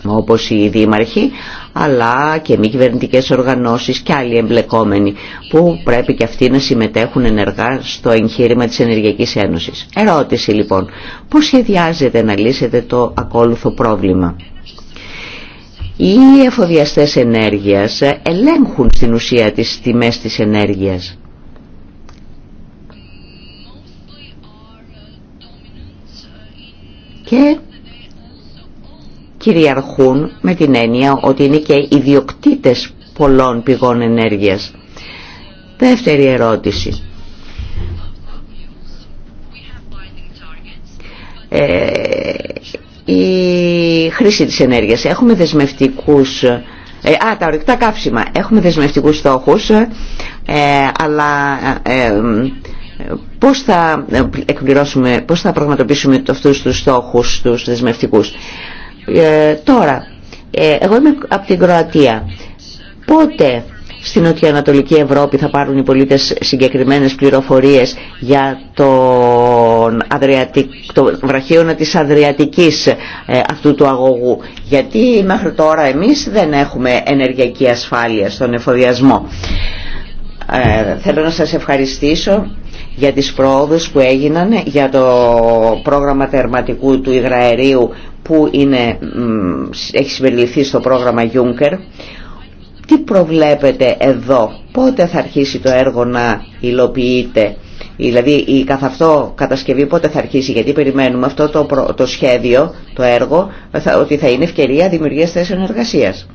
[SPEAKER 3] βαθμό όπως οι δήμαρχοι αλλά και μη κυβερνητικέ οργανώσεις και άλλοι εμπλεκόμενοι που πρέπει και αυτοί να συμμετέχουν ενεργά στο εγχείρημα της Ενεργειακής Ένωσης. Ερώτηση λοιπόν, πώς σχεδιάζετε να λύσετε το ακόλουθο πρόβλημα. Οι εφοδιαστές ενέργειας ελέγχουν στην ουσία τις τιμές της ενέργειας. Και κυριαρχούν με την έννοια ότι είναι και ιδιοκτήτες πολλών πηγών ενέργειας. Δεύτερη ερώτηση. Ε, η χρήση της ενέργειας. Έχουμε δεσμευτικούς... Ε, α, τα ορυκτά καύσιμα. Έχουμε δεσμευτικούς στόχους, ε, αλλά ε, πώς θα ε, εκπληρώσουμε, πώς θα πραγματοποιήσουμε αυτούς τους στόχους, τους δεσμευτικούς. Ε, τώρα, ε, εγώ είμαι από την Κροατία. Πότε στην Νοτιοανατολική Ευρώπη θα πάρουν οι πολίτες συγκεκριμένες πληροφορίες για τον Αδριατικ, το βραχίωνα της Αδριατικής ε, αυτού του αγωγού. Γιατί μέχρι τώρα εμείς δεν έχουμε ενεργειακή ασφάλεια στον εφοδιασμό. Ε, θέλω να σας ευχαριστήσω για τις πρόοδες που έγιναν για το πρόγραμμα τερματικού του υγραερίου που είναι, έχει συμπεριληφθεί στο πρόγραμμα Juncker. Τι προβλέπετε εδώ, πότε θα αρχίσει το έργο να υλοποιείται, δηλαδή η καθ' αυτό κατασκευή πότε θα αρχίσει, γιατί περιμένουμε αυτό το, το σχέδιο, το έργο, ότι θα είναι ευκαιρία δημιουργίας θέσεων εργασίας.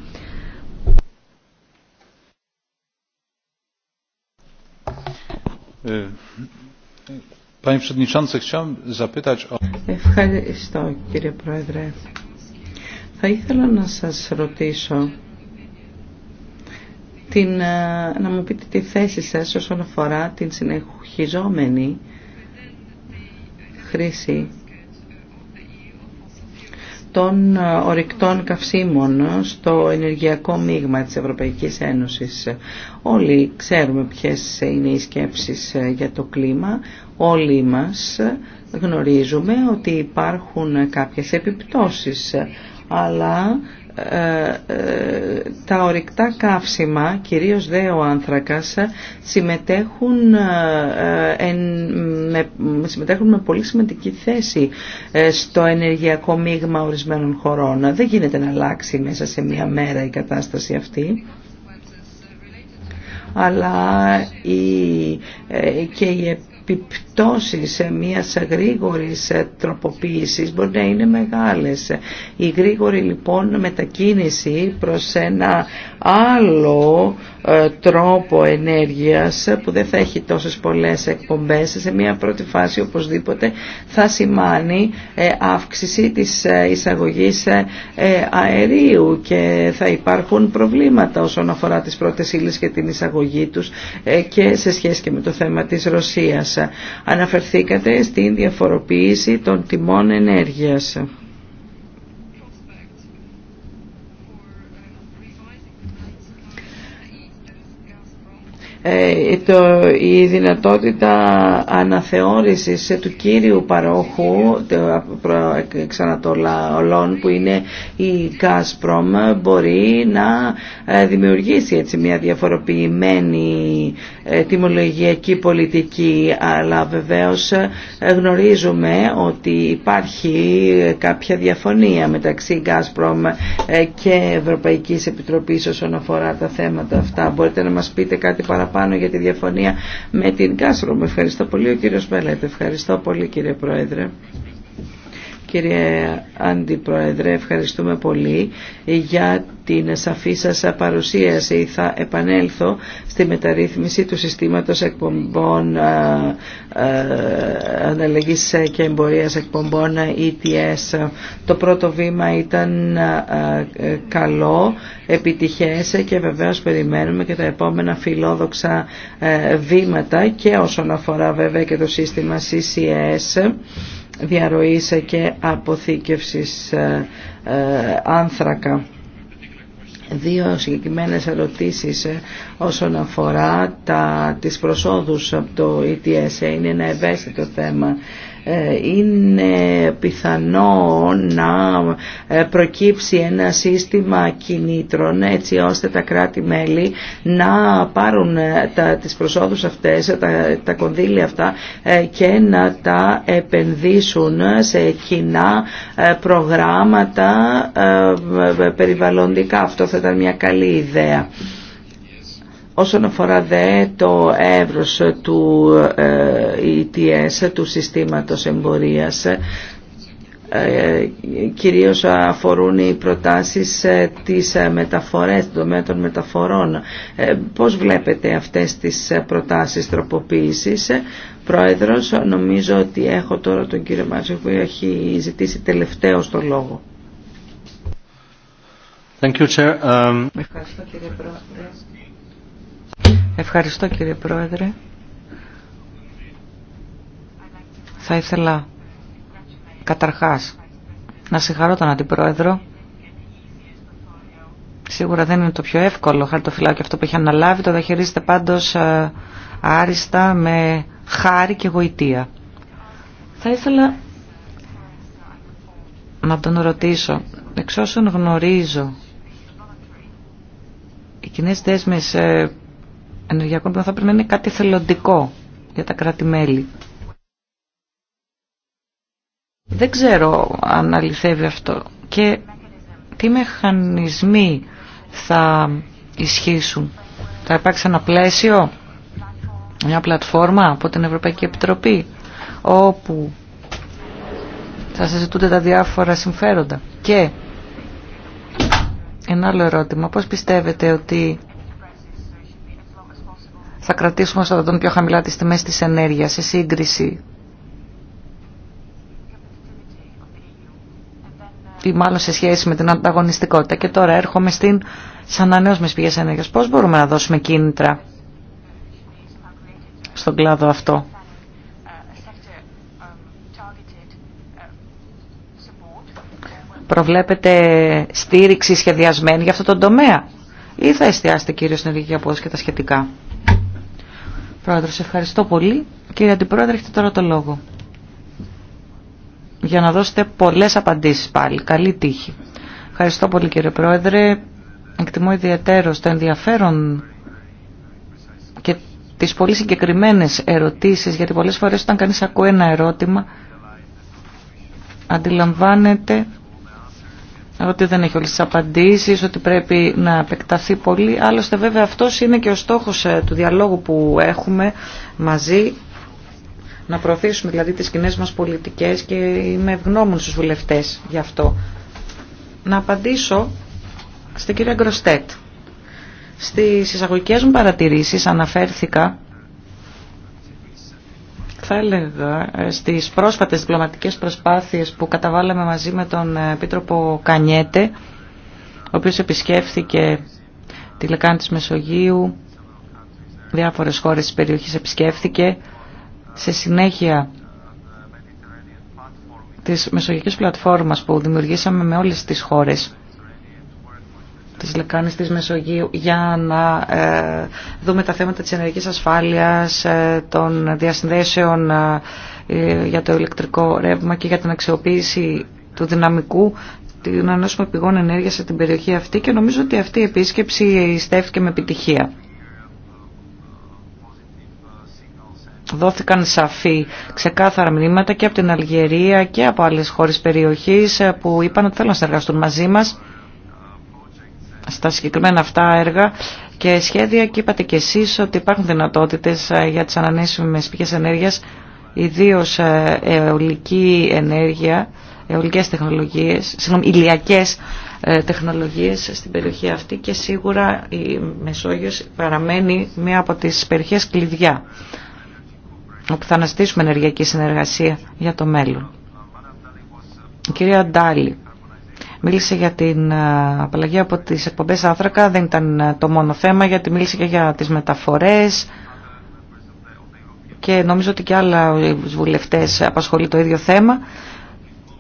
[SPEAKER 2] Ευχαριστώ
[SPEAKER 1] κύριε Πρόεδρε. Θα ήθελα να σας ρωτήσω την, ε, να μου πείτε τη θέση σας όσον αφορά την συνεχιζόμενη χρήση των ε, ορεικτών καυσίμων στο ενεργειακό μείγμα της Ευρωπαϊκής Ένωσης. Όλοι ξέρουμε ποιες είναι οι σκέψεις ε, για το κλίμα, όλοι μας γνωρίζουμε ότι υπάρχουν κάποιες επιπτώσεις, ε, αλλά τα ορυκτά καύσιμα, κυρίως δε ο άνθρακας, συμμετέχουν, ε, με, συμμετέχουν με πολύ σημαντική θέση ε, στο ενεργειακό μείγμα ορισμένων χωρών. Δεν γίνεται να αλλάξει μέσα σε μία μέρα η κατάσταση αυτή αλλά η, ε, και επιπτώσεις μια γρήγορης ε, τροποποίησης μπορεί να είναι μεγάλες. Η γρήγορη λοιπόν μετακίνηση προς ένα άλλο ε, τρόπο ενέργειας που δεν θα έχει τόσες πολλές εκπομπές σε μια πρώτη φάση οπωσδήποτε θα σημάνει ε, αύξηση της ε, εισαγωγής αερίου και θα υπάρχουν προβλήματα όσον αφορά τις πρώτες ύλες και την εισαγωγή τους και σε σχέση και με το θέμα της Ρωσίας. Αναφερθήκατε στην διαφοροποίηση των τιμών ενέργειας. Ε, το, η δυνατότητα αναθεώρησης του κύριου παρόχου εξανατολών που είναι η Gazprom μπορεί να ε, δημιουργήσει έτσι μια διαφοροποιημένη ε, τιμολογιακή πολιτική αλλά βεβαίως γνωρίζουμε ότι υπάρχει κάποια διαφωνία μεταξύ Gazprom και Ευρωπαϊκής Επιτροπής όσον αφορά τα θέματα αυτά. Μπορείτε να μας πείτε κάτι παραπάνω παραπάνω για τη διαφωνία με την Κάστρο. Με ευχαριστώ πολύ ο κύριος Μπέλετ. Ευχαριστώ πολύ κύριε Πρόεδρε. Κύριε Αντιπρόεδρε, ευχαριστούμε πολύ για την σαφή σας παρουσίαση. Θα επανέλθω στη μεταρρύθμιση του συστήματος εκπομπών ε, ε, Αναλλαγής και εμπορίας εκπομπών ETS. Το πρώτο βήμα ήταν ε, καλό, επιτυχές και βεβαίως περιμένουμε και τα επόμενα φιλόδοξα βήματα και όσον αφορά βέβαια και το σύστημα CCS διαρροής και αποθήκευσης ε, ε, άνθρακα δύο συγκεκριμένες ερωτήσεις ε, όσον αφορά τα, τις προσόδους από το ETS. Είναι ένα ευαίσθητο θέμα ε, είναι πιθανό να ε, προκύψει ένα σύστημα κινήτρων έτσι ώστε τα κράτη-μέλη να πάρουν ε, τα, τις προσόδους αυτές, τα, τα κονδύλια αυτά και να τα επενδύσουν σε κοινά προγράμματα περιβαλλοντικά. Αυτό θα ήταν μια καλή ιδέα. Όσον αφορά δε το εύρος του ETS, ε, του συστήματος εμπορίας, ε, κυρίως αφορούν οι προτάσεις ε, της μεταφορές, των τομέα των μεταφορών. Πώς βλέπετε αυτές τις προτάσεις τροποποίησης. Πρόεδρος, νομίζω ότι έχω τώρα τον κύριο Μάτσο που έχει ζητήσει τελευταίο
[SPEAKER 2] το λόγο. Thank you, Chair. Um, Ευχαριστώ Ευχαριστώ κύριε Πρόεδρε. Θα ήθελα καταρχάς να συγχαρώ τον Αντιπρόεδρο. Σίγουρα δεν είναι το πιο εύκολο χαρτοφυλάκι αυτό που έχει αναλάβει, το διαχειρίζεται πάντως ε, άριστα με χάρη και γοητεία. Θα ήθελα να τον ρωτήσω, εξ όσων γνωρίζω, οι κοινέ δέσμες ε, ενεργειακών που θα πρέπει να είναι κάτι θελοντικό για τα κράτη-μέλη. Δεν ξέρω αν αληθεύει αυτό και τι μεχανισμοί θα ισχύσουν. Θα υπάρξει ένα πλαίσιο, μια πλατφόρμα από την Ευρωπαϊκή Επιτροπή όπου θα συζητούνται τα διάφορα συμφέροντα. Και ένα άλλο ερώτημα, πώς πιστεύετε ότι θα κρατήσουμε στο τον πιο χαμηλά τις τιμές της ενέργειας σε σύγκριση ή μάλλον σε σχέση με την ανταγωνιστικότητα. Και τώρα έρχομαι στην μες πηγές ενέργειας. Πώς μπορούμε να δώσουμε κίνητρα στον κλάδο αυτό. Προβλέπετε στήριξη σχεδιασμένη για αυτό το τομέα ή θα εστιάσετε κύριο στην ενεργειακή απόδοση και τα σχετικά. Πρόεδρος, ευχαριστώ πολύ. Κύριε Αντιπρόεδρε, έχετε τώρα το λόγο. Για να δώσετε πολλές απαντήσεις πάλι. Καλή τύχη. Ευχαριστώ πολύ κύριε Πρόεδρε. Εκτιμώ ιδιαίτερο το ενδιαφέρον και τις πολύ συγκεκριμένες ερωτήσεις, γιατί πολλές φορές όταν κανείς ακούει ένα ερώτημα, αντιλαμβάνεται ότι δεν έχει όλες τις απαντήσεις, ότι πρέπει να επεκταθεί πολύ. Άλλωστε βέβαια αυτός είναι και ο στόχος ε, του διαλόγου που έχουμε μαζί, να προωθήσουμε δηλαδή τις κοινέ μας πολιτικές και είμαι ευγνώμων στους βουλευτές γι' αυτό. Να απαντήσω στην κυρία Γκροστέτ. Στις εισαγωγικές μου παρατηρήσεις αναφέρθηκα θα έλεγα, ε, στις πρόσφατες διπλωματικές προσπάθειες που καταβάλαμε μαζί με τον ε, Επίτροπο Κανιέτε, ο οποίος επισκέφθηκε τη Λεκάνη της Μεσογείου, διάφορες χώρες της περιοχής επισκέφθηκε, σε συνέχεια της Μεσογειακής Πλατφόρμας που δημιουργήσαμε με όλες τις χώρες της λεκάνης της Μεσογείου για να ε, δούμε τα θέματα της ενεργικής ασφάλειας, ε, των διασυνδέσεων ε, για το ηλεκτρικό ρεύμα και για την αξιοποίηση του δυναμικού την ανώσουμε πηγών ενέργειας σε την περιοχή αυτή και νομίζω ότι αυτή η επίσκεψη στέφθηκε με επιτυχία. δόθηκαν σαφή ξεκάθαρα μηνύματα και από την Αλγερία και από άλλες χώρες περιοχής που είπαν ότι θέλουν να συνεργαστούν μαζί μας στα συγκεκριμένα αυτά έργα και σχέδια και είπατε και εσείς ότι υπάρχουν δυνατότητες ε, για τις ανανέσιμες πηγές ενέργειας, ιδίως ε, αιωλική ενέργεια, αιωλικές τεχνολογίες, συγγνώμη, ηλιακές ε, τεχνολογίες στην περιοχή αυτή και σίγουρα η Μεσόγειος παραμένει μία από τις περιοχές κλειδιά όπου θα αναστήσουμε ενεργειακή συνεργασία για το μέλλον. κυρία Ντάλη Μίλησε για την ε, απαλλαγή από τις εκπομπές άνθρακα, δεν ήταν ε, το μόνο θέμα, γιατί μίλησε και για τις μεταφορές και νομίζω ότι και άλλα βουλευτές απασχολεί το ίδιο θέμα.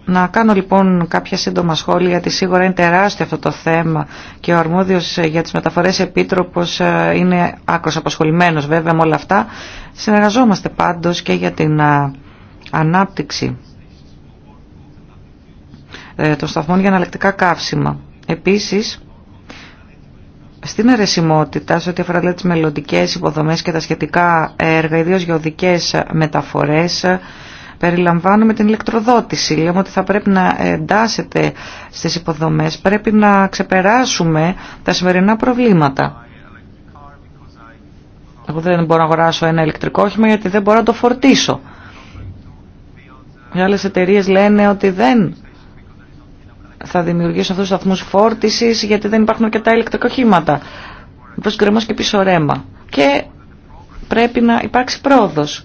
[SPEAKER 2] Να κάνω λοιπόν κάποια σύντομα σχόλια, γιατί σίγουρα είναι τεράστιο αυτό το θέμα και ο αρμόδιος ε, για τις μεταφορές επίτροπος είναι άκρος απασχολημένος βέβαια με όλα αυτά. Συνεργαζόμαστε πάντως και για την ανάπτυξη ε, των σταθμών για αναλεκτικά καύσιμα. Επίσης, στην αιρεσιμότητα, σε ό,τι αφορά δηλαδή, τις μελλοντικές υποδομές και τα σχετικά έργα, ιδίως για οδικές μεταφορές, περιλαμβάνουμε την ηλεκτροδότηση. Λέμε ότι θα πρέπει να εντάσσεται στις υποδομές, πρέπει να ξεπεράσουμε τα σημερινά προβλήματα. Εγώ δεν μπορώ να αγοράσω ένα ηλεκτρικό όχημα γιατί δεν μπορώ να το φορτίσω. Οι άλλες εταιρείες λένε ότι δεν θα δημιουργήσουν αυτούς τους σταθμούς φόρτισης γιατί δεν υπάρχουν αρκετά ηλεκτροκοχήματα Προς και πίσω ρέμα. Και πρέπει να υπάρξει πρόοδος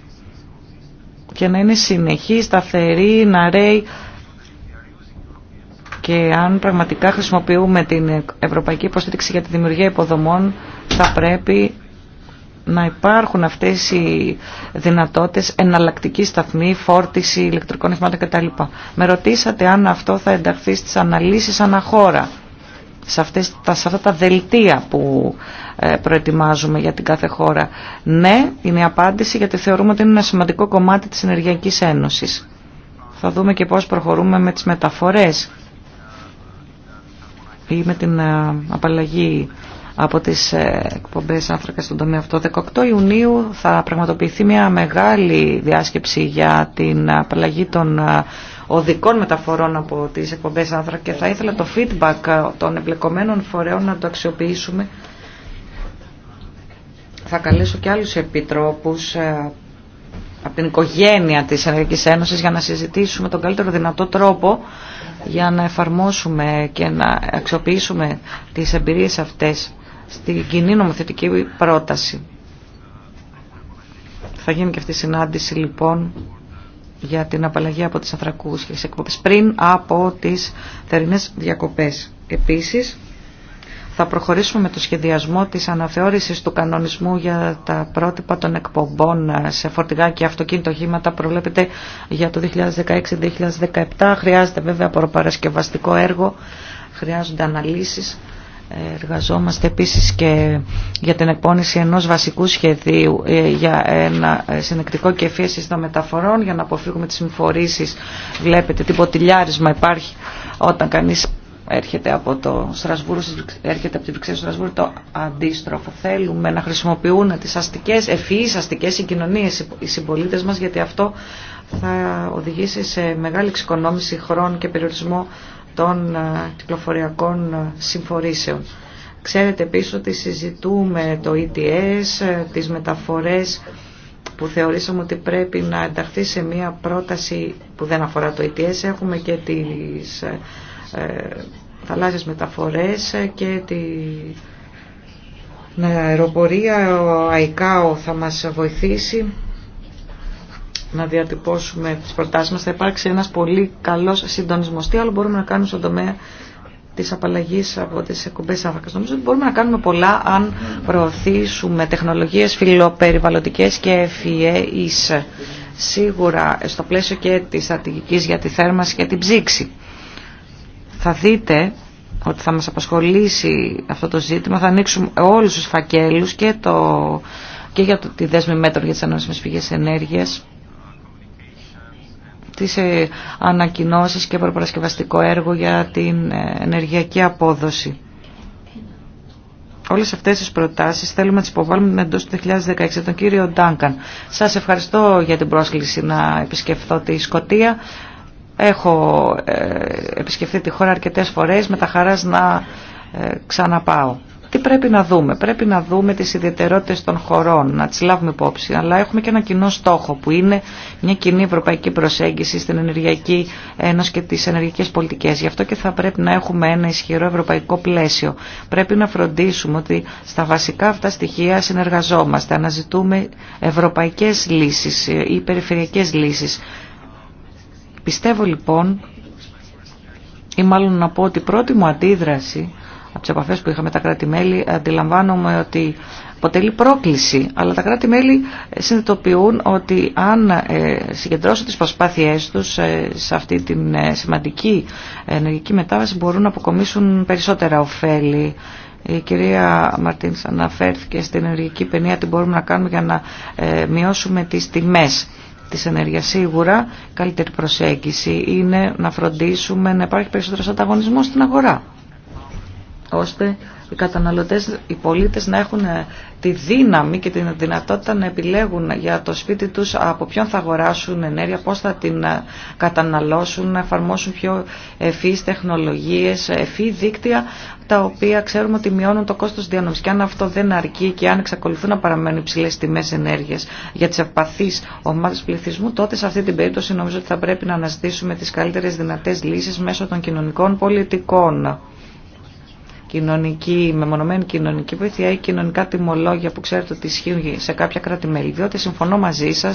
[SPEAKER 2] και να είναι συνεχή, σταθερή, να ρέει και αν πραγματικά χρησιμοποιούμε την ευρωπαϊκή υποστήριξη για τη δημιουργία υποδομών θα πρέπει να υπάρχουν αυτές οι δυνατότητες εναλλακτική σταθμή, φόρτιση ηλεκτρικών αιχμάτων κτλ. Με ρωτήσατε αν αυτό θα ενταχθεί στις αναλύσεις αναχώρα, σε, αυτές, σε αυτά τα δελτία που ε, προετοιμάζουμε για την κάθε χώρα. Ναι, είναι η απάντηση γιατί θεωρούμε ότι είναι ένα σημαντικό κομμάτι της Ενεργειακής Ένωσης. Θα δούμε και πώς προχωρούμε με τις μεταφορές ή με την ε, απαλλαγή από τις ε, εκπομπές άνθρακα στον τομέα αυτό. 18 Ιουνίου θα πραγματοποιηθεί μια μεγάλη διάσκεψη για την απαλλαγή των ε, οδικών μεταφορών από τις εκπομπές άνθρακα και θα ήθελα το feedback ε, των εμπλεκομένων φορέων να το αξιοποιήσουμε. Θα καλέσω και άλλους επιτρόπους από την οικογένεια της Ενεργικής Ένωσης για να συζητήσουμε τον καλύτερο δυνατό τρόπο για να εφαρμόσουμε και να αξιοποιήσουμε τις εμπειρίες αυτές στην κοινή νομοθετική πρόταση. Θα γίνει και αυτή η συνάντηση λοιπόν για την απαλλαγή από τις τις εκπομπές πριν από τις θερινές διακοπές. Επίσης, θα προχωρήσουμε με το σχεδιασμό της αναθεώρησης του κανονισμού για τα πρότυπα των εκπομπών σε φορτηγά και αυτοκίνητο γήματα προβλέπεται για το 2016-2017. Χρειάζεται βέβαια προπαρασκευαστικό έργο, χρειάζονται αναλύσεις. Εργαζόμαστε επίσης και για την εκπόνηση ενός βασικού σχεδίου ε, για ένα ε, συνεκτικό κεφίες των μεταφορών για να αποφύγουμε τις συμφορήσεις. Βλέπετε τι ποτηλιάρισμα υπάρχει όταν κανείς έρχεται από το Στρασβούργο, έρχεται από την Βρυξέλλη Στρασβούρο το αντίστροφο. Θέλουμε να χρησιμοποιούν τις αστικές, ευφυείς αστικές συγκοινωνίες οι συμπολίτε μας γιατί αυτό θα οδηγήσει σε μεγάλη εξοικονόμηση χρόνου και περιορισμό των ε, κυκλοφοριακών ε, συμφορήσεων. Ξέρετε επίσης ότι συζητούμε το ETS, ε, τις μεταφορές που θεωρήσαμε ότι πρέπει να ενταχθεί σε μια πρόταση που δεν αφορά το ETS. Έχουμε και τις ε, θαλάσσιες μεταφορές και τη αεροπορία. Ο ΑΙΚΑΟ θα μας βοηθήσει να διατυπώσουμε τι προτάσει μα. Θα υπάρξει ένα πολύ καλό συντονισμό, Τι άλλο μπορούμε να κάνουμε στον τομέα τη απαλλαγή από τι εκπομπέ άφρακα. Νομίζω ότι μπορούμε να κάνουμε πολλά αν προωθήσουμε τεχνολογίε φιλοπεριβαλλοντικέ και ευφυές σίγουρα στο πλαίσιο και τη στρατηγική για τη θέρμανση και την ψήξη. Θα δείτε ότι θα μας απασχολήσει αυτό το ζήτημα, θα ανοίξουμε όλους τους φακέλους και, το, και για το, τη δέσμη μέτρων για τις ανώσιμες πηγές ενέργειας τις ε, ανακοινώσεις και προπαρασκευαστικό έργο για την ε, ενεργειακή απόδοση. Όλες αυτές τις προτάσεις θέλουμε να τις υποβάλουμε εντός του 2016. Τον κύριο Ντάνκαν, σας ευχαριστώ για την πρόσκληση να επισκεφθώ τη Σκοτία. Έχω ε, επισκεφθεί τη χώρα αρκετές φορές, με τα χαράς να ξαναπάω τι πρέπει να δούμε. Πρέπει να δούμε τις ιδιαιτερότητες των χωρών, να τις λάβουμε υπόψη. Αλλά έχουμε και ένα κοινό στόχο που είναι μια κοινή ευρωπαϊκή προσέγγιση στην Ενεργειακή Ένωση και τις ενεργειακές πολιτικές. Γι' αυτό και θα πρέπει να έχουμε ένα ισχυρό ευρωπαϊκό πλαίσιο. Πρέπει να φροντίσουμε ότι στα βασικά αυτά στοιχεία συνεργαζόμαστε, αναζητούμε ευρωπαϊκές λύσεις ή περιφερειακές λύσεις. Πιστεύω λοιπόν ή μάλλον να πω ότι η πρώτη μου αντίδραση τι επαφέ που είχαμε τα κράτη-μέλη αντιλαμβάνομαι ότι αποτελεί πρόκληση, αλλά τα κράτη-μέλη συνειδητοποιούν ότι αν ε, συγκεντρώσουν τις προσπάθειε τους ε, σε αυτή την ε, σημαντική ενεργική μετάβαση μπορούν να αποκομίσουν περισσότερα ωφέλη. Η κυρία Μαρτίν αναφέρθηκε στην ενεργική παινία, τι μπορούμε να κάνουμε για να μειώσουμε τι τιμέ της ενέργειας. Σίγουρα καλύτερη προσέγγιση είναι να φροντίσουμε να υπάρχει περισσότερο ανταγωνισμό στην αγορά ώστε οι καταναλωτές, οι πολίτες να έχουν ε, τη δύναμη και την δυνατότητα να επιλέγουν για το σπίτι τους από ποιον θα αγοράσουν ενέργεια, πώς θα την ε, καταναλώσουν, να εφαρμόσουν πιο ευφύς τεχνολογίες, ευφύ δίκτυα, τα οποία ξέρουμε ότι μειώνουν το κόστος διανομής. Και αν αυτό δεν αρκεί και αν εξακολουθούν να παραμένουν υψηλέ τιμές ενέργειας για τις ευπαθείς ομάδες πληθυσμού, τότε σε αυτή την περίπτωση νομίζω ότι θα πρέπει να αναζητήσουμε τις καλύτερες δυνατές λύσεις μέσω των κοινωνικών πολιτικών κοινωνική, μεμονωμένη κοινωνική βοήθεια ή κοινωνικά τιμολόγια που ξέρετε ότι ισχύουν σε κάποια κράτη-μέλη. Διότι συμφωνώ μαζί σα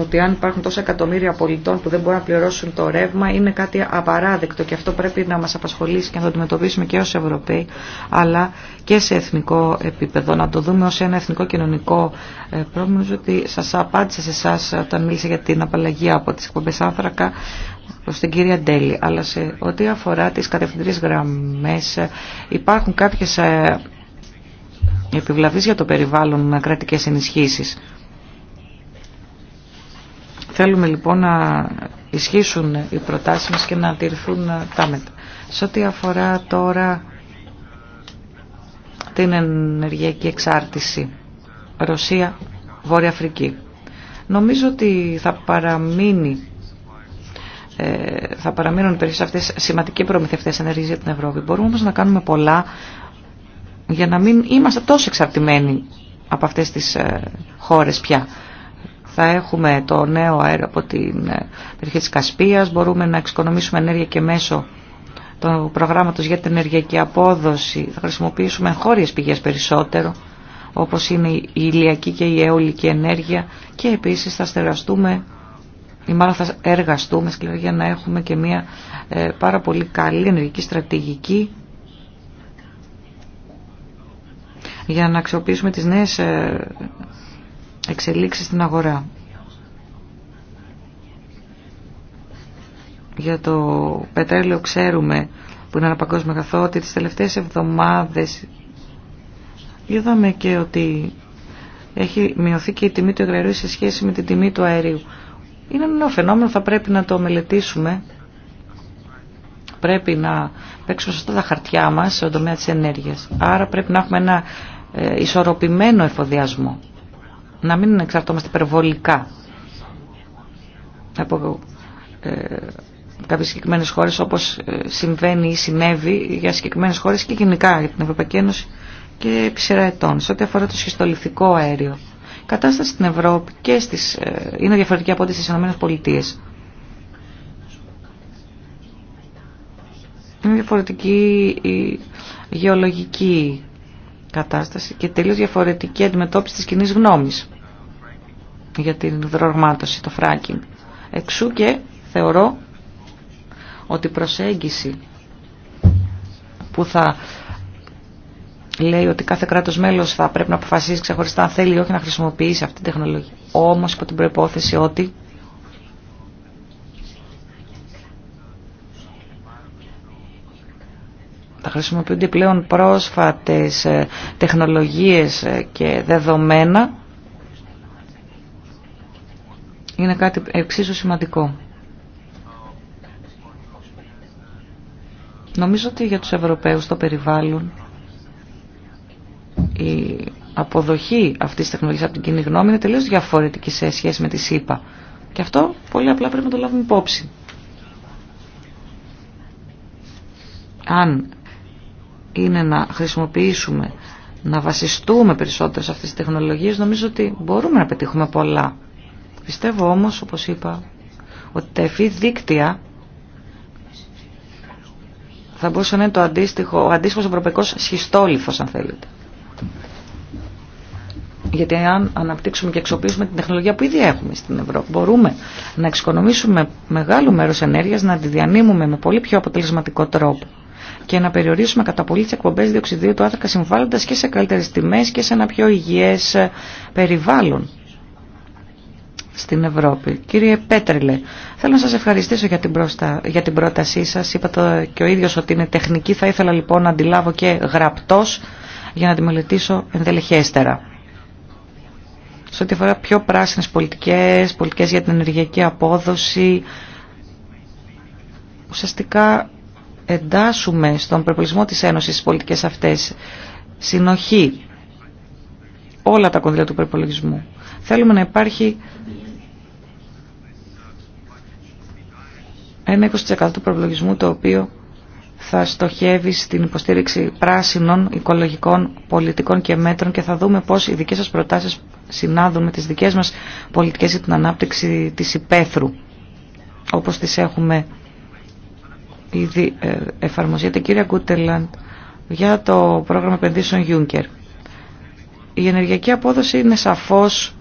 [SPEAKER 2] ότι αν υπάρχουν τόσα εκατομμύρια πολιτών που δεν μπορούν να πληρώσουν το ρεύμα είναι κάτι απαράδεκτο και αυτό πρέπει να μα απασχολήσει και να το αντιμετωπίσουμε και ω Ευρωπαίοι αλλά και σε εθνικό επίπεδο να το δούμε ω ένα εθνικό κοινωνικό ε, πρόβλημα νομίζω ότι σας απάντησα σε εσά όταν μίλησα για την απαλλαγή από τι εκπομπέ άνθρακα προς την κυρία Ντέλη, αλλά σε ό,τι αφορά τις κατευθυντήριες γραμμές υπάρχουν κάποιες ε, επιβλαβείς για το περιβάλλον ε, κρατικές ενισχύσεις. Θέλουμε λοιπόν να ισχύσουν οι προτάσεις μας και να τηρηθούν ε, τα μέτρα. Σε ό,τι αφορά τώρα την ενεργειακή εξάρτηση Ρωσία-Βόρεια Αφρική. Νομίζω ότι θα παραμείνει ε, θα παραμείνουν οι περιοχές αυτές σημαντικοί προμηθευτές ενέργειας για την Ευρώπη. Μπορούμε όμως να κάνουμε πολλά για να μην είμαστε τόσο εξαρτημένοι από αυτές τις ε, χώρες πια. Θα έχουμε το νέο αέρα από την ε, περιοχή της Κασπίας, μπορούμε να εξοικονομήσουμε ενέργεια και μέσω του προγράμματος για την ενεργειακή απόδοση, θα χρησιμοποιήσουμε χώριες πηγές περισσότερο, όπως είναι η ηλιακή και η αιωλική ενέργεια και επίσης θα στεραστούμε ή μάλλον θα εργαστούμε σκληρά για να έχουμε και μια ε, πάρα πολύ καλή ενεργική στρατηγική για να αξιοποιήσουμε τις νέες ε, εξελίξεις στην αγορά. Για το πετρέλαιο ξέρουμε που είναι ένα παγκόσμιο αγαθό ότι τις τελευταίες εβδομάδες είδαμε και ότι έχει μειωθεί και η τιμή του εγραρίου σε σχέση με την τιμή του αερίου. Είναι ένα νέο φαινόμενο, θα πρέπει να το μελετήσουμε. Πρέπει να παίξουμε σωστά τα χαρτιά μας στον τομέα της ενέργειας. Άρα πρέπει να έχουμε ένα ε, ισορροπημένο εφοδιασμό. Να μην εξαρτώμαστε υπερβολικά από ε, κάποιες συγκεκριμένε χώρες όπως ε, συμβαίνει ή συνέβη για συγκεκριμένε χώρες και γενικά για την Ευρωπαϊκή Ένωση και επί σειρά ετών. Σε ό,τι αφορά το σχιστολιθικό αέριο κατάσταση στην Ευρώπη και στις, ε, είναι διαφορετική από ό,τι στις ΗΠΑ. Είναι διαφορετική η γεωλογική κατάσταση και τελείως διαφορετική αντιμετώπιση της κοινή γνώμης για την δρορμάτωση, το φράκινγκ. Εξού και θεωρώ ότι η προσέγγιση που θα λέει ότι κάθε κράτος μέλος θα πρέπει να αποφασίσει ξεχωριστά αν θέλει ή όχι να χρησιμοποιήσει αυτή την τεχνολογία. Όμως υπό την προϋπόθεση ότι θα χρησιμοποιούνται πλέον πρόσφατες ε, τεχνολογίες ε, και δεδομένα είναι κάτι εξίσου σημαντικό. Νομίζω ότι για τους Ευρωπαίους το περιβάλλον η αποδοχή αυτής της τεχνολογίας από την κοινή γνώμη είναι τελείως διαφορετική σε σχέση με τη ΣΥΠΑ. Και αυτό πολύ απλά πρέπει να το λάβουμε υπόψη. Αν είναι να χρησιμοποιήσουμε, να βασιστούμε περισσότερο σε αυτές τις τεχνολογίες, νομίζω ότι μπορούμε να πετύχουμε πολλά. Πιστεύω όμως, όπως είπα, ότι τα ευφύ δίκτυα θα μπορούσε να είναι το αντίστοιχο, ο αντίστοιχος ευρωπαϊκός σχιστόλιθος, αν θέλετε. Γιατί αν αναπτύξουμε και εξοπλίσουμε την τεχνολογία που ήδη έχουμε στην Ευρώπη, μπορούμε να εξοικονομήσουμε μεγάλο μέρος ενέργειας, να τη διανύμουμε με πολύ πιο αποτελεσματικό τρόπο και να περιορίσουμε κατά πολύ τι εκπομπέ διοξιδίου του άνθρακα, συμβάλλοντα και σε καλύτερε τιμέ και σε ένα πιο υγιέ περιβάλλον στην Ευρώπη. Κύριε Πέτρελε, θέλω να σας ευχαριστήσω για την, πρόστα, για την πρότασή σας. Είπατε και ο ίδιος ότι είναι τεχνική. Θα ήθελα λοιπόν να αντιλάβω και γραπτός για να τη μελετήσω ενδελεχέστερα σε ό,τι αφορά πιο πράσινες πολιτικές, πολιτικές για την ενεργειακή απόδοση. Ουσιαστικά εντάσσουμε στον προπολισμό της Ένωσης τις πολιτικές αυτές. Συνοχή. Όλα τα κονδύλια του προπολογισμού. Θέλουμε να υπάρχει ένα 20% του προπολογισμού το οποίο θα στοχεύει στην υποστήριξη πράσινων οικολογικών πολιτικών και μέτρων και θα δούμε πώς οι δικές σας προτάσεις συνάδουν με τις δικές μας πολιτικές για την ανάπτυξη της υπαίθρου όπως τις έχουμε ήδη ε, την κυρία Γκούτελαντ, για το πρόγραμμα επενδύσεων Juncker. Η ενεργειακή απόδοση είναι σαφώς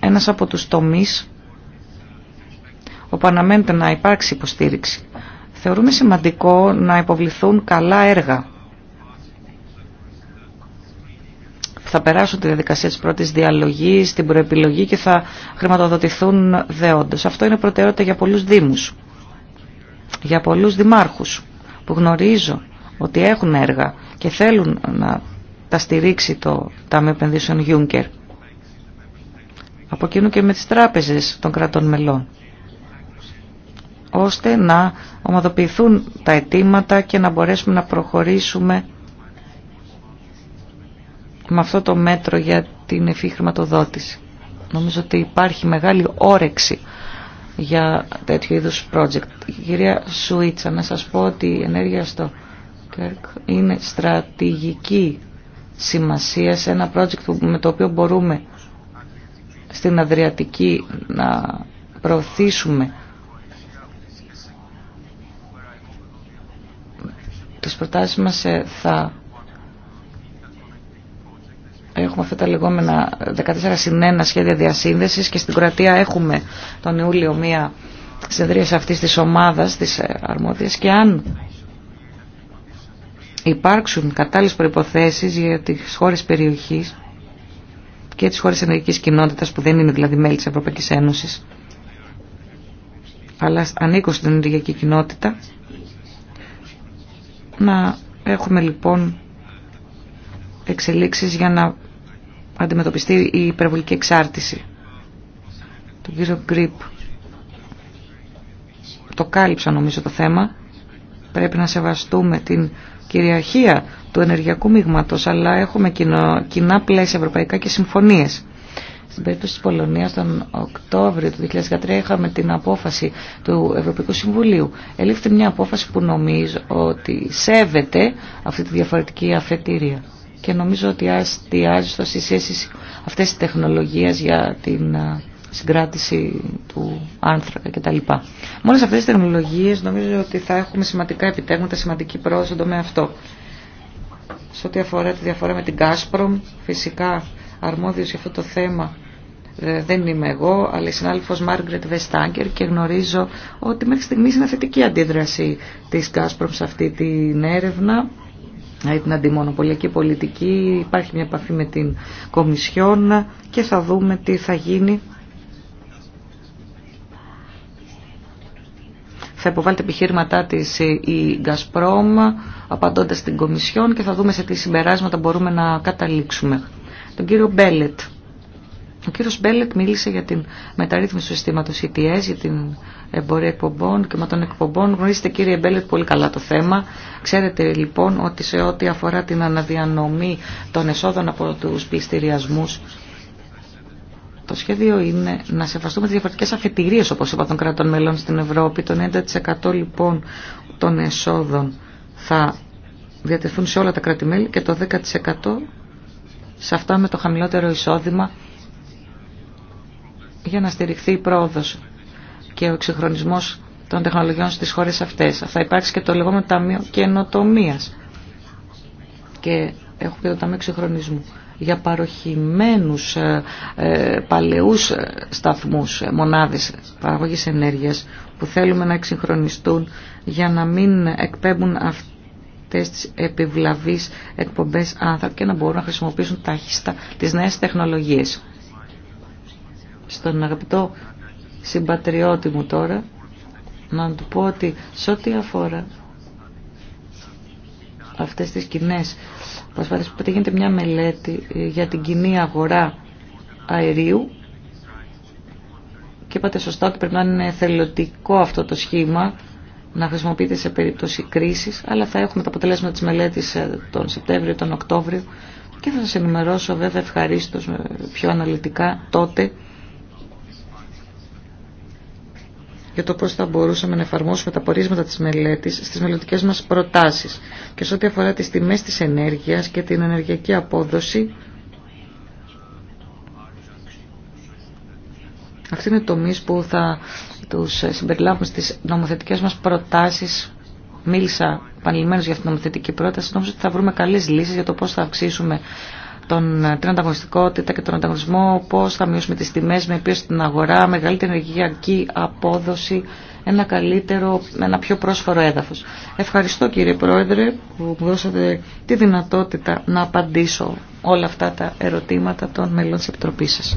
[SPEAKER 2] ένας από τους τομείς όπου αναμένεται να υπάρξει υποστήριξη Θεωρούμε σημαντικό να υποβληθούν καλά έργα που θα περάσουν τη διαδικασία της πρώτης διαλογής, την προεπιλογή και θα χρηματοδοτηθούν δεόντως. Αυτό είναι προτεραιότητα για πολλούς δήμους, για πολλούς δημάρχους που γνωρίζω ότι έχουν έργα και θέλουν να τα στηρίξει το Ταμείο Επενδύσεων Juncker. Από κοινού και με τις τράπεζες των κρατών μελών ώστε να ομαδοποιηθούν τα αιτήματα και να μπορέσουμε να προχωρήσουμε με αυτό το μέτρο για την ευφύ χρηματοδότηση. Νομίζω ότι υπάρχει μεγάλη όρεξη για τέτοιο είδους project. Η κυρία Σουίτσα, να σας πω ότι η ενέργεια στο ΚΕΡΚ είναι στρατηγική σημασία σε ένα project με το οποίο μπορούμε στην Αδριατική να προωθήσουμε τις προτάσεις μας ε, θα έχουμε αυτά τα λεγόμενα 14 1 σχέδια διασύνδεσης και στην Κροατία έχουμε τον Ιούλιο μία συνεδρία αυτής της ομάδας της ε, αρμόδιας και αν υπάρξουν κατάλληλες προϋποθέσεις για τις χώρες περιοχής και τις χώρες ενεργικής κοινότητας που δεν είναι δηλαδή μέλη της Ευρωπαϊκής Ένωσης αλλά ανήκουν στην ενεργειακή κοινότητα να έχουμε λοιπόν εξελίξεις για να αντιμετωπιστεί η υπερβολική εξάρτηση. Το κύριο Γκριπ το κάλυψα νομίζω το θέμα. Πρέπει να σεβαστούμε την κυριαρχία του ενεργειακού μείγματος, αλλά έχουμε κοινά πλαίσια ευρωπαϊκά και συμφωνίες. Στην περίπτωση της Πολωνίας τον Οκτώβριο του 2013 είχαμε την απόφαση του Ευρωπαϊκού Συμβουλίου. Ελήφθη μια απόφαση που νομίζω ότι σέβεται αυτή τη διαφορετική αφετηρία και νομίζω ότι αστιάζει στο συσχέσει αυτές τις τεχνολογίες για την συγκράτηση του άνθρακα κτλ. Μόλις αυτές τις τεχνολογίες νομίζω ότι θα έχουμε σημαντικά επιτέγματα, σημαντική πρόοδο στον τομέα αυτό. Σε ό,τι αφορά τη διαφορά με την Gazprom, φυσικά αρμόδιος για αυτό το θέμα ε, δεν είμαι εγώ, αλλά η συνάδελφος Μάργκρετ Βεστάγκερ και γνωρίζω ότι μέχρι στιγμής είναι θετική αντίδραση της Γκάσπρομ σε αυτή την έρευνα ε, την αντιμονοπολιακή πολιτική, υπάρχει μια επαφή με την Κομισιόν και θα δούμε τι θα γίνει. Θα υποβάλει τα επιχείρηματά της η Γκάσπρομ απαντώντας στην Κομισιόν και θα δούμε σε τι συμπεράσματα μπορούμε να καταλήξουμε. Τον κύριο Μπέλετ. Ο κύριο Μπέλετ μίλησε για την μεταρρύθμιση του συστήματο ETS, για την εμπορία εκπομπών και με των εκπομπών. Γνωρίζετε κύριε Μπέλετ πολύ καλά το θέμα. Ξέρετε λοιπόν ότι σε ό,τι αφορά την αναδιανομή των εσόδων από του πληστηριασμού, το σχέδιο είναι να σεβαστούμε τι διαφορετικέ αφετηρίε, όπω είπα, των κρατών μελών στην Ευρώπη. Το 90% λοιπόν των εσόδων θα διατεθούν σε όλα τα κράτη-μέλη και το 10% σε αυτά με το χαμηλότερο εισόδημα για να στηριχθεί η πρόοδος και ο εξυγχρονισμός των τεχνολογιών στις χώρες αυτές. Θα υπάρξει και το λεγόμενο Ταμείο καινοτομία. και έχω και το Ταμείο Εξυγχρονισμού για παροχημένους ε, ε παλαιούς ε, σταθμούς, ε, μονάδες παραγωγής ενέργειας που θέλουμε να εξυγχρονιστούν για να μην εκπέμπουν αυτές τις επιβλαβείς εκπομπές άνθρακα και να μπορούν να χρησιμοποιήσουν ταχύστα τις νέες τεχνολογίες στον αγαπητό συμπατριώτη μου τώρα να του πω ότι σε ό,τι αφορά αυτές τις κοινέ προσπάθειες που γίνεται μια μελέτη ε, για την κοινή αγορά αερίου και είπατε σωστά ότι πρέπει να είναι θελωτικό αυτό το σχήμα να χρησιμοποιείται σε περίπτωση κρίσης αλλά θα έχουμε τα αποτελέσματα της μελέτης ε, τον Σεπτέμβριο, τον Οκτώβριο και θα σας ενημερώσω βέβαια ευχαρίστως ε, πιο αναλυτικά τότε για το πώς θα μπορούσαμε να εφαρμόσουμε τα πορίσματα της μελέτης στις μελλοντικές μας προτάσεις και σε ό,τι αφορά τις τιμές της ενέργειας και την ενεργειακή απόδοση Αυτή είναι τομεί που θα τους συμπεριλάβουμε στις νομοθετικές μας προτάσεις. Μίλησα επανειλημμένως για αυτή την νομοθετική πρόταση. Νομίζω ότι θα βρούμε καλές λύσεις για το πώς θα αυξήσουμε τον, την ανταγωνιστικότητα και τον ανταγωνισμό, πώς θα μειώσουμε τις τιμές με πίεση στην αγορά, μεγαλύτερη ενεργειακή απόδοση, ένα καλύτερο, ένα πιο πρόσφορο έδαφος. Ευχαριστώ κύριε Πρόεδρε που μου δώσατε τη δυνατότητα να απαντήσω όλα αυτά τα ερωτήματα των μελών της Επιτροπής σας.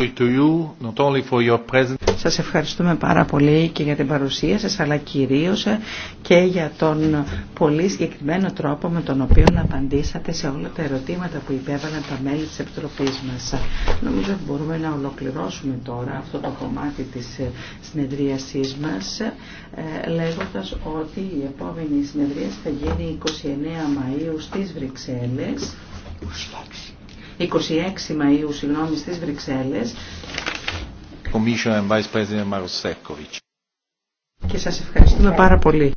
[SPEAKER 2] Σας ευχαριστούμε πάρα πολύ και για την παρουσία σας, αλλά κυρίως ε,
[SPEAKER 1] και για τον πολύ συγκεκριμένο τρόπο με τον οποίο απαντήσατε σε όλα τα ερωτήματα που υπέβαλαν τα μέλη της Επιτροπής μας. Νομίζω ότι μπορούμε να ολοκληρώσουμε τώρα αυτό το κομμάτι της ε, συνεδρίασής μας, ε, λέγοντας ότι η επόμενη συνεδρίαση θα γίνει 29 Μαΐου στις Βρυξέλλες. 26 Μαΐου συγγνώμη, στις Βρυξέλλες.
[SPEAKER 2] Commission and Vice President
[SPEAKER 1] Και σας ευχαριστούμε πάρα πολύ.